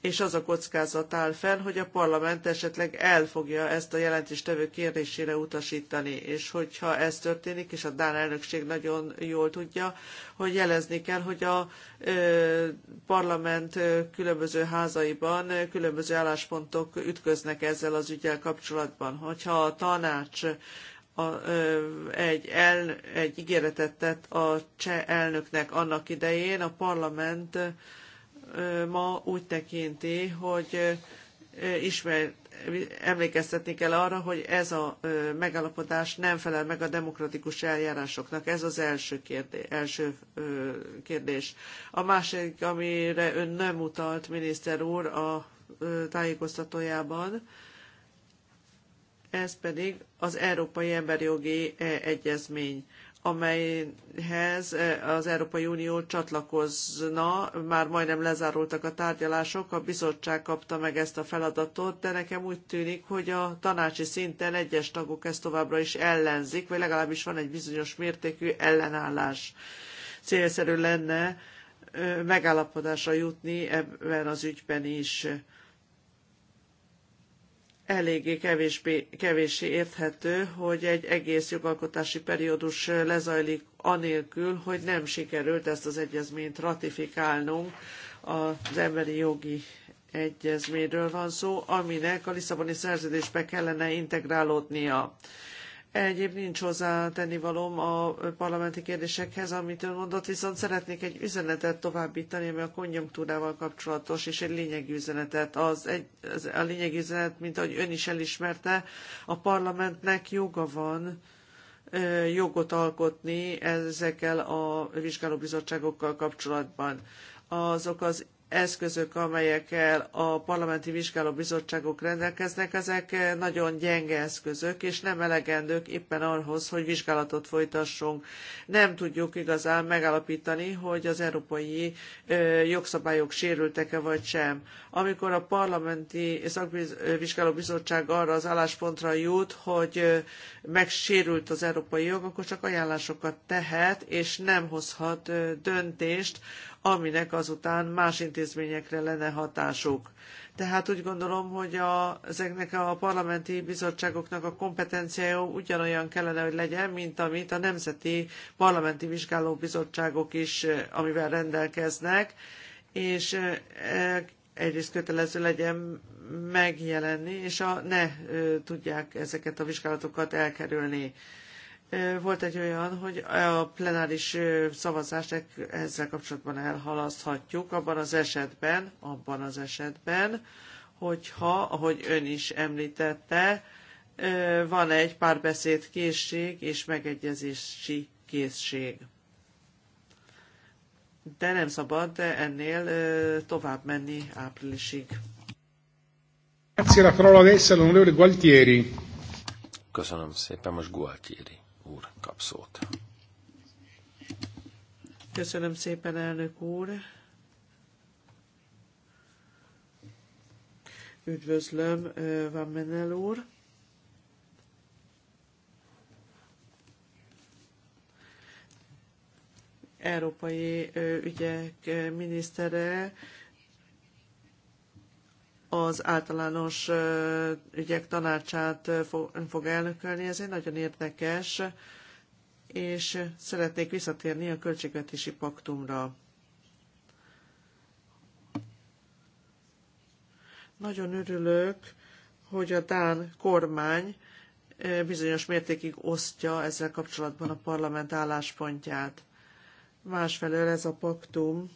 És az a kockázat áll fenn, hogy a parlament esetleg el fogja ezt a jelentéstevő kérésére utasítani, és hogyha ez történik, és a Dán elnökség nagyon jól tudja, hogy jelezni kell, hogy a parlament különböző házaiban különböző álláspontok ütköznek ezzel az ügyel kapcsolatban. Hogyha a tanács a, egy, el, egy ígéretet tett a cseh elnöknek annak idején. A parlament ma úgy tekinti, hogy ismer, emlékeztetni kell arra, hogy ez a megállapodás nem felel meg a demokratikus eljárásoknak. Ez az első, kérdés. első kérdés. A másik, amire ön nem utalt, miniszter úr, a tájékoztatójában, ez pedig az Európai Emberi Jogi eh, Egyezmény, amelyhez eh, az Európai Unió csatlakozna, már majdnem lezárultak a tárgyalások, a bizottság kapta meg ezt a feladatot, de nekem úgy tűnik, hogy a tanácsi szinten egyes tagok ezt továbbra is ellenzik, vagy legalábbis van egy bizonyos mértékű ellenállás. Célszerű lenne eh, megállapodásra jutni ebben az ügyben is eléggé kevésbé, kevéssé érthető, hogy egy egész jogalkotási periódus lezajlik anélkül, hogy nem sikerült ezt az egyezményt ratifikálnunk. Az emberi jogi egyezményről van szó, aminek a Lisszaboni szerződésbe kellene integrálódnia. Egyéb nincs hozzá tennivalom a parlamenti kérdésekhez, amit ön mondott, viszont szeretnék egy üzenetet továbbítani, ami a konjunktúrával kapcsolatos, és egy lényegi üzenetet. Az egy, az, a lényegi üzenet, mint ahogy ön is elismerte, a parlamentnek joga van ö, jogot alkotni ezekkel a vizsgálóbizottságokkal kapcsolatban. Azok az eszközök, amelyekkel a parlamenti vizsgálóbizottságok rendelkeznek, ezek nagyon gyenge eszközök, és nem elegendők éppen ahhoz, hogy vizsgálatot folytassunk. Nem tudjuk igazán megállapítani, hogy az európai jogszabályok sérültek-e vagy sem. Amikor a parlamenti szakvizsgálóbizottság arra az álláspontra jut, hogy megsérült az európai jog, akkor csak ajánlásokat tehet, és nem hozhat döntést aminek azután más intézményekre lenne hatásuk. Tehát úgy gondolom, hogy a, ezeknek a parlamenti bizottságoknak a kompetenciája ugyanolyan kellene, hogy legyen, mint amit a nemzeti parlamenti bizottságok is, amivel rendelkeznek, és e, egyrészt kötelező legyen megjelenni, és a, ne e, tudják ezeket a vizsgálatokat elkerülni volt egy olyan, hogy a plenáris szavazást ezzel kapcsolatban elhalaszthatjuk, abban az esetben, abban az esetben, hogyha, ahogy ön is említette, van egy párbeszéd készség és megegyezési készség. De nem szabad de ennél tovább menni áprilisig. Grazie la parola adesso all'onorevole Gualtieri. szépen, most Gualtieri kap szót. Köszönöm szépen, elnök úr. Üdvözlöm, Van Menel úr. Európai ügyek minisztere az általános ügyek tanácsát fog elnökölni. Ez egy nagyon érdekes és szeretnék visszatérni a költségvetési paktumra. Nagyon örülök, hogy a Dán kormány eh, bizonyos mértékig osztja ezzel kapcsolatban a parlament álláspontját. Másfelől ez a paktum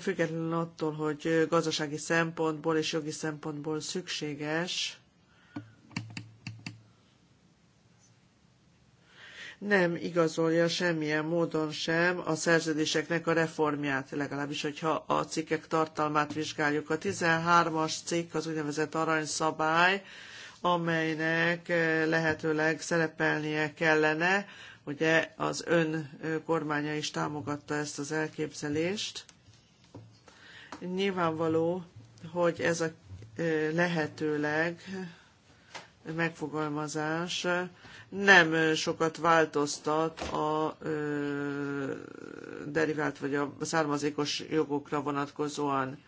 függetlenül attól, hogy gazdasági szempontból és jogi szempontból szükséges, nem igazolja semmilyen módon sem a szerződéseknek a reformját, legalábbis, hogyha a cikkek tartalmát vizsgáljuk. A 13-as cikk az úgynevezett aranyszabály, amelynek eh, lehetőleg szerepelnie kellene, ugye az ön eh, kormánya is támogatta ezt az elképzelést. Nyilvánvaló, hogy ez a eh, lehetőleg megfogalmazás nem sokat változtat a ö, derivált vagy a származékos jogokra vonatkozóan.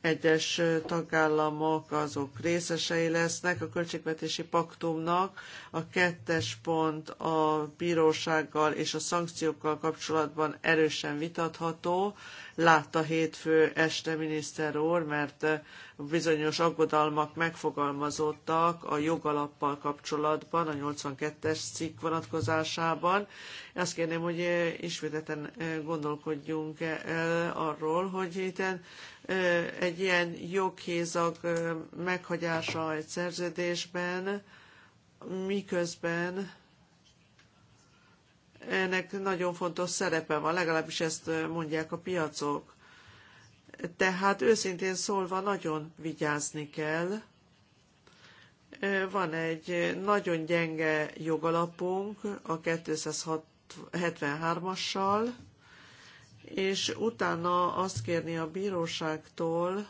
Egyes tagállamok azok részesei lesznek a költségvetési paktumnak. A kettes pont a bírósággal és a szankciókkal kapcsolatban erősen vitatható látta hétfő este miniszter úr, mert eh, bizonyos aggodalmak megfogalmazottak a jogalappal kapcsolatban, a 82-es cikk vonatkozásában. Azt kérném, hogy eh, ismételten eh, gondolkodjunk e, el arról, hogy itt egy ilyen joghézag meghagyása egy szerződésben, miközben ennek nagyon fontos szerepe van, legalábbis ezt mondják a piacok. Tehát őszintén szólva nagyon vigyázni kell. Van egy nagyon gyenge jogalapunk a 273-assal, és utána azt kérni a bíróságtól,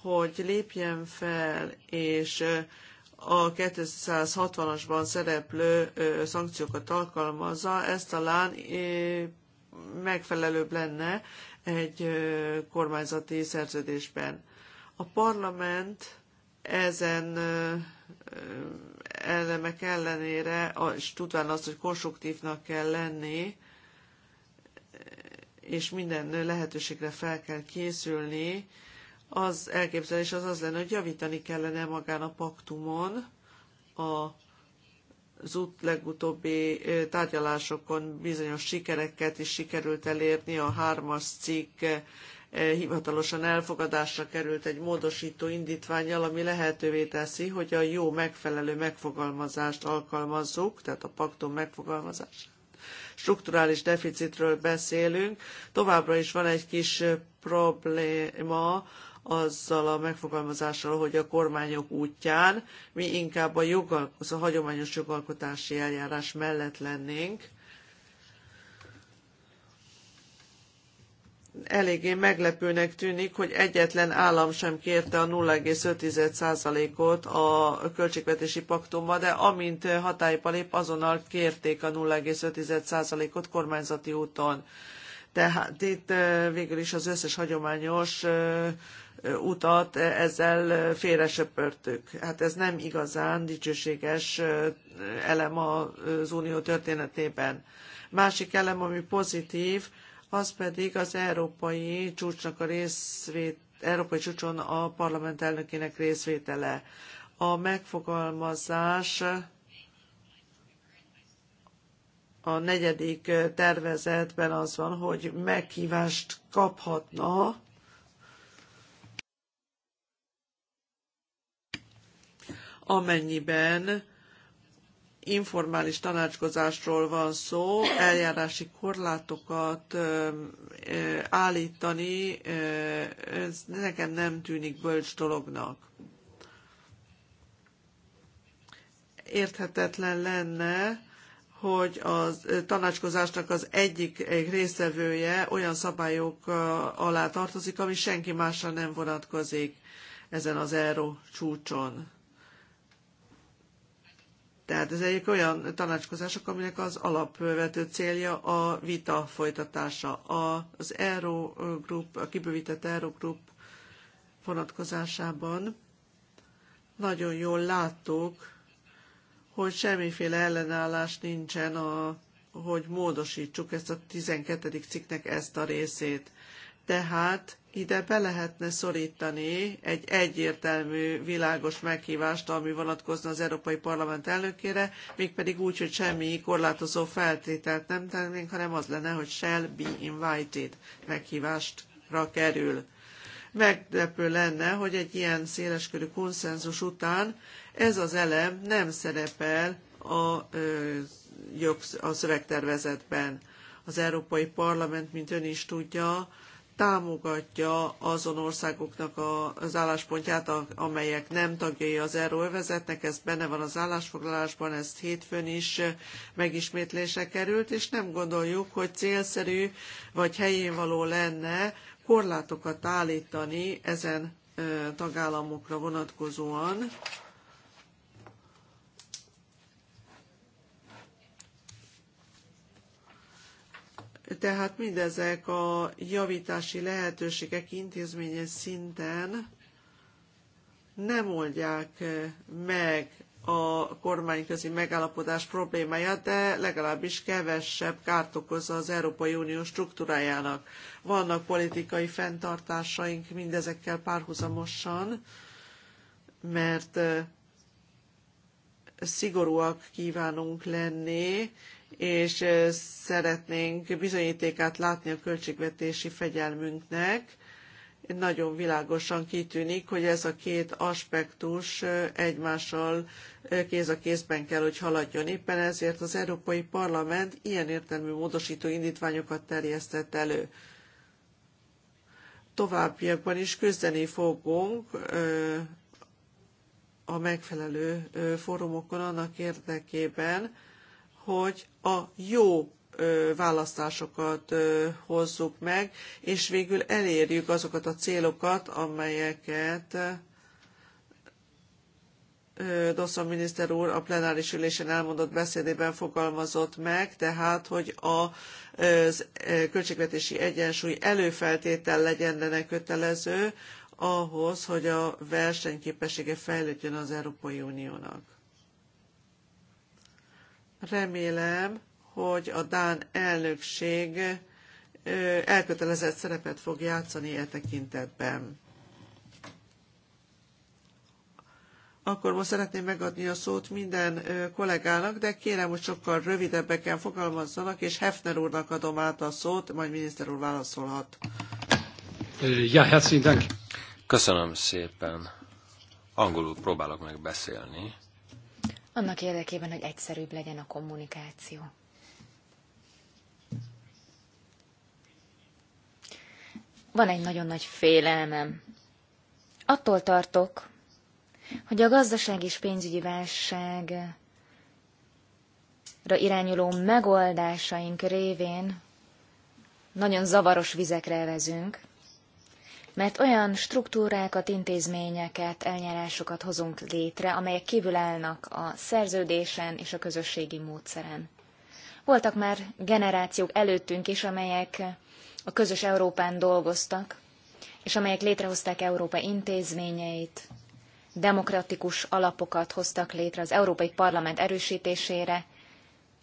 hogy lépjen fel, és a 260-asban szereplő szankciókat alkalmazza, ez talán megfelelőbb lenne egy kormányzati szerződésben. A parlament ezen elemek ellenére, és tudván azt, hogy konstruktívnak kell lenni, és minden lehetőségre fel kell készülni, az elképzelés az az lenne, hogy javítani kellene magán a paktumon a az út legutóbbi tárgyalásokon bizonyos sikereket is sikerült elérni. A hármas cikk hivatalosan elfogadásra került egy módosító indítványjal, ami lehetővé teszi, hogy a jó megfelelő megfogalmazást alkalmazzuk, tehát a paktum megfogalmazás strukturális deficitről beszélünk. Továbbra is van egy kis probléma azzal a megfogalmazással, hogy a kormányok útján mi inkább a, jogalkoz, a hagyományos jogalkotási eljárás mellett lennénk. Eléggé meglepőnek tűnik, hogy egyetlen állam sem kérte a 0,5%-ot a költségvetési paktumba, de amint hatályba lép, azonnal kérték a 0,5%-ot kormányzati úton. Tehát itt eh, végül is az összes hagyományos eh, utat e, ezzel e, söpörtük. Hát ez nem igazán dicsőséges e, elem az unió történetében. Másik elem, ami pozitív, az pedig az európai csúcsnak a részvét, európai csúcson a parlament elnökének részvétele. A megfogalmazás a negyedik tervezetben az van, hogy meghívást kaphatna amennyiben informális tanácskozásról van szó, eljárási korlátokat állítani, ez nekem nem tűnik bölcs dolognak. Érthetetlen lenne, hogy a tanácskozásnak az egyik egy részevője olyan szabályok alá tartozik, ami senki másra nem vonatkozik ezen az euró csúcson. Tehát ez egyik olyan tanácskozások, aminek az alapvető célja a vita folytatása. Az Eurogroup, a kibővített Eurogroup vonatkozásában nagyon jól láttuk, hogy semmiféle ellenállás nincsen, a, hogy módosítsuk ezt a 12. cikknek ezt a részét. Tehát ide be lehetne szorítani egy egyértelmű, világos meghívást, ami vonatkozna az Európai Parlament elnökére, mégpedig úgy, hogy semmi korlátozó feltételt nem tennénk, hanem az lenne, hogy shall be invited meghívástra kerül. Meglepő lenne, hogy egy ilyen széleskörű konszenzus után ez az elem nem szerepel a, a szövegtervezetben. Az Európai Parlament, mint ön is tudja, támogatja azon országoknak az álláspontját, amelyek nem tagjai az euróvezetnek, ez benne van az állásfoglalásban, ezt hétfőn is megismétlése került, és nem gondoljuk, hogy célszerű vagy helyén való lenne korlátokat állítani ezen tagállamokra vonatkozóan, Tehát mindezek a javítási lehetőségek intézményes szinten nem oldják meg a kormányközi megállapodás problémáját, de legalábbis kevesebb kárt okoz az Európai Unió struktúrájának. Vannak politikai fenntartásaink mindezekkel párhuzamosan, mert szigorúak kívánunk lenni, és szeretnénk bizonyítékát látni a költségvetési fegyelmünknek. Nagyon világosan kitűnik, hogy ez a két aspektus egymással kéz a kézben kell, hogy haladjon. Éppen ezért az Európai Parlament ilyen értelmű módosító indítványokat terjesztett elő továbbiakban is küzdeni fogunk a megfelelő fórumokon annak érdekében, hogy a jó választásokat hozzuk meg, és végül elérjük azokat a célokat, amelyeket Dosszon miniszter úr a plenáris ülésen elmondott beszédében fogalmazott meg, tehát, hogy a költségvetési egyensúly előfeltétel legyen lenne kötelező ahhoz, hogy a versenyképessége fejlődjön az Európai Uniónak. Remélem, hogy a Dán elnökség elkötelezett szerepet fog játszani e tekintetben. Akkor most szeretném megadni a szót minden kollégának, de kérem, hogy sokkal rövidebbeken fogalmazzanak, és Hefner úrnak adom át a szót, majd miniszter úr válaszolhat. Ja, herzlichen hát Köszönöm szépen. Angolul próbálok meg beszélni annak érdekében, hogy egyszerűbb legyen a kommunikáció. Van egy nagyon nagy félelmem. Attól tartok, hogy a gazdaság és pénzügyi válságra irányuló megoldásaink révén nagyon zavaros vizekre vezünk, mert olyan struktúrákat, intézményeket, elnyárásokat hozunk létre, amelyek kívül állnak a szerződésen és a közösségi módszeren. Voltak már generációk előttünk is, amelyek a közös Európán dolgoztak, és amelyek létrehozták Európa intézményeit, demokratikus alapokat hoztak létre az Európai Parlament erősítésére,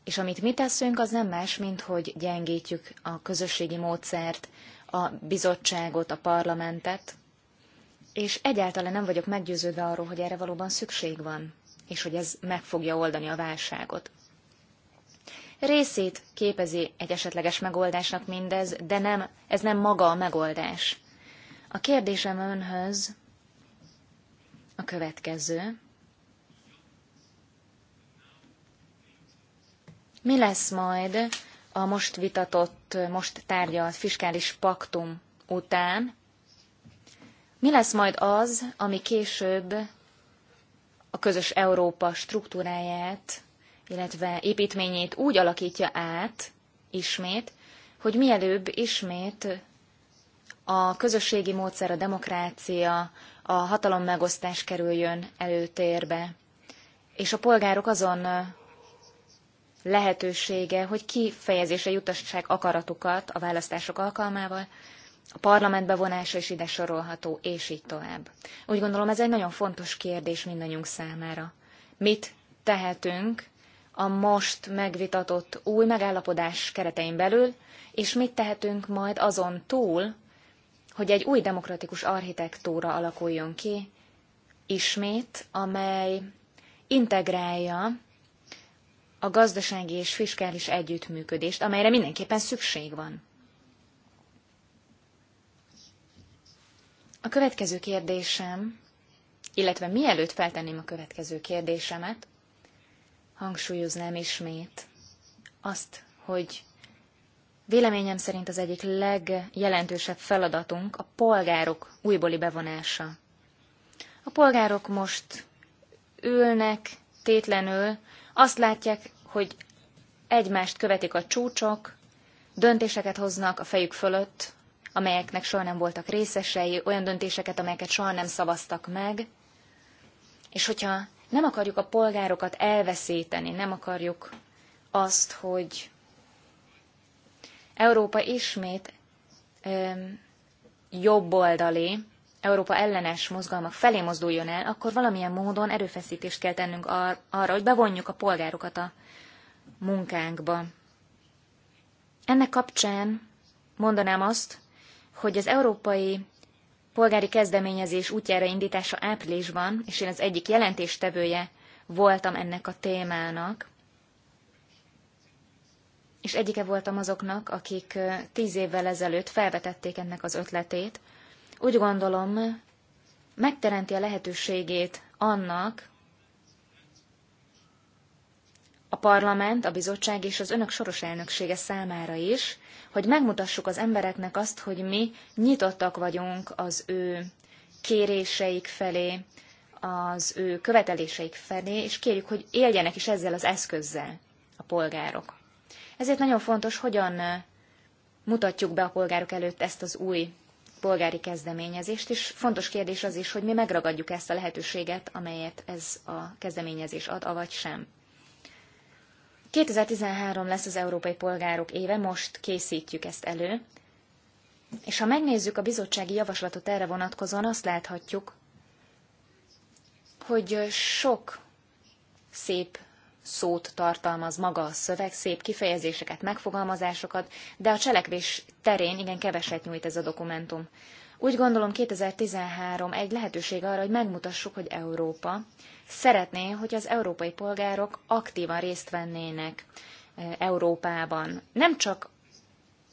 és amit mi teszünk, az nem más, mint hogy gyengítjük a közösségi módszert, a bizottságot, a parlamentet, és egyáltalán nem vagyok meggyőződve arról, hogy erre valóban szükség van, és hogy ez meg fogja oldani a válságot. Részét képezi egy esetleges megoldásnak mindez, de nem, ez nem maga a megoldás. A kérdésem önhöz a következő. Mi lesz majd a most vitatott, most tárgyalt fiskális paktum után, mi lesz majd az, ami később a közös Európa struktúráját, illetve építményét úgy alakítja át ismét, hogy mielőbb ismét a közösségi módszer, a demokrácia, a hatalommegosztás kerüljön előtérbe. És a polgárok azon lehetősége, hogy kifejezésre jutassák akaratukat a választások alkalmával, a parlament bevonása is ide sorolható, és így tovább. Úgy gondolom, ez egy nagyon fontos kérdés mindannyiunk számára. Mit tehetünk a most megvitatott új megállapodás keretein belül, és mit tehetünk majd azon túl, hogy egy új demokratikus architektúra alakuljon ki, ismét, amely integrálja a gazdasági és fiskális együttműködést, amelyre mindenképpen szükség van. A következő kérdésem, illetve mielőtt feltenném a következő kérdésemet, hangsúlyoznám ismét azt, hogy véleményem szerint az egyik legjelentősebb feladatunk a polgárok újbóli bevonása. A polgárok most ülnek tétlenül, azt látják, hogy egymást követik a csúcsok, döntéseket hoznak a fejük fölött, amelyeknek soha nem voltak részesei, olyan döntéseket, amelyeket soha nem szavaztak meg. És hogyha nem akarjuk a polgárokat elveszíteni, nem akarjuk azt, hogy Európa ismét ö, jobboldali, Európa ellenes mozgalmak felé mozduljon el, akkor valamilyen módon erőfeszítést kell tennünk ar- arra, hogy bevonjuk a polgárokat a munkánkba. Ennek kapcsán mondanám azt, hogy az európai polgári kezdeményezés útjára indítása áprilisban, és én az egyik jelentéstevője voltam ennek a témának, és egyike voltam azoknak, akik tíz évvel ezelőtt felvetették ennek az ötletét, úgy gondolom, megteremti a lehetőségét annak, a parlament, a bizottság és az önök soros elnöksége számára is, hogy megmutassuk az embereknek azt, hogy mi nyitottak vagyunk az ő kéréseik felé, az ő követeléseik felé, és kérjük, hogy éljenek is ezzel az eszközzel a polgárok. Ezért nagyon fontos, hogyan mutatjuk be a polgárok előtt ezt az új polgári kezdeményezést, és fontos kérdés az is, hogy mi megragadjuk ezt a lehetőséget, amelyet ez a kezdeményezés ad, avagy sem. 2013 lesz az Európai Polgárok éve, most készítjük ezt elő, és ha megnézzük a bizottsági javaslatot erre vonatkozóan, azt láthatjuk, hogy sok szép szót tartalmaz maga a szöveg, szép kifejezéseket, megfogalmazásokat, de a cselekvés terén igen keveset nyújt ez a dokumentum. Úgy gondolom 2013 egy lehetőség arra, hogy megmutassuk, hogy Európa szeretné, hogy az európai polgárok aktívan részt vennének eh, Európában. Nem csak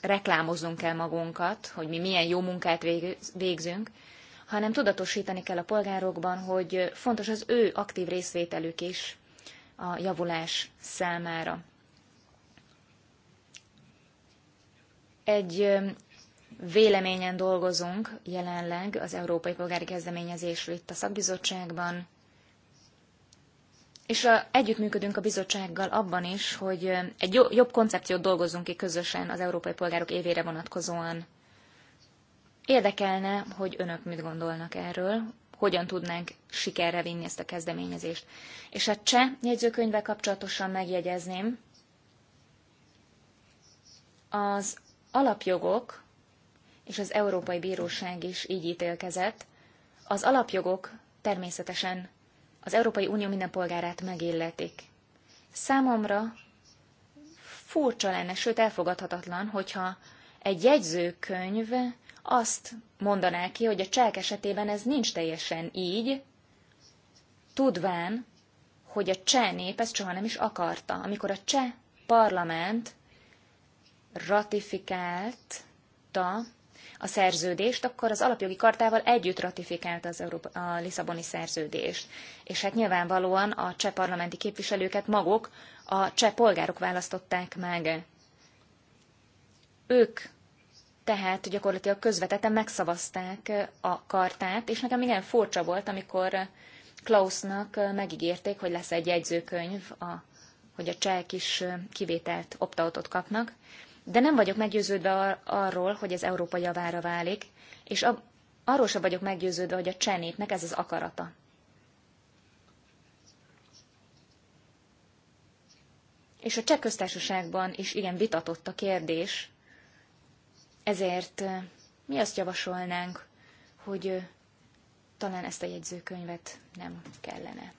reklámoznunk kell magunkat, hogy mi milyen jó munkát végzünk, hanem tudatosítani kell a polgárokban, hogy fontos az ő aktív részvételük is a javulás számára. Egy véleményen dolgozunk jelenleg az Európai Polgári Kezdeményezésről itt a szakbizottságban, és a, együttműködünk a bizottsággal abban is, hogy egy jobb koncepciót dolgozunk ki közösen az európai polgárok évére vonatkozóan. Érdekelne, hogy önök mit gondolnak erről, hogyan tudnánk sikerre vinni ezt a kezdeményezést. És a cseh jegyzőkönyvvel kapcsolatosan megjegyezném, az alapjogok, és az Európai Bíróság is így ítélkezett, az alapjogok természetesen az Európai Unió minden polgárát megilletik. Számomra furcsa lenne, sőt elfogadhatatlan, hogyha egy jegyzőkönyv azt mondaná ki, hogy a csák esetében ez nincs teljesen így, tudván, hogy a cseh nép ezt soha nem is akarta. Amikor a cseh parlament ratifikálta a szerződést, akkor az alapjogi kartával együtt ratifikálta az Európa, a Lisszaboni szerződést. És hát nyilvánvalóan a cseh parlamenti képviselőket maguk a cseh polgárok választották meg. Ők tehát gyakorlatilag közvetetten megszavazták a kartát, és nekem igen furcsa volt, amikor Klausnak megígérték, hogy lesz egy jegyzőkönyv, a, hogy a csehek is kivételt, optautot kapnak, de nem vagyok meggyőződve ar- arról, hogy ez Európa javára válik, és a, arról sem vagyok meggyőződve, hogy a cseh ez az akarata. És a cseh köztársaságban is igen vitatott a kérdés, ezért mi azt javasolnánk, hogy talán ezt a jegyzőkönyvet nem kellene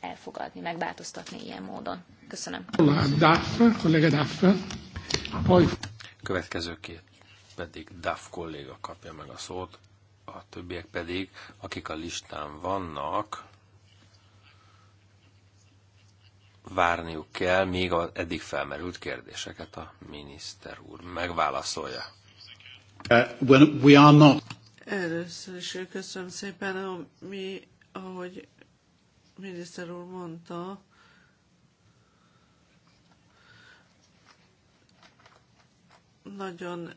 elfogadni, megváltoztatni ilyen módon. Köszönöm. Duff, Duff. Következő két pedig Duff kolléga kapja meg a szót, a többiek pedig, akik a listán vannak, várniuk kell, még az eddig felmerült kérdéseket a miniszter úr megválaszolja. Uh, we are not... Először is köszönöm szépen, mi, ahogy miniszter úr mondta, nagyon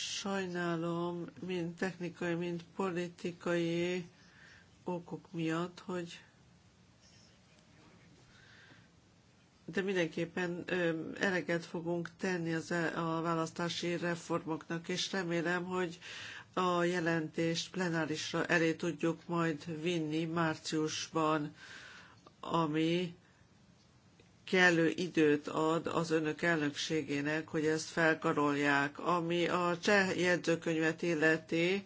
sajnálom, mind technikai, mind politikai okok miatt, hogy de mindenképpen eleget fogunk tenni az e, a választási reformoknak, és remélem, hogy a jelentést plenárisra elé tudjuk majd vinni márciusban, ami kellő időt ad az önök elnökségének, hogy ezt felkarolják. Ami a cseh jegyzőkönyvet illeti,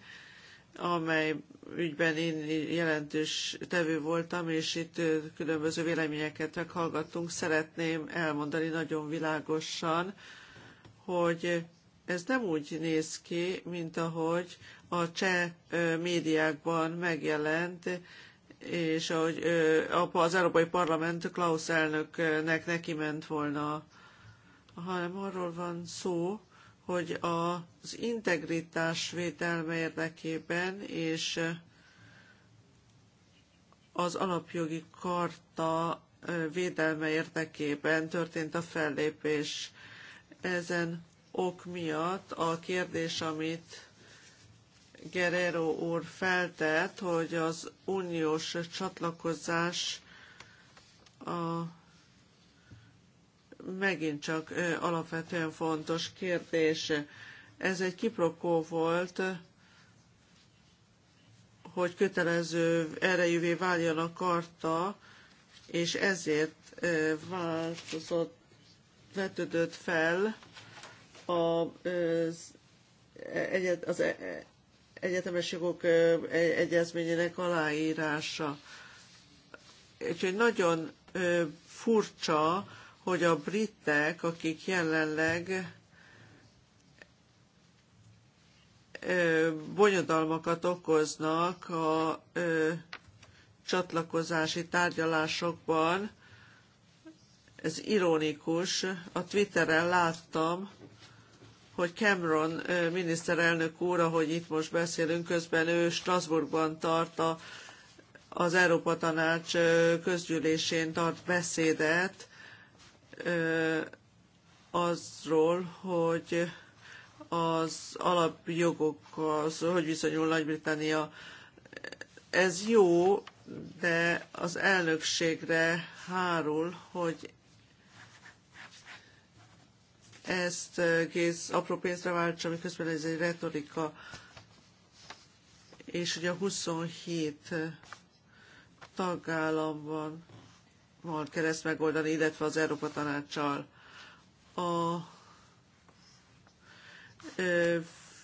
amely ügyben én jelentős tevő voltam, és itt különböző véleményeket meghallgattunk. Szeretném elmondani nagyon világosan, hogy ez nem úgy néz ki, mint ahogy a cseh médiákban megjelent, és ahogy az Európai Parlament Klaus elnöknek neki ment volna, hanem arról van szó, hogy az integritás védelme érdekében és az alapjogi karta védelme érdekében történt a fellépés. Ezen ok miatt a kérdés, amit Guerrero úr feltett, hogy az uniós csatlakozás a megint csak alapvetően fontos kérdés. Ez egy kiprokó volt, hogy kötelező erejűvé váljon a karta, és ezért változott, vetődött fel az, e, egyet, az e, e, egyetemes jogok egyezményének aláírása. Úgyhogy nagyon furcsa, hogy a britek, akik jelenleg bonyodalmakat okoznak a csatlakozási tárgyalásokban, ez ironikus, a Twitteren láttam, hogy Cameron miniszterelnök úr, ahogy itt most beszélünk, közben ő Strasbourgban tart a, az Európa Tanács közgyűlésén tart beszédet, azról, hogy az az, hogy viszonyul Nagy-Britannia. Ez jó, de az elnökségre hárul, hogy ezt kész apró pénzre váltsa, miközben ez egy retorika. És ugye 27 tagállam van van kereszt megoldani, illetve az Európa Tanácssal. A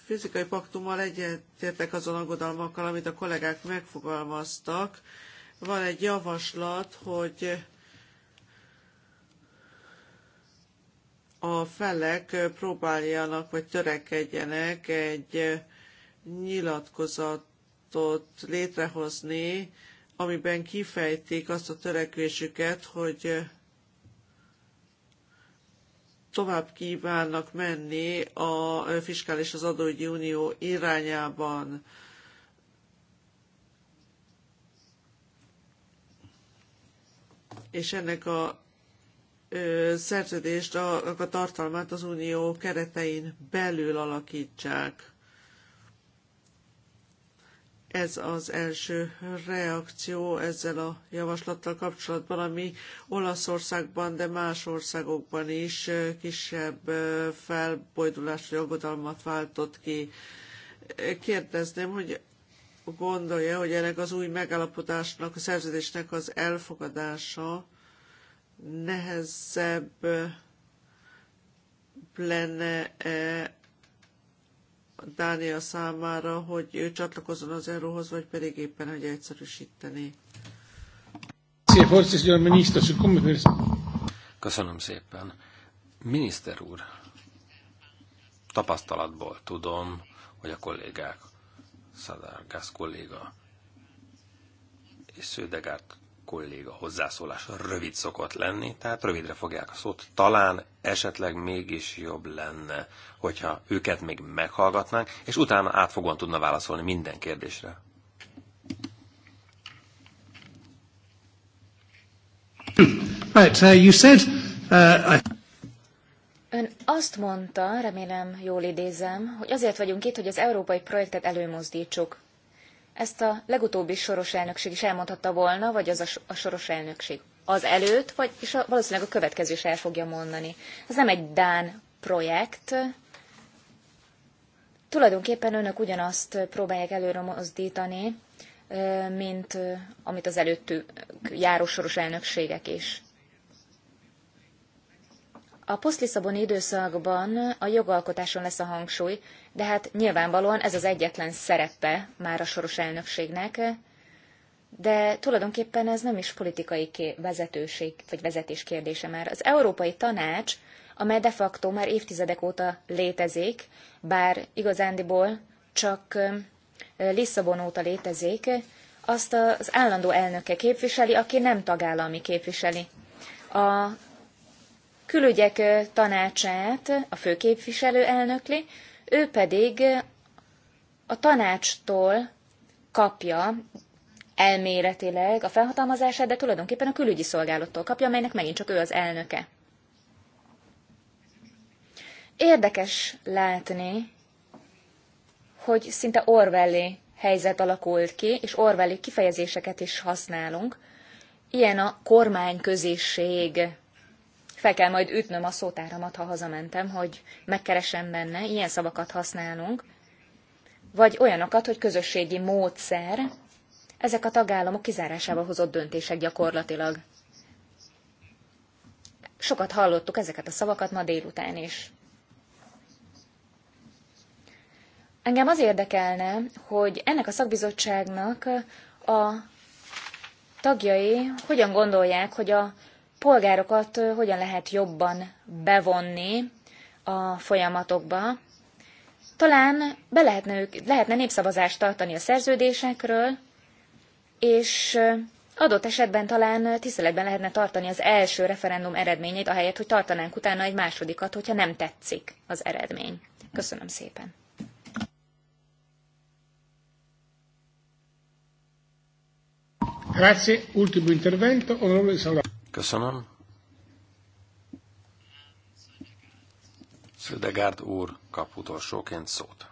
fizikai paktummal egyetértek azon aggodalmakkal, amit a kollégák megfogalmaztak. Van egy javaslat, hogy a felek próbáljanak vagy törekedjenek egy nyilatkozatot létrehozni, amiben kifejtik azt a törekvésüket, hogy tovább kívánnak menni a fiskális az adógyi unió irányában. És ennek a szerződést, a, a tartalmát az unió keretein belül alakítsák ez az első reakció ezzel a javaslattal kapcsolatban, ami Olaszországban, de más országokban is kisebb felbojdulást, jogodalmat váltott ki. Kérdezném, hogy gondolja, hogy ennek az új megállapodásnak, a szerződésnek az elfogadása nehezebb lenne -e Dánia számára, hogy ő csatlakozzon az euróhoz, vagy pedig éppen, hogy egyszerűsíteni. Köszönöm szépen. Miniszter úr, tapasztalatból tudom, hogy a kollégák, Gász kolléga és Sződegárt kolléga hozzászólása rövid szokott lenni, tehát rövidre fogják a szót. Talán esetleg mégis jobb lenne, hogyha őket még meghallgatnánk, és utána átfogóan tudna válaszolni minden kérdésre. Right, uh, you said, uh, I... Ön azt mondta, remélem jól idézem, hogy azért vagyunk itt, hogy az európai projektet előmozdítsuk. Ezt a legutóbbi soros elnökség is elmondhatta volna, vagy az a, a soros elnökség az előtt, vagy és a, valószínűleg a következő is el fogja mondani. Ez nem egy Dán projekt. Tulajdonképpen önök ugyanazt próbálják előre mozdítani, mint amit az előttük járó soros elnökségek is. A posztliszaboni időszakban a jogalkotáson lesz a hangsúly, de hát nyilvánvalóan ez az egyetlen szerepe már a soros elnökségnek, de tulajdonképpen ez nem is politikai vezetőség vagy vezetés kérdése már. Az Európai Tanács, amely de facto már évtizedek óta létezik, bár igazándiból csak Lisszabon óta létezik, azt az állandó elnöke képviseli, aki nem tagállami képviseli. A külügyek tanácsát a főképviselő elnökli, ő pedig a tanácstól kapja elméletileg a felhatalmazását, de tulajdonképpen a külügyi szolgálattól kapja, amelynek megint csak ő az elnöke. Érdekes látni, hogy szinte Orwelli helyzet alakult ki, és Orwelli kifejezéseket is használunk. Ilyen a kormányköziség fel kell majd ütnöm a szótáramat, ha hazamentem, hogy megkeresem benne, ilyen szavakat használunk, vagy olyanokat, hogy közösségi módszer, ezek a tagállamok kizárásával hozott döntések gyakorlatilag. Sokat hallottuk ezeket a szavakat ma délután is. Engem az érdekelne, hogy ennek a szakbizottságnak a tagjai hogyan gondolják, hogy a polgárokat hogyan lehet jobban bevonni a folyamatokba. Talán be lehetne, ők, lehetne népszavazást tartani a szerződésekről, és adott esetben talán tiszteletben lehetne tartani az első referendum eredményét, ahelyett, hogy tartanánk utána egy másodikat, hogyha nem tetszik az eredmény. Köszönöm szépen. Grazie, ultimo intervento, onorevole Salvatore. Köszönöm. Szödegárd úr kap utolsóként szót.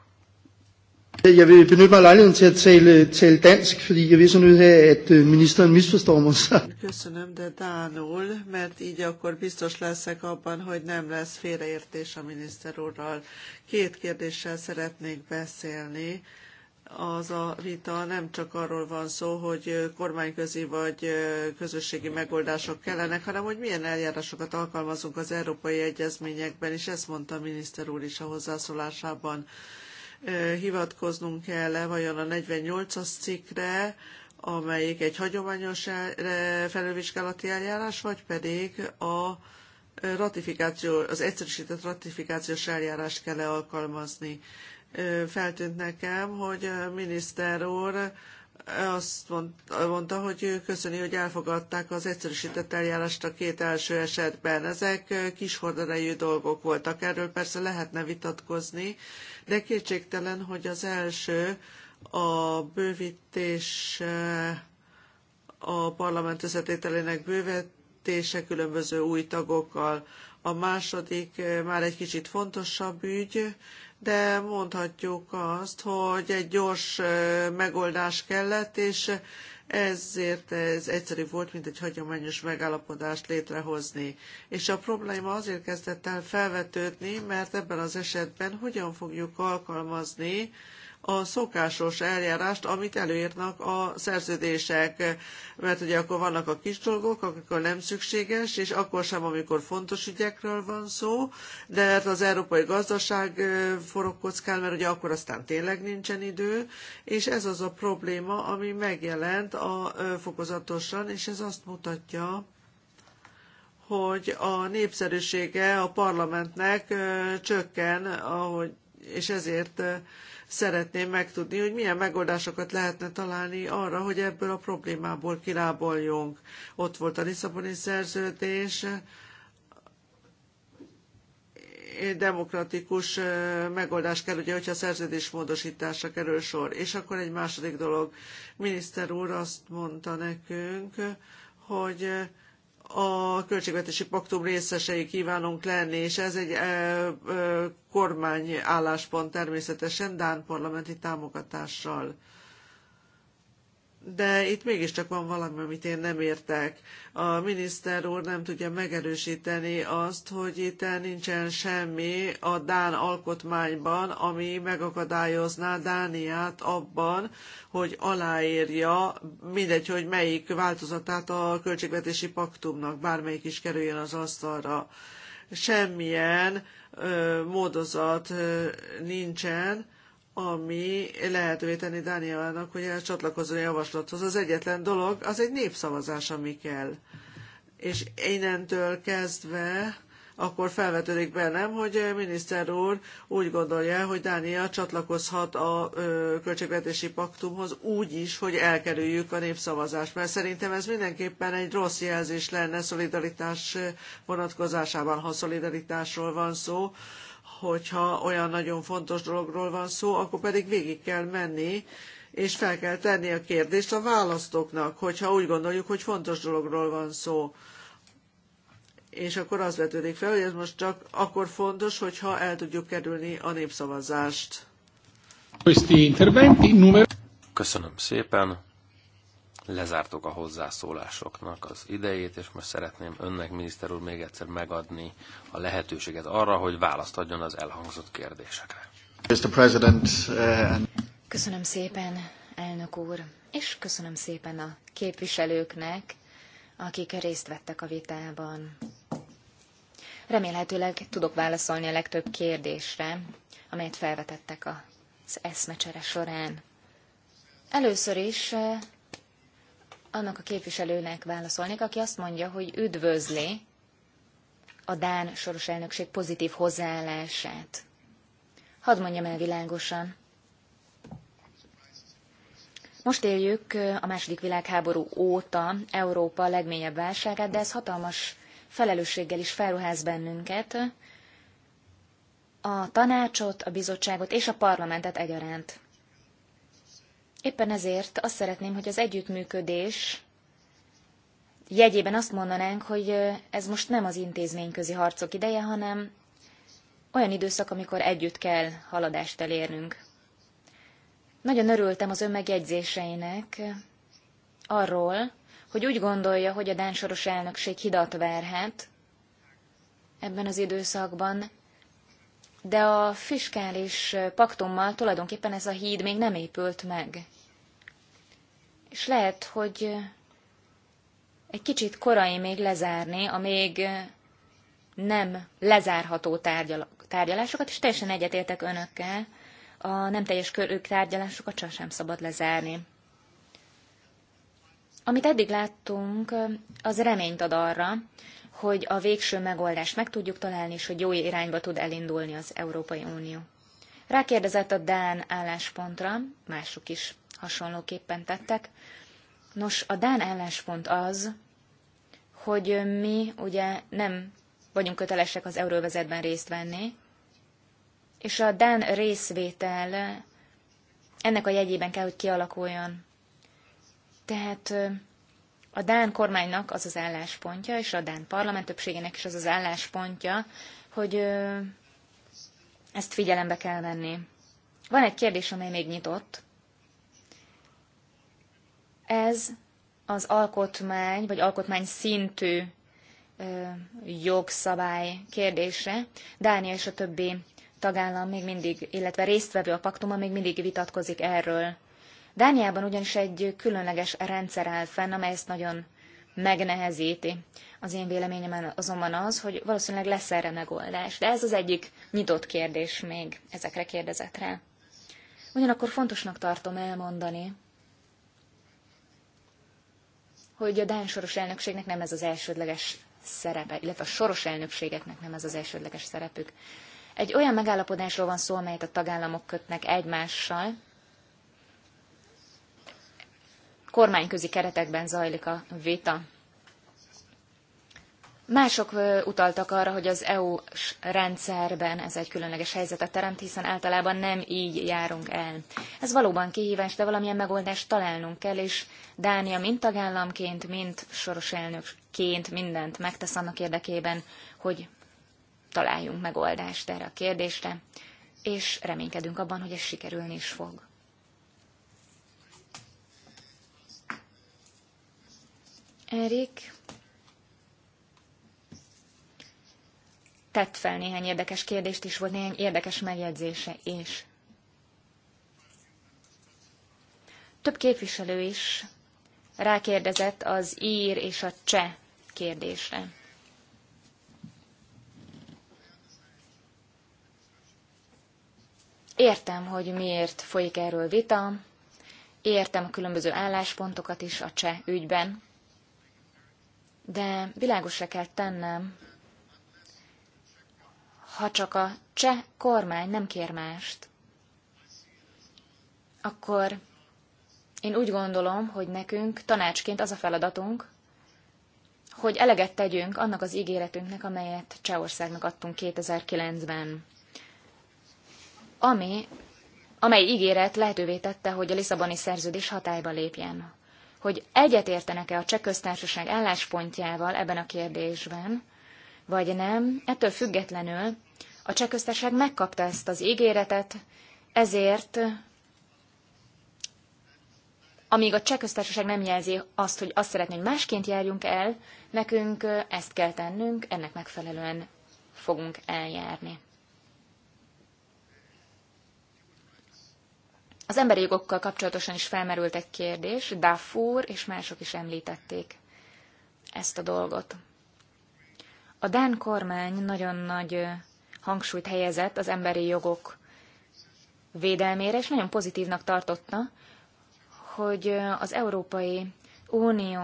Jeg vil benytte mig af lejligheden til at tale, tale dansk, fordi jeg vil så ud af, at øh, ministeren misforstår mig så. Köszönöm, de mert így akkor biztos leszek abban, hogy nem lesz félreértés a miniszter úrral. Két kérdéssel szeretnék beszélni az a vita nem csak arról van szó, hogy kormányközi vagy közösségi megoldások kellenek, hanem hogy milyen eljárásokat alkalmazunk az európai egyezményekben, és ezt mondta a miniszter úr is a hozzászólásában. Hivatkoznunk kell-e vajon a 48-as cikkre, amelyik egy hagyományos felülvizsgálati eljárás, vagy pedig a ratifikáció, az egyszerűsített ratifikációs eljárást kell -e alkalmazni feltűnt nekem, hogy a miniszter úr azt mondta, hogy köszöni, hogy elfogadták az egyszerűsített eljárást a két első esetben. Ezek kis horderejű dolgok voltak, erről persze lehetne vitatkozni, de kétségtelen, hogy az első a bővítés a parlament összetételének bővítése különböző új tagokkal. A második már egy kicsit fontosabb ügy, de mondhatjuk azt, hogy egy gyors megoldás kellett, és ezért ez egyszerű volt, mint egy hagyományos megállapodást létrehozni. És a probléma azért kezdett el felvetődni, mert ebben az esetben hogyan fogjuk alkalmazni a szokásos eljárást, amit előírnak a szerződések, mert ugye akkor vannak a kis dolgok, akikor nem szükséges, és akkor sem, amikor fontos ügyekről van szó, de mert hát az európai gazdaság forog kockán, mert ugye akkor aztán tényleg nincsen idő, és ez az a probléma, ami megjelent a fokozatosan, és ez azt mutatja, hogy a népszerűsége a parlamentnek csökken, ahogy, és ezért szeretném megtudni, hogy milyen megoldásokat lehetne találni arra, hogy ebből a problémából kilábaljunk. Ott volt a Lisszaboni szerződés, eh, demokratikus eh, megoldás kell, ugye, hogyha szerződés módosításra kerül sor. És akkor egy második dolog. Miniszter úr azt mondta nekünk, hogy eh, a költségvetési paktum részesei kívánunk lenni, és ez egy ö, kormány álláspont természetesen Dán parlamenti támogatással de itt mégiscsak van valami, amit én nem értek. A miniszter úr nem tudja megerősíteni azt, hogy itt nincsen semmi a Dán alkotmányban, ami megakadályozná Dániát abban, hogy aláírja, mindegy, hogy melyik változatát a költségvetési paktumnak, bármelyik is kerüljön az asztalra. Semmilyen ö, módozat ö, nincsen, ami lehetővé tenni Dánielának, hogy csatlakozzon csatlakozó javaslathoz. Az egyetlen dolog, az egy népszavazás, ami kell. És innentől kezdve akkor felvetődik bennem, hogy miniszter úr úgy gondolja, hogy Dánia csatlakozhat a költségvetési paktumhoz úgy is, hogy elkerüljük a népszavazást, mert szerintem ez mindenképpen egy rossz jelzés lenne szolidaritás vonatkozásában, ha szolidaritásról van szó, hogyha olyan nagyon fontos dologról van szó, akkor pedig végig kell menni, és fel kell tenni a kérdést a választóknak, hogyha úgy gondoljuk, hogy fontos dologról van szó. És akkor az vetődik fel, hogy ez most csak akkor fontos, hogyha el tudjuk kerülni a népszavazást. Köszönöm szépen lezártuk a hozzászólásoknak az idejét, és most szeretném önnek, miniszter úr, még egyszer megadni a lehetőséget arra, hogy választ adjon az elhangzott kérdésekre. Mr. President, uh, Köszönöm szépen, elnök úr, és köszönöm szépen a képviselőknek, akik részt vettek a vitában. Remélhetőleg tudok válaszolni a legtöbb kérdésre, amelyet felvetettek az eszmecsere során. Először is uh, annak a képviselőnek válaszolnék, aki azt mondja, hogy üdvözli a Dán soros elnökség pozitív hozzáállását. Hadd mondjam el világosan. Most éljük a második világháború óta Európa legmélyebb válságát, de ez hatalmas felelősséggel is felruház bennünket, a tanácsot, a bizottságot és a parlamentet egyaránt. Éppen ezért azt szeretném, hogy az együttműködés jegyében azt mondanánk, hogy ez most nem az intézményközi harcok ideje, hanem olyan időszak, amikor együtt kell haladást elérnünk. Nagyon örültem az ön megjegyzéseinek arról, hogy úgy gondolja, hogy a Dán elnökség hidat verhet ebben az időszakban, de a fiskális paktummal tulajdonképpen ez a híd még nem épült meg. És lehet, hogy egy kicsit korai még lezárni a még nem lezárható tárgyal- tárgyalásokat, és teljesen egyetértek önökkel, a nem teljes körű tárgyalásokat sem szabad lezárni. Amit eddig láttunk, az reményt ad arra, hogy a végső megoldást meg tudjuk találni, és hogy jó irányba tud elindulni az Európai Unió. Rákérdezett a Dán álláspontra, mások is hasonlóképpen tettek. Nos, a Dán álláspont az, hogy mi ugye nem vagyunk kötelesek az euróvezetben részt venni, és a Dán részvétel ennek a jegyében kell, hogy kialakuljon. Tehát a Dán kormánynak az az álláspontja, és a Dán parlament többségének is az az álláspontja, hogy ezt figyelembe kell venni. Van egy kérdés, amely még nyitott, ez az alkotmány, vagy alkotmány szintű ö, jogszabály kérdése. Dánia és a többi tagállam még mindig, illetve résztvevő a paktuma még mindig vitatkozik erről. Dániában ugyanis egy különleges rendszer áll fenn, amely ezt nagyon megnehezíti. Az én véleményem azonban az, hogy valószínűleg lesz erre megoldás, de ez az egyik nyitott kérdés még ezekre kérdezetre. Ugyanakkor fontosnak tartom elmondani, hogy a Dán soros elnökségnek nem ez az elsődleges szerepe, illetve a soros elnökségeknek nem ez az elsődleges szerepük. Egy olyan megállapodásról van szó, amelyet a tagállamok kötnek egymással, kormányközi keretekben zajlik a vita. Mások utaltak arra, hogy az EU-s rendszerben ez egy különleges helyzetet teremt, hiszen általában nem így járunk el. Ez valóban kihívás, de valamilyen megoldást találnunk kell, és Dánia mind tagállamként, mind soros elnökként mindent megtesz annak érdekében, hogy találjunk megoldást erre a kérdésre, és reménykedünk abban, hogy ez sikerülni is fog. Erik, tett fel néhány érdekes kérdést is, volt néhány érdekes megjegyzése is. Több képviselő is rákérdezett az ír és a cseh kérdésre. Értem, hogy miért folyik erről vita, értem a különböző álláspontokat is a cseh ügyben, de világosra kell tennem, ha csak a cseh kormány nem kér mást, akkor én úgy gondolom, hogy nekünk tanácsként az a feladatunk, hogy eleget tegyünk annak az ígéretünknek, amelyet Csehországnak adtunk 2009-ben, ami, amely ígéret lehetővé tette, hogy a Lisszaboni szerződés hatályba lépjen. Hogy egyetértenek-e a cseh köztársaság álláspontjával ebben a kérdésben, vagy nem. Ettől függetlenül a cseh megkapta ezt az ígéretet, ezért amíg a cseh nem jelzi azt, hogy azt szeretné, hogy másként járjunk el, nekünk ezt kell tennünk, ennek megfelelően fogunk eljárni. Az emberi jogokkal kapcsolatosan is felmerült egy kérdés, Dafur és mások is említették ezt a dolgot. A Dán kormány nagyon nagy hangsúlyt helyezett az emberi jogok védelmére, és nagyon pozitívnak tartotta, hogy az Európai Unió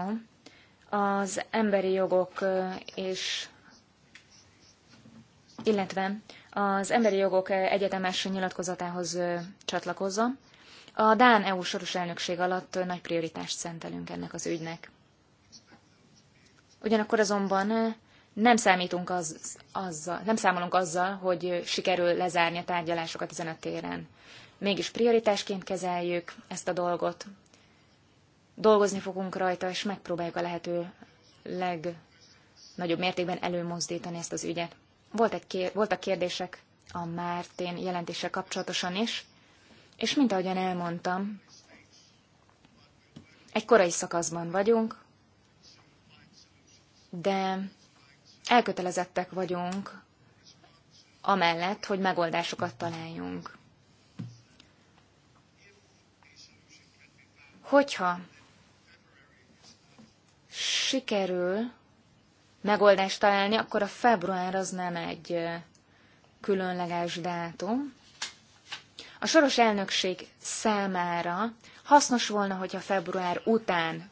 az emberi jogok és illetve az emberi jogok egyetemes nyilatkozatához csatlakozza. A Dán EU soros elnökség alatt nagy prioritást szentelünk ennek az ügynek. Ugyanakkor azonban nem számítunk az, azzal, nem számolunk azzal, hogy sikerül lezárni a tárgyalásokat ezen a téren. Mégis prioritásként kezeljük ezt a dolgot, dolgozni fogunk rajta, és megpróbáljuk a lehető legnagyobb mértékben előmozdítani ezt az ügyet. Volt egy kér, voltak kérdések a Mártén jelentéssel kapcsolatosan is, és mint ahogyan elmondtam, egy korai szakaszban vagyunk, de elkötelezettek vagyunk amellett, hogy megoldásokat találjunk. Hogyha sikerül megoldást találni, akkor a február az nem egy különleges dátum. A soros elnökség számára hasznos volna, hogyha február után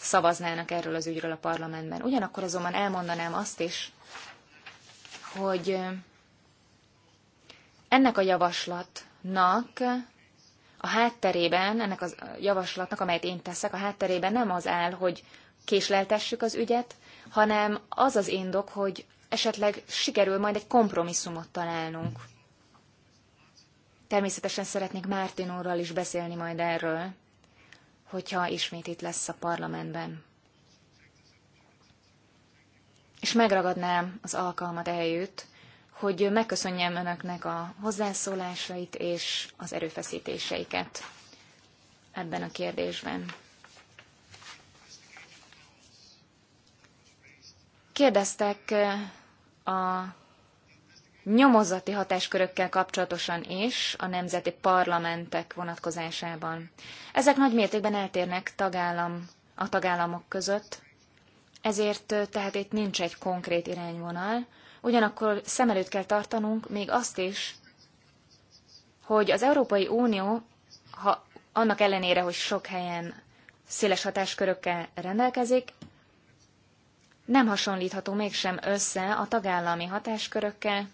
szavaznának erről az ügyről a parlamentben. Ugyanakkor azonban elmondanám azt is, hogy ennek a javaslatnak a hátterében, ennek a javaslatnak, amelyet én teszek, a hátterében nem az áll, hogy késleltessük az ügyet, hanem az az indok, hogy esetleg sikerül majd egy kompromisszumot találnunk. Természetesen szeretnék Mártin úrral is beszélni majd erről, hogyha ismét itt lesz a parlamentben. És megragadnám az alkalmat eljött, hogy megköszönjem önöknek a hozzászólásait és az erőfeszítéseiket ebben a kérdésben. Kérdeztek eh, a nyomozati hatáskörökkel kapcsolatosan is a nemzeti parlamentek vonatkozásában. Ezek nagy mértékben eltérnek tagállam, a tagállamok között, ezért tehát itt nincs egy konkrét irányvonal, ugyanakkor szem előtt kell tartanunk még azt is, hogy az Európai Unió, ha annak ellenére, hogy sok helyen széles hatáskörökkel rendelkezik, nem hasonlítható mégsem össze a tagállami hatáskörökkel,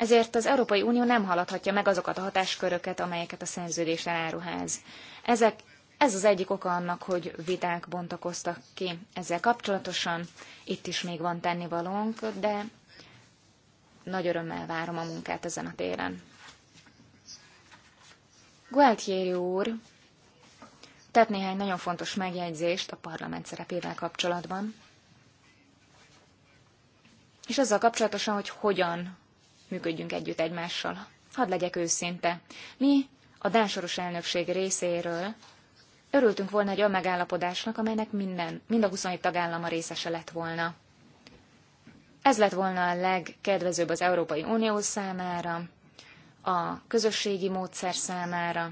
ezért az Európai Unió nem haladhatja meg azokat a hatásköröket, amelyeket a szerződés áruház. Ezek, ez az egyik oka annak, hogy viták bontakoztak ki ezzel kapcsolatosan. Itt is még van tennivalónk, de nagy örömmel várom a munkát ezen a téren. Gualtieri úr tett néhány nagyon fontos megjegyzést a parlament szerepével kapcsolatban, és azzal kapcsolatosan, hogy hogyan működjünk együtt egymással. Hadd legyek őszinte. Mi a Dásoros elnökség részéről örültünk volna egy olyan megállapodásnak, amelynek minden, mind a 27 tagállama részese lett volna. Ez lett volna a legkedvezőbb az Európai Unió számára, a közösségi módszer számára.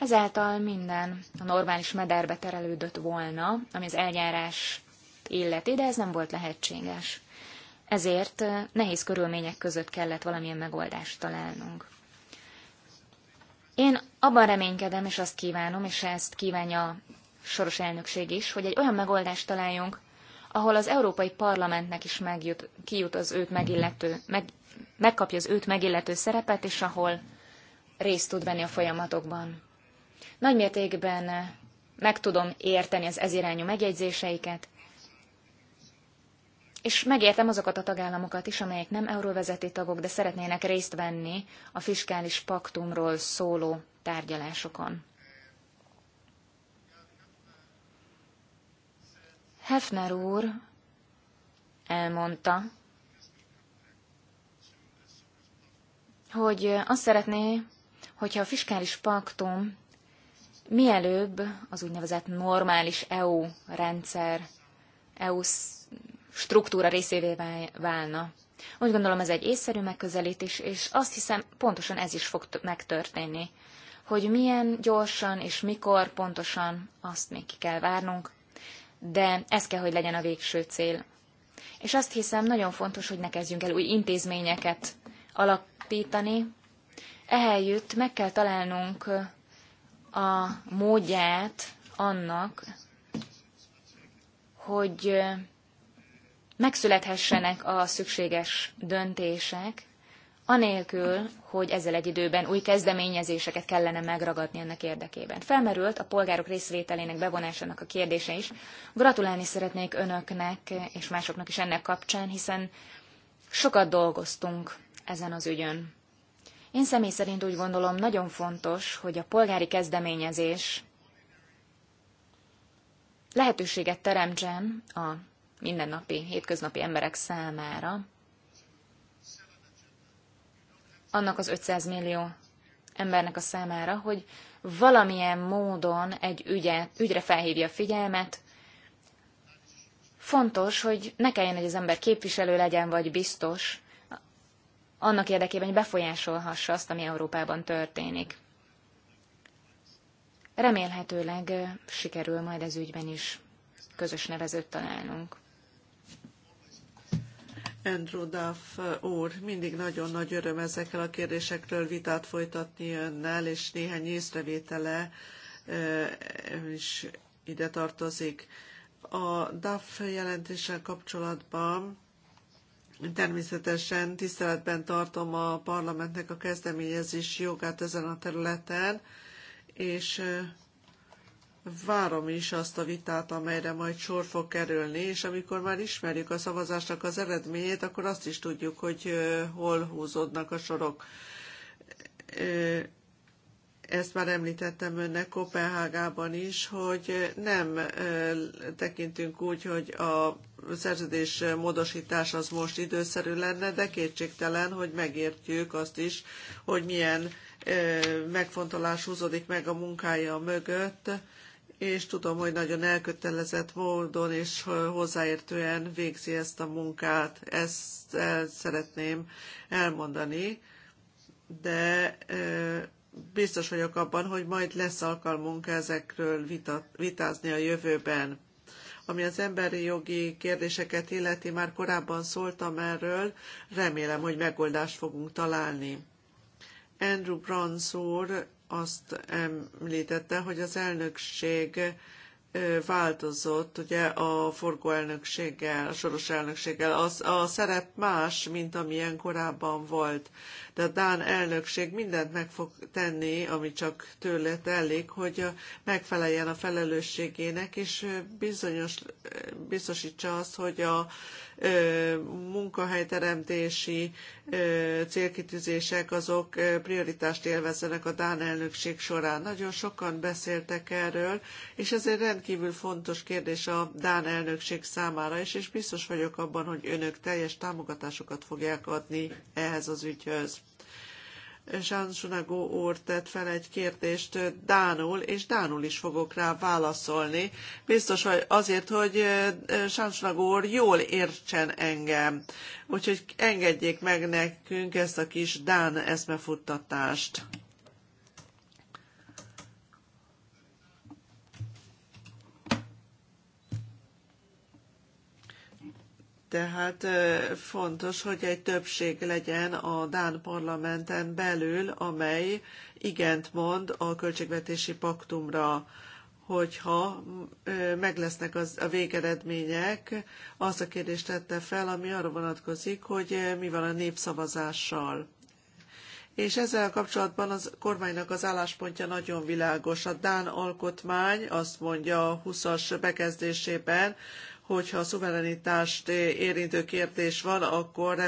Ezáltal minden a normális mederbe terelődött volna, ami az eljárás illeti, de ez nem volt lehetséges ezért nehéz körülmények között kellett valamilyen megoldást találnunk. Én abban reménykedem, és azt kívánom, és ezt kívánja a soros elnökség is, hogy egy olyan megoldást találjunk, ahol az Európai Parlamentnek is megjut, kijut az őt megillető, meg, megkapja az őt megillető szerepet, és ahol részt tud venni a folyamatokban. Nagymértékben meg tudom érteni az ezirányú megjegyzéseiket, és megértem azokat a tagállamokat is, amelyek nem euróvezeti tagok, de szeretnének részt venni a fiskális paktumról szóló tárgyalásokon. Hefner úr elmondta, hogy azt szeretné, hogyha a fiskális paktum mielőbb az úgynevezett normális EU rendszer, EU struktúra részévé válna. Úgy gondolom, ez egy észszerű megközelítés, és azt hiszem, pontosan ez is fog megtörténni. Hogy milyen gyorsan és mikor pontosan, azt még ki kell várnunk, de ez kell, hogy legyen a végső cél. És azt hiszem, nagyon fontos, hogy ne kezdjünk el új intézményeket alapítani. Ehelyütt meg kell találnunk a módját annak, hogy megszülethessenek a szükséges döntések, anélkül, hogy ezzel egy időben új kezdeményezéseket kellene megragadni ennek érdekében. Felmerült a polgárok részvételének bevonásának a kérdése is. Gratulálni szeretnék önöknek és másoknak is ennek kapcsán, hiszen sokat dolgoztunk ezen az ügyön. Én személy szerint úgy gondolom, nagyon fontos, hogy a polgári kezdeményezés lehetőséget teremtsen a mindennapi, hétköznapi emberek számára, annak az 500 millió embernek a számára, hogy valamilyen módon egy ügye, ügyre felhívja a figyelmet. Fontos, hogy ne kelljen, hogy az ember képviselő legyen, vagy biztos, annak érdekében, hogy befolyásolhassa azt, ami Európában történik. Remélhetőleg sikerül majd ez ügyben is közös nevezőt találnunk. Andrew Duff úr, mindig nagyon nagy öröm ezekkel a kérdésekről vitát folytatni önnel, és néhány észrevétele is ide tartozik. A DAF jelentéssel kapcsolatban természetesen tiszteletben tartom a parlamentnek a kezdeményezési jogát ezen a területen, és várom is azt a vitát, amelyre majd sor fog kerülni, és amikor már ismerjük a szavazásnak az eredményét, akkor azt is tudjuk, hogy hol húzódnak a sorok. Ezt már említettem önnek Kopenhágában is, hogy nem tekintünk úgy, hogy a szerződés módosítás az most időszerű lenne, de kétségtelen, hogy megértjük azt is, hogy milyen megfontolás húzódik meg a munkája mögött, és tudom, hogy nagyon elkötelezett módon és hozzáértően végzi ezt a munkát. Ezt el szeretném elmondani, de biztos vagyok abban, hogy majd lesz alkalmunk ezekről vitázni a jövőben. Ami az emberi jogi kérdéseket illeti, már korábban szóltam erről, remélem, hogy megoldást fogunk találni. Andrew Brons úr azt említette, hogy az elnökség változott ugye a forgó elnökséggel, a soros elnökséggel. Az, a szerep más, mint amilyen korábban volt de a Dán elnökség mindent meg fog tenni, ami csak tőle telik, hogy megfeleljen a felelősségének, és bizonyos, biztosítsa azt, hogy a munkahelyteremtési célkitűzések azok prioritást élvezzenek a Dán elnökség során. Nagyon sokan beszéltek erről, és ez egy rendkívül fontos kérdés a Dán elnökség számára is, és biztos vagyok abban, hogy önök teljes támogatásokat fogják adni ehhez az ügyhöz. Jean Sunago úr tett fel egy kérdést Dánul, és Dánul is fogok rá válaszolni. Biztos, hogy azért, hogy Jean Sunago úr jól értsen engem. Úgyhogy engedjék meg nekünk ezt a kis Dán eszmefuttatást. Tehát fontos, hogy egy többség legyen a Dán parlamenten belül, amely igent mond a költségvetési paktumra, hogyha meg lesznek az, a végeredmények. Azt a kérdést tette fel, ami arra vonatkozik, hogy mi van a népszavazással. És ezzel kapcsolatban az kormánynak az álláspontja nagyon világos. A Dán alkotmány azt mondja a 20-as bekezdésében, hogyha a szuverenitást érintő kérdés van, akkor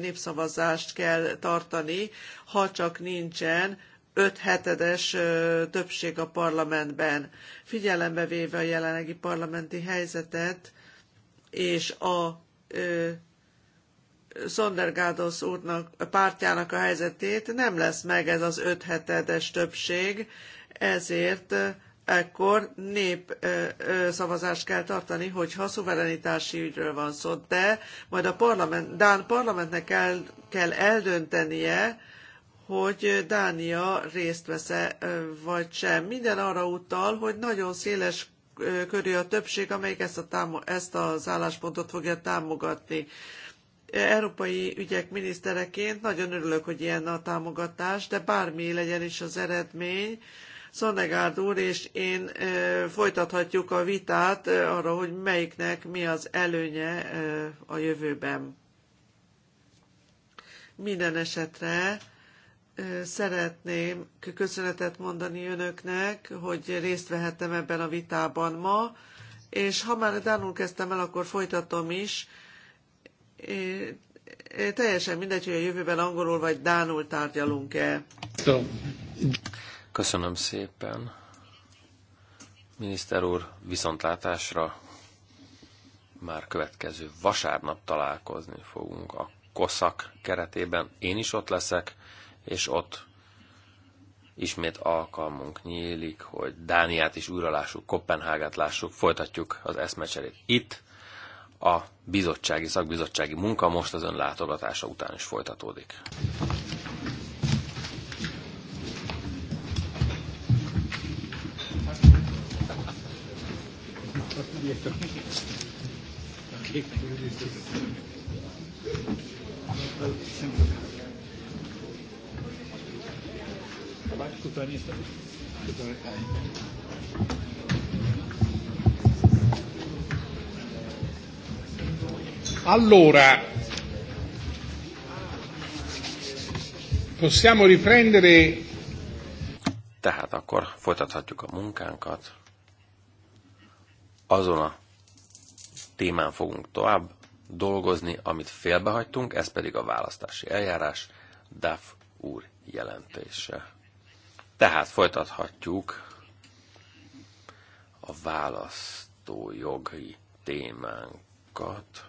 népszavazást kell tartani, ha csak nincsen öt hetedes többség a parlamentben. Figyelembe véve a jelenlegi parlamenti helyzetet, és a Sondergados úrnak, a pártjának a helyzetét nem lesz meg ez az öt hetedes többség, ezért ekkor nép szavazást kell tartani, hogyha szuverenitási ügyről van szó, de majd a parlament, Dán parlamentnek kell, kell eldöntenie, hogy Dánia részt vesz-e vagy sem. Minden arra utal, hogy nagyon széles körű a többség, amelyik ezt, a támo- ezt az álláspontot fogja támogatni. Európai ügyek minisztereként nagyon örülök, hogy ilyen a támogatás, de bármi legyen is az eredmény, Szonegárd úr és én folytathatjuk a vitát arra, hogy melyiknek mi az előnye a jövőben. Minden esetre szeretném köszönetet mondani önöknek, hogy részt vehettem ebben a vitában ma, és ha már Dánul kezdtem el, akkor folytatom is. teljesen mindegy, hogy a jövőben angolul vagy Dánul tárgyalunk-e. So. Köszönöm szépen. Miniszter úr, viszontlátásra már következő vasárnap találkozni fogunk a koszak keretében. Én is ott leszek, és ott ismét alkalmunk nyílik, hogy Dániát is újra lássuk, Kopenhágát lássuk, folytatjuk az eszmecserét itt. A bizottsági, szakbizottsági munka most az ön látogatása után is folytatódik. Allora, possiamo riprendere. Tehát akkor folytathatjuk a munkánkat azon a témán fogunk tovább dolgozni, amit félbehagytunk, ez pedig a választási eljárás DAF úr jelentése. Tehát folytathatjuk a választójogi témánkat.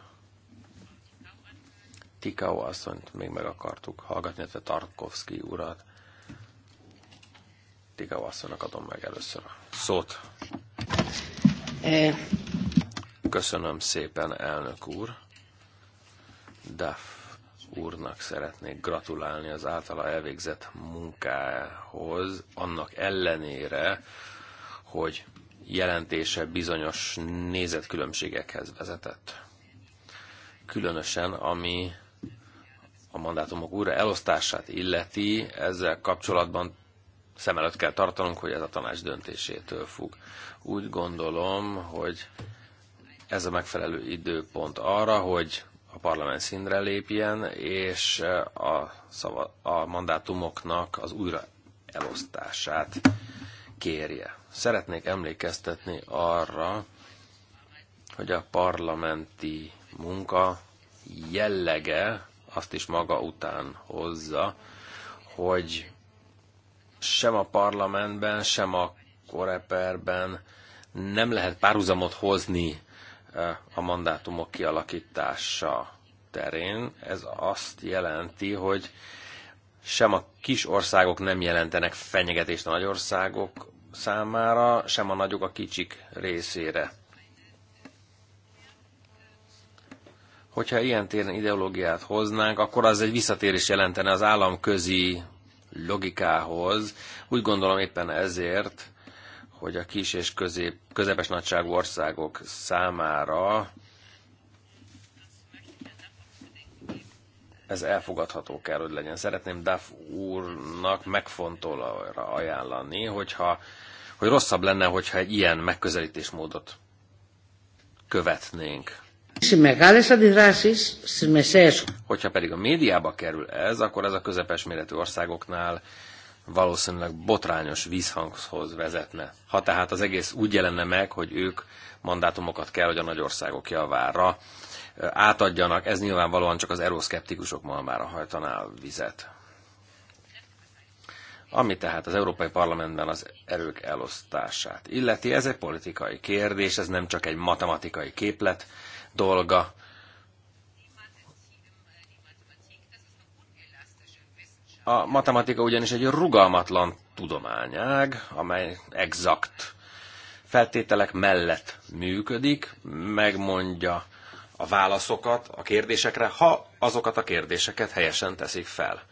Tikao asszonyt még meg akartuk hallgatni, illetve Tarkovszki urat. Tikao asszonynak adom meg először a szót. Köszönöm szépen, elnök úr. Duff úrnak szeretnék gratulálni az általa elvégzett munkához, annak ellenére, hogy jelentése bizonyos nézetkülönbségekhez vezetett. Különösen, ami a mandátumok újra elosztását illeti, ezzel kapcsolatban szem előtt kell tartanunk, hogy ez a tanács döntésétől fog. Úgy gondolom, hogy ez a megfelelő időpont arra, hogy a parlament színre lépjen, és a, szava, a mandátumoknak az újra elosztását kérje. Szeretnék emlékeztetni arra, hogy a parlamenti munka jellege azt is maga után hozza, hogy sem a parlamentben, sem a koreperben nem lehet párhuzamot hozni a mandátumok kialakítása terén. Ez azt jelenti, hogy sem a kis országok nem jelentenek fenyegetést a nagy országok számára, sem a nagyok a kicsik részére. Hogyha ilyen téren ideológiát hoznánk, akkor az egy visszatérés jelentene az államközi logikához. Úgy gondolom éppen ezért, hogy a kis és közép, közepes nagyságú országok számára ez elfogadható kell, hogy legyen. Szeretném Duff úrnak megfontolóra ajánlani, hogyha, hogy rosszabb lenne, hogyha egy ilyen megközelítésmódot követnénk. Hogyha pedig a médiába kerül ez, akkor ez a közepes méretű országoknál valószínűleg botrányos vízhanghoz vezetne. Ha tehát az egész úgy jelenne meg, hogy ők mandátumokat kell, hogy a nagy országok javára átadjanak, ez nyilvánvalóan csak az eroszkeptikusok malmára hajtaná a vizet. Ami tehát az Európai Parlamentben az erők elosztását illeti, ez egy politikai kérdés, ez nem csak egy matematikai képlet, dolga. A matematika ugyanis egy rugalmatlan tudományág, amely exakt feltételek mellett működik, megmondja a válaszokat a kérdésekre, ha azokat a kérdéseket helyesen teszik fel.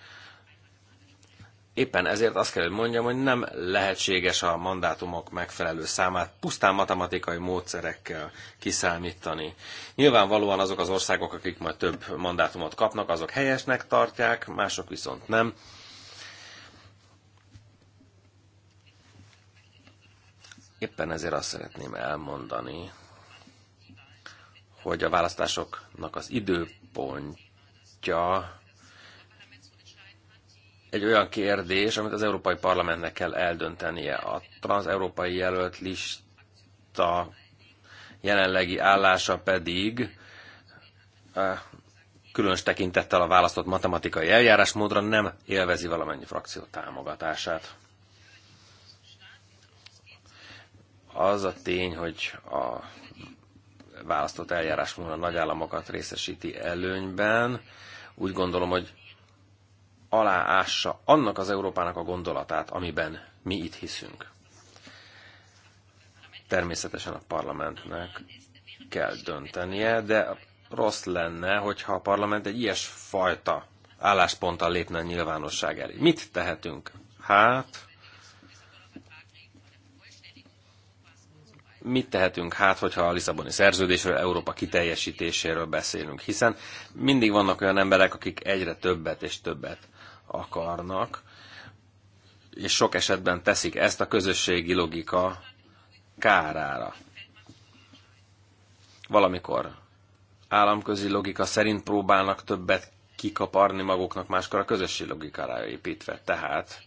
Éppen ezért azt kell, hogy mondjam, hogy nem lehetséges a mandátumok megfelelő számát pusztán matematikai módszerekkel kiszámítani. Nyilvánvalóan azok az országok, akik majd több mandátumot kapnak, azok helyesnek tartják, mások viszont nem. Éppen ezért azt szeretném elmondani, hogy a választásoknak az időpontja egy olyan kérdés, amit az Európai Parlamentnek kell eldöntenie. A transeurópai jelölt lista jelenlegi állása pedig eh, különös tekintettel a választott matematikai eljárásmódra nem élvezi valamennyi frakció támogatását. Az a tény, hogy a választott eljárásmódra nagy államokat részesíti előnyben, úgy gondolom, hogy aláássa annak az Európának a gondolatát, amiben mi itt hiszünk. Természetesen a parlamentnek kell döntenie, de rossz lenne, hogyha a parlament egy ilyes fajta állásponttal lépne a nyilvánosság elé. Mit tehetünk? Hát, mit tehetünk hát, hogyha a Lisszaboni szerződésről, Európa kiteljesítéséről beszélünk, hiszen mindig vannak olyan emberek, akik egyre többet és többet akarnak, és sok esetben teszik ezt a közösségi logika kárára. Valamikor államközi logika szerint próbálnak többet kikaparni maguknak, máskor a közösségi logikára építve. Tehát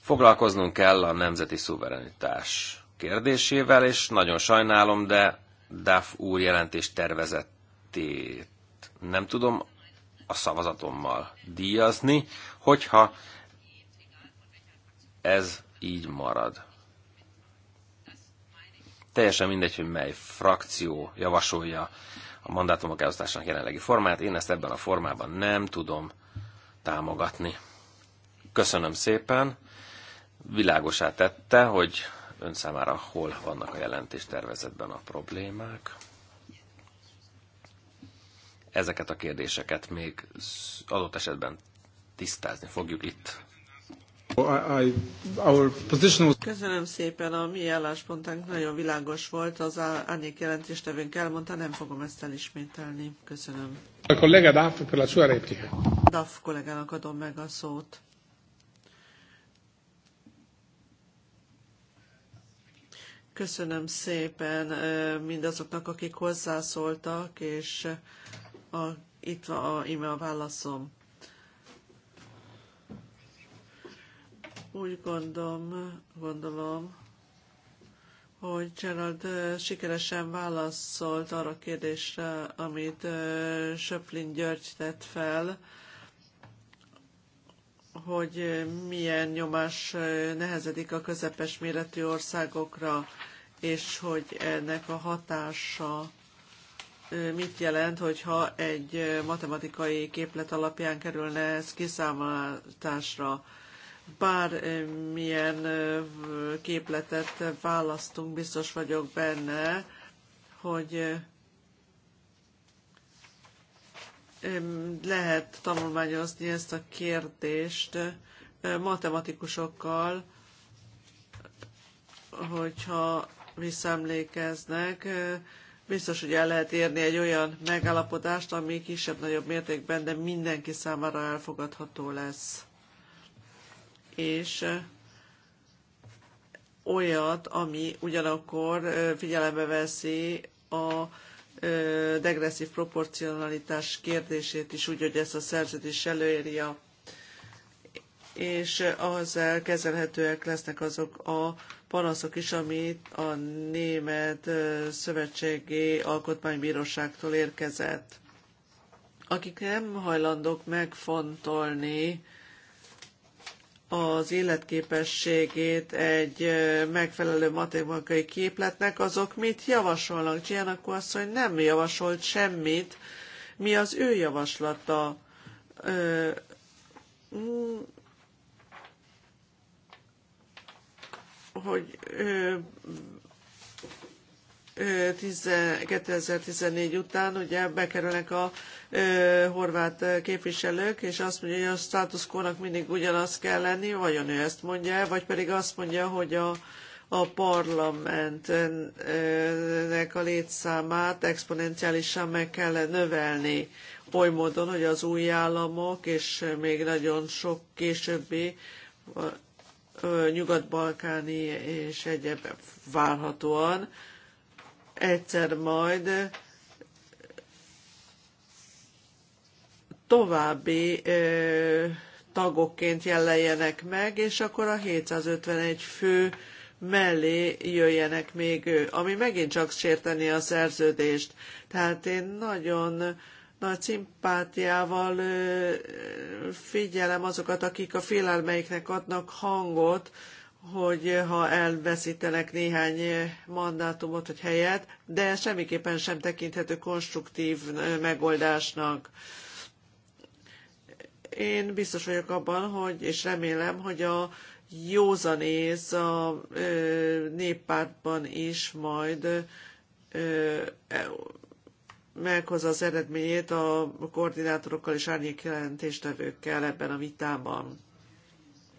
foglalkoznunk kell a nemzeti szuverenitás kérdésével, és nagyon sajnálom, de DAF úr jelentés tervezettét nem tudom a szavazatommal díjazni, hogyha ez így marad. Teljesen mindegy, hogy mely frakció javasolja a mandátumok elosztásának jelenlegi formát, én ezt ebben a formában nem tudom támogatni. Köszönöm szépen, világosá tette, hogy ön számára hol vannak a jelentés tervezetben a problémák. Ezeket a kérdéseket még adott esetben tisztázni fogjuk itt. Köszönöm szépen, a mi álláspontunk nagyon világos volt, az árnyék jelentéstevőnk elmondta, nem fogom ezt elismételni. Köszönöm. A kollega Duff per sua replica. Duff kollégának adom meg a szót. Köszönöm szépen mindazoknak, akik hozzászóltak, és a, itt van a e-mail válaszom. Úgy gondolom, gondolom, hogy Gerald sikeresen válaszolt arra a kérdésre, amit Söplin György tett fel, hogy milyen nyomás nehezedik a közepes méretű országokra, és hogy ennek a hatása mit jelent, hogyha egy matematikai képlet alapján kerülne ez kiszámításra. Bármilyen képletet választunk, biztos vagyok benne, hogy lehet tanulmányozni ezt a kérdést matematikusokkal, hogyha visszaemlékeznek, biztos, hogy el lehet érni egy olyan megállapodást, ami kisebb-nagyobb mértékben, de mindenki számára elfogadható lesz. És olyat, ami ugyanakkor figyelembe veszi a degresszív proporcionalitás kérdését is, úgy, hogy ezt a szerződés előírja, és az kezelhetőek lesznek azok a panaszok is, amit a Német Szövetségi Alkotmánybíróságtól érkezett, akik nem hajlandók megfontolni az életképességét egy megfelelő matematikai képletnek, azok mit javasolnak? Csianakó asszony nem javasolt semmit, mi az ő javaslata. hogy 2014 után ugye bekerülnek a ö, horvát képviselők, és azt mondja, hogy a status quo-nak mindig ugyanaz kell lenni, vajon ő ezt mondja, vagy pedig azt mondja, hogy a, a parlamentnek a létszámát exponenciálisan meg kell növelni, oly módon, hogy az új államok és még nagyon sok későbbi nyugat-balkáni és egyéb várhatóan egyszer majd további tagokként jelenjenek meg, és akkor a 751 fő mellé jöjjenek még ő, ami megint csak sérteni a szerződést. Tehát én nagyon nagy szimpátiával figyelem azokat, akik a félelmeiknek adnak hangot, hogy ha elveszítenek néhány mandátumot vagy helyet, de semmiképpen sem tekinthető konstruktív megoldásnak. Én biztos vagyok abban, hogy, és remélem, hogy a józanész a néppártban is majd meghozza az eredményét a koordinátorokkal és jelentéstevőkkel ebben a vitában.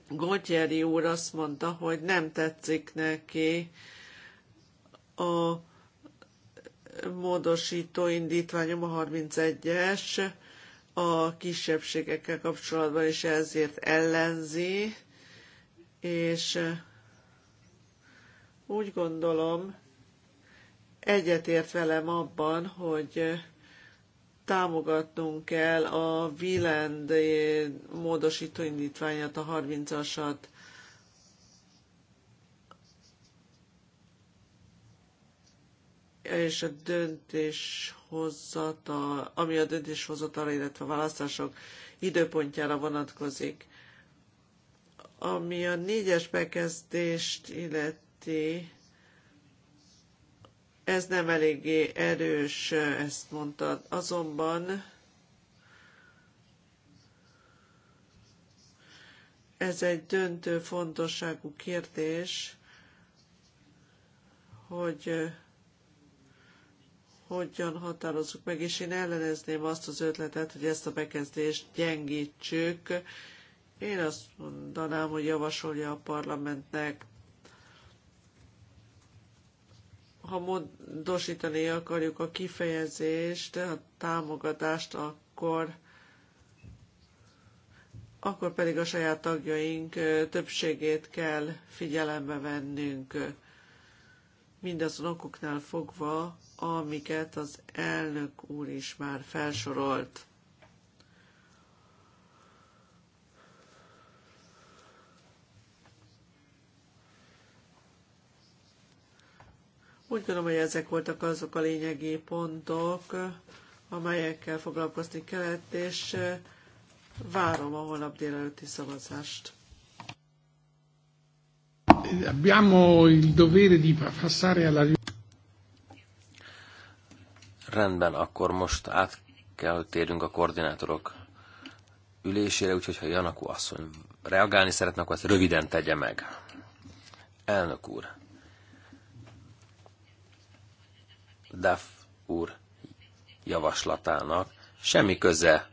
Gontyeri úr azt mondta, hogy nem tetszik neki a módosító indítványom a 31-es a kisebbségekkel kapcsolatban, és ezért ellenzi, és úgy gondolom, egyetért velem abban, hogy támogatnunk kell a Wieland módosító indítványát, a 30-asat. és a döntéshozata, ami a döntéshozatalra, illetve a választások időpontjára vonatkozik. Ami a négyes bekezdést illeti, ez nem eléggé erős, ezt mondtad. Azonban ez egy döntő fontosságú kérdés, hogy hogyan határozzuk meg, és én ellenezném azt az ötletet, hogy ezt a bekezdést gyengítsük. Én azt mondanám, hogy javasolja a parlamentnek ha módosítani akarjuk a kifejezést, a támogatást, akkor akkor pedig a saját tagjaink többségét kell figyelembe vennünk. Mindazon okoknál fogva, amiket az elnök úr is már felsorolt. Úgy gondolom, hogy ezek voltak azok a lényegi pontok, amelyekkel foglalkozni kellett, és várom a holnap délelőtti szavazást. Abbiamo il dovere di passare alla... Rendben, akkor most át kell, hogy térjünk a koordinátorok ülésére, úgyhogy ha Janakó asszony reagálni szeretne, akkor ezt röviden tegye meg. Elnök úr, Duff úr javaslatának semmi köze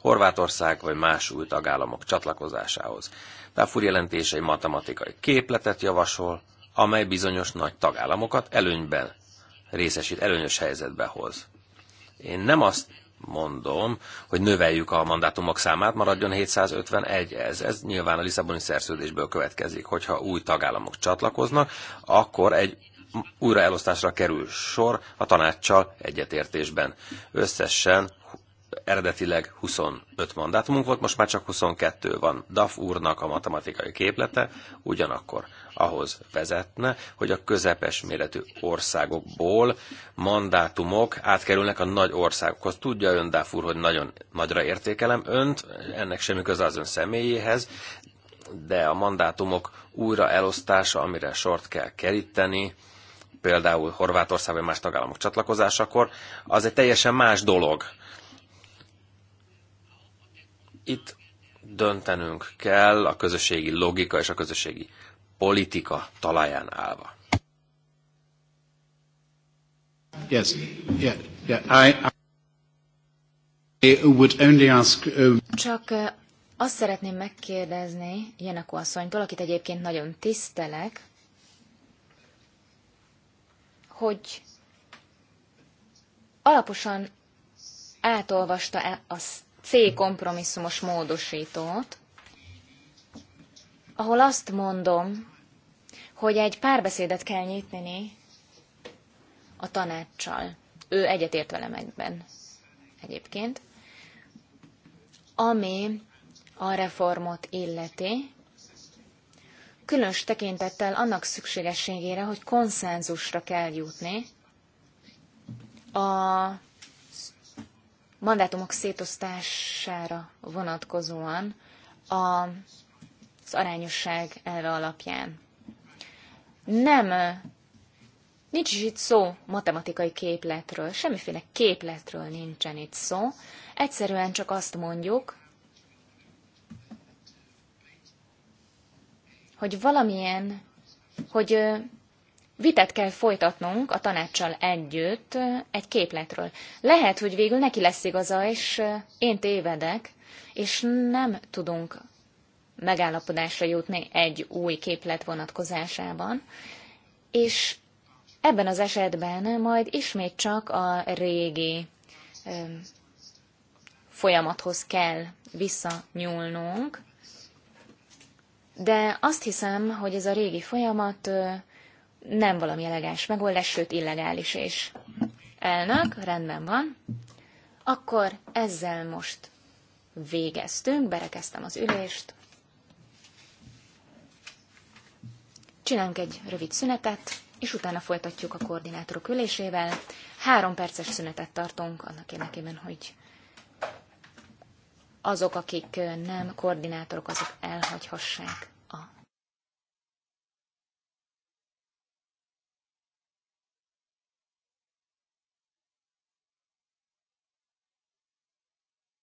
Horvátország vagy más új tagállamok csatlakozásához. Duff úr jelentése egy matematikai képletet javasol, amely bizonyos nagy tagállamokat előnyben részesít, előnyös helyzetbe hoz. Én nem azt mondom, hogy növeljük a mandátumok számát, maradjon 751 ez. Ez nyilván a Lisszaboni szerződésből következik, hogyha új tagállamok csatlakoznak, akkor egy újraelosztásra kerül sor a tanácssal egyetértésben. Összesen eredetileg 25 mandátumunk volt, most már csak 22 van. DAF úrnak a matematikai képlete ugyanakkor ahhoz vezetne, hogy a közepes méretű országokból mandátumok átkerülnek a nagy országokhoz. Tudja ön, DAF úr, hogy nagyon nagyra értékelem önt, ennek semmi köze az ön személyéhez, de a mandátumok elosztása, amire sort kell keríteni, például Horvátország vagy más tagállamok csatlakozásakor, az egy teljesen más dolog. Itt döntenünk kell a közösségi logika és a közösségi politika talaján állva. Yes, yeah, yeah. I, I would only ask, um, uh... Csak azt szeretném megkérdezni Jenekó asszonytól, akit egyébként nagyon tisztelek, hogy alaposan átolvasta -e a C kompromisszumos módosítót, ahol azt mondom, hogy egy párbeszédet kell nyitni a tanácssal. Ő egyetért velem egyben egyébként, ami a reformot illeti, különös tekintettel annak szükségességére, hogy konszenzusra kell jutni a mandátumok szétosztására vonatkozóan az arányosság elve alapján. Nem, nincs is itt szó matematikai képletről, semmiféle képletről nincsen itt szó, egyszerűen csak azt mondjuk, hogy valamilyen, hogy vitet kell folytatnunk a tanácssal együtt egy képletről. Lehet, hogy végül neki lesz igaza, és én tévedek, és nem tudunk megállapodásra jutni egy új képlet vonatkozásában, és ebben az esetben majd ismét csak a régi folyamathoz kell visszanyúlnunk, de azt hiszem, hogy ez a régi folyamat nem valami elegáns megoldás, sőt illegális is. Elnök, rendben van. Akkor ezzel most végeztünk, berekeztem az ülést. Csinálunk egy rövid szünetet, és utána folytatjuk a koordinátorok ülésével. Három perces szünetet tartunk annak érdekében, hogy azok, akik nem koordinátorok, azok elhagyhassák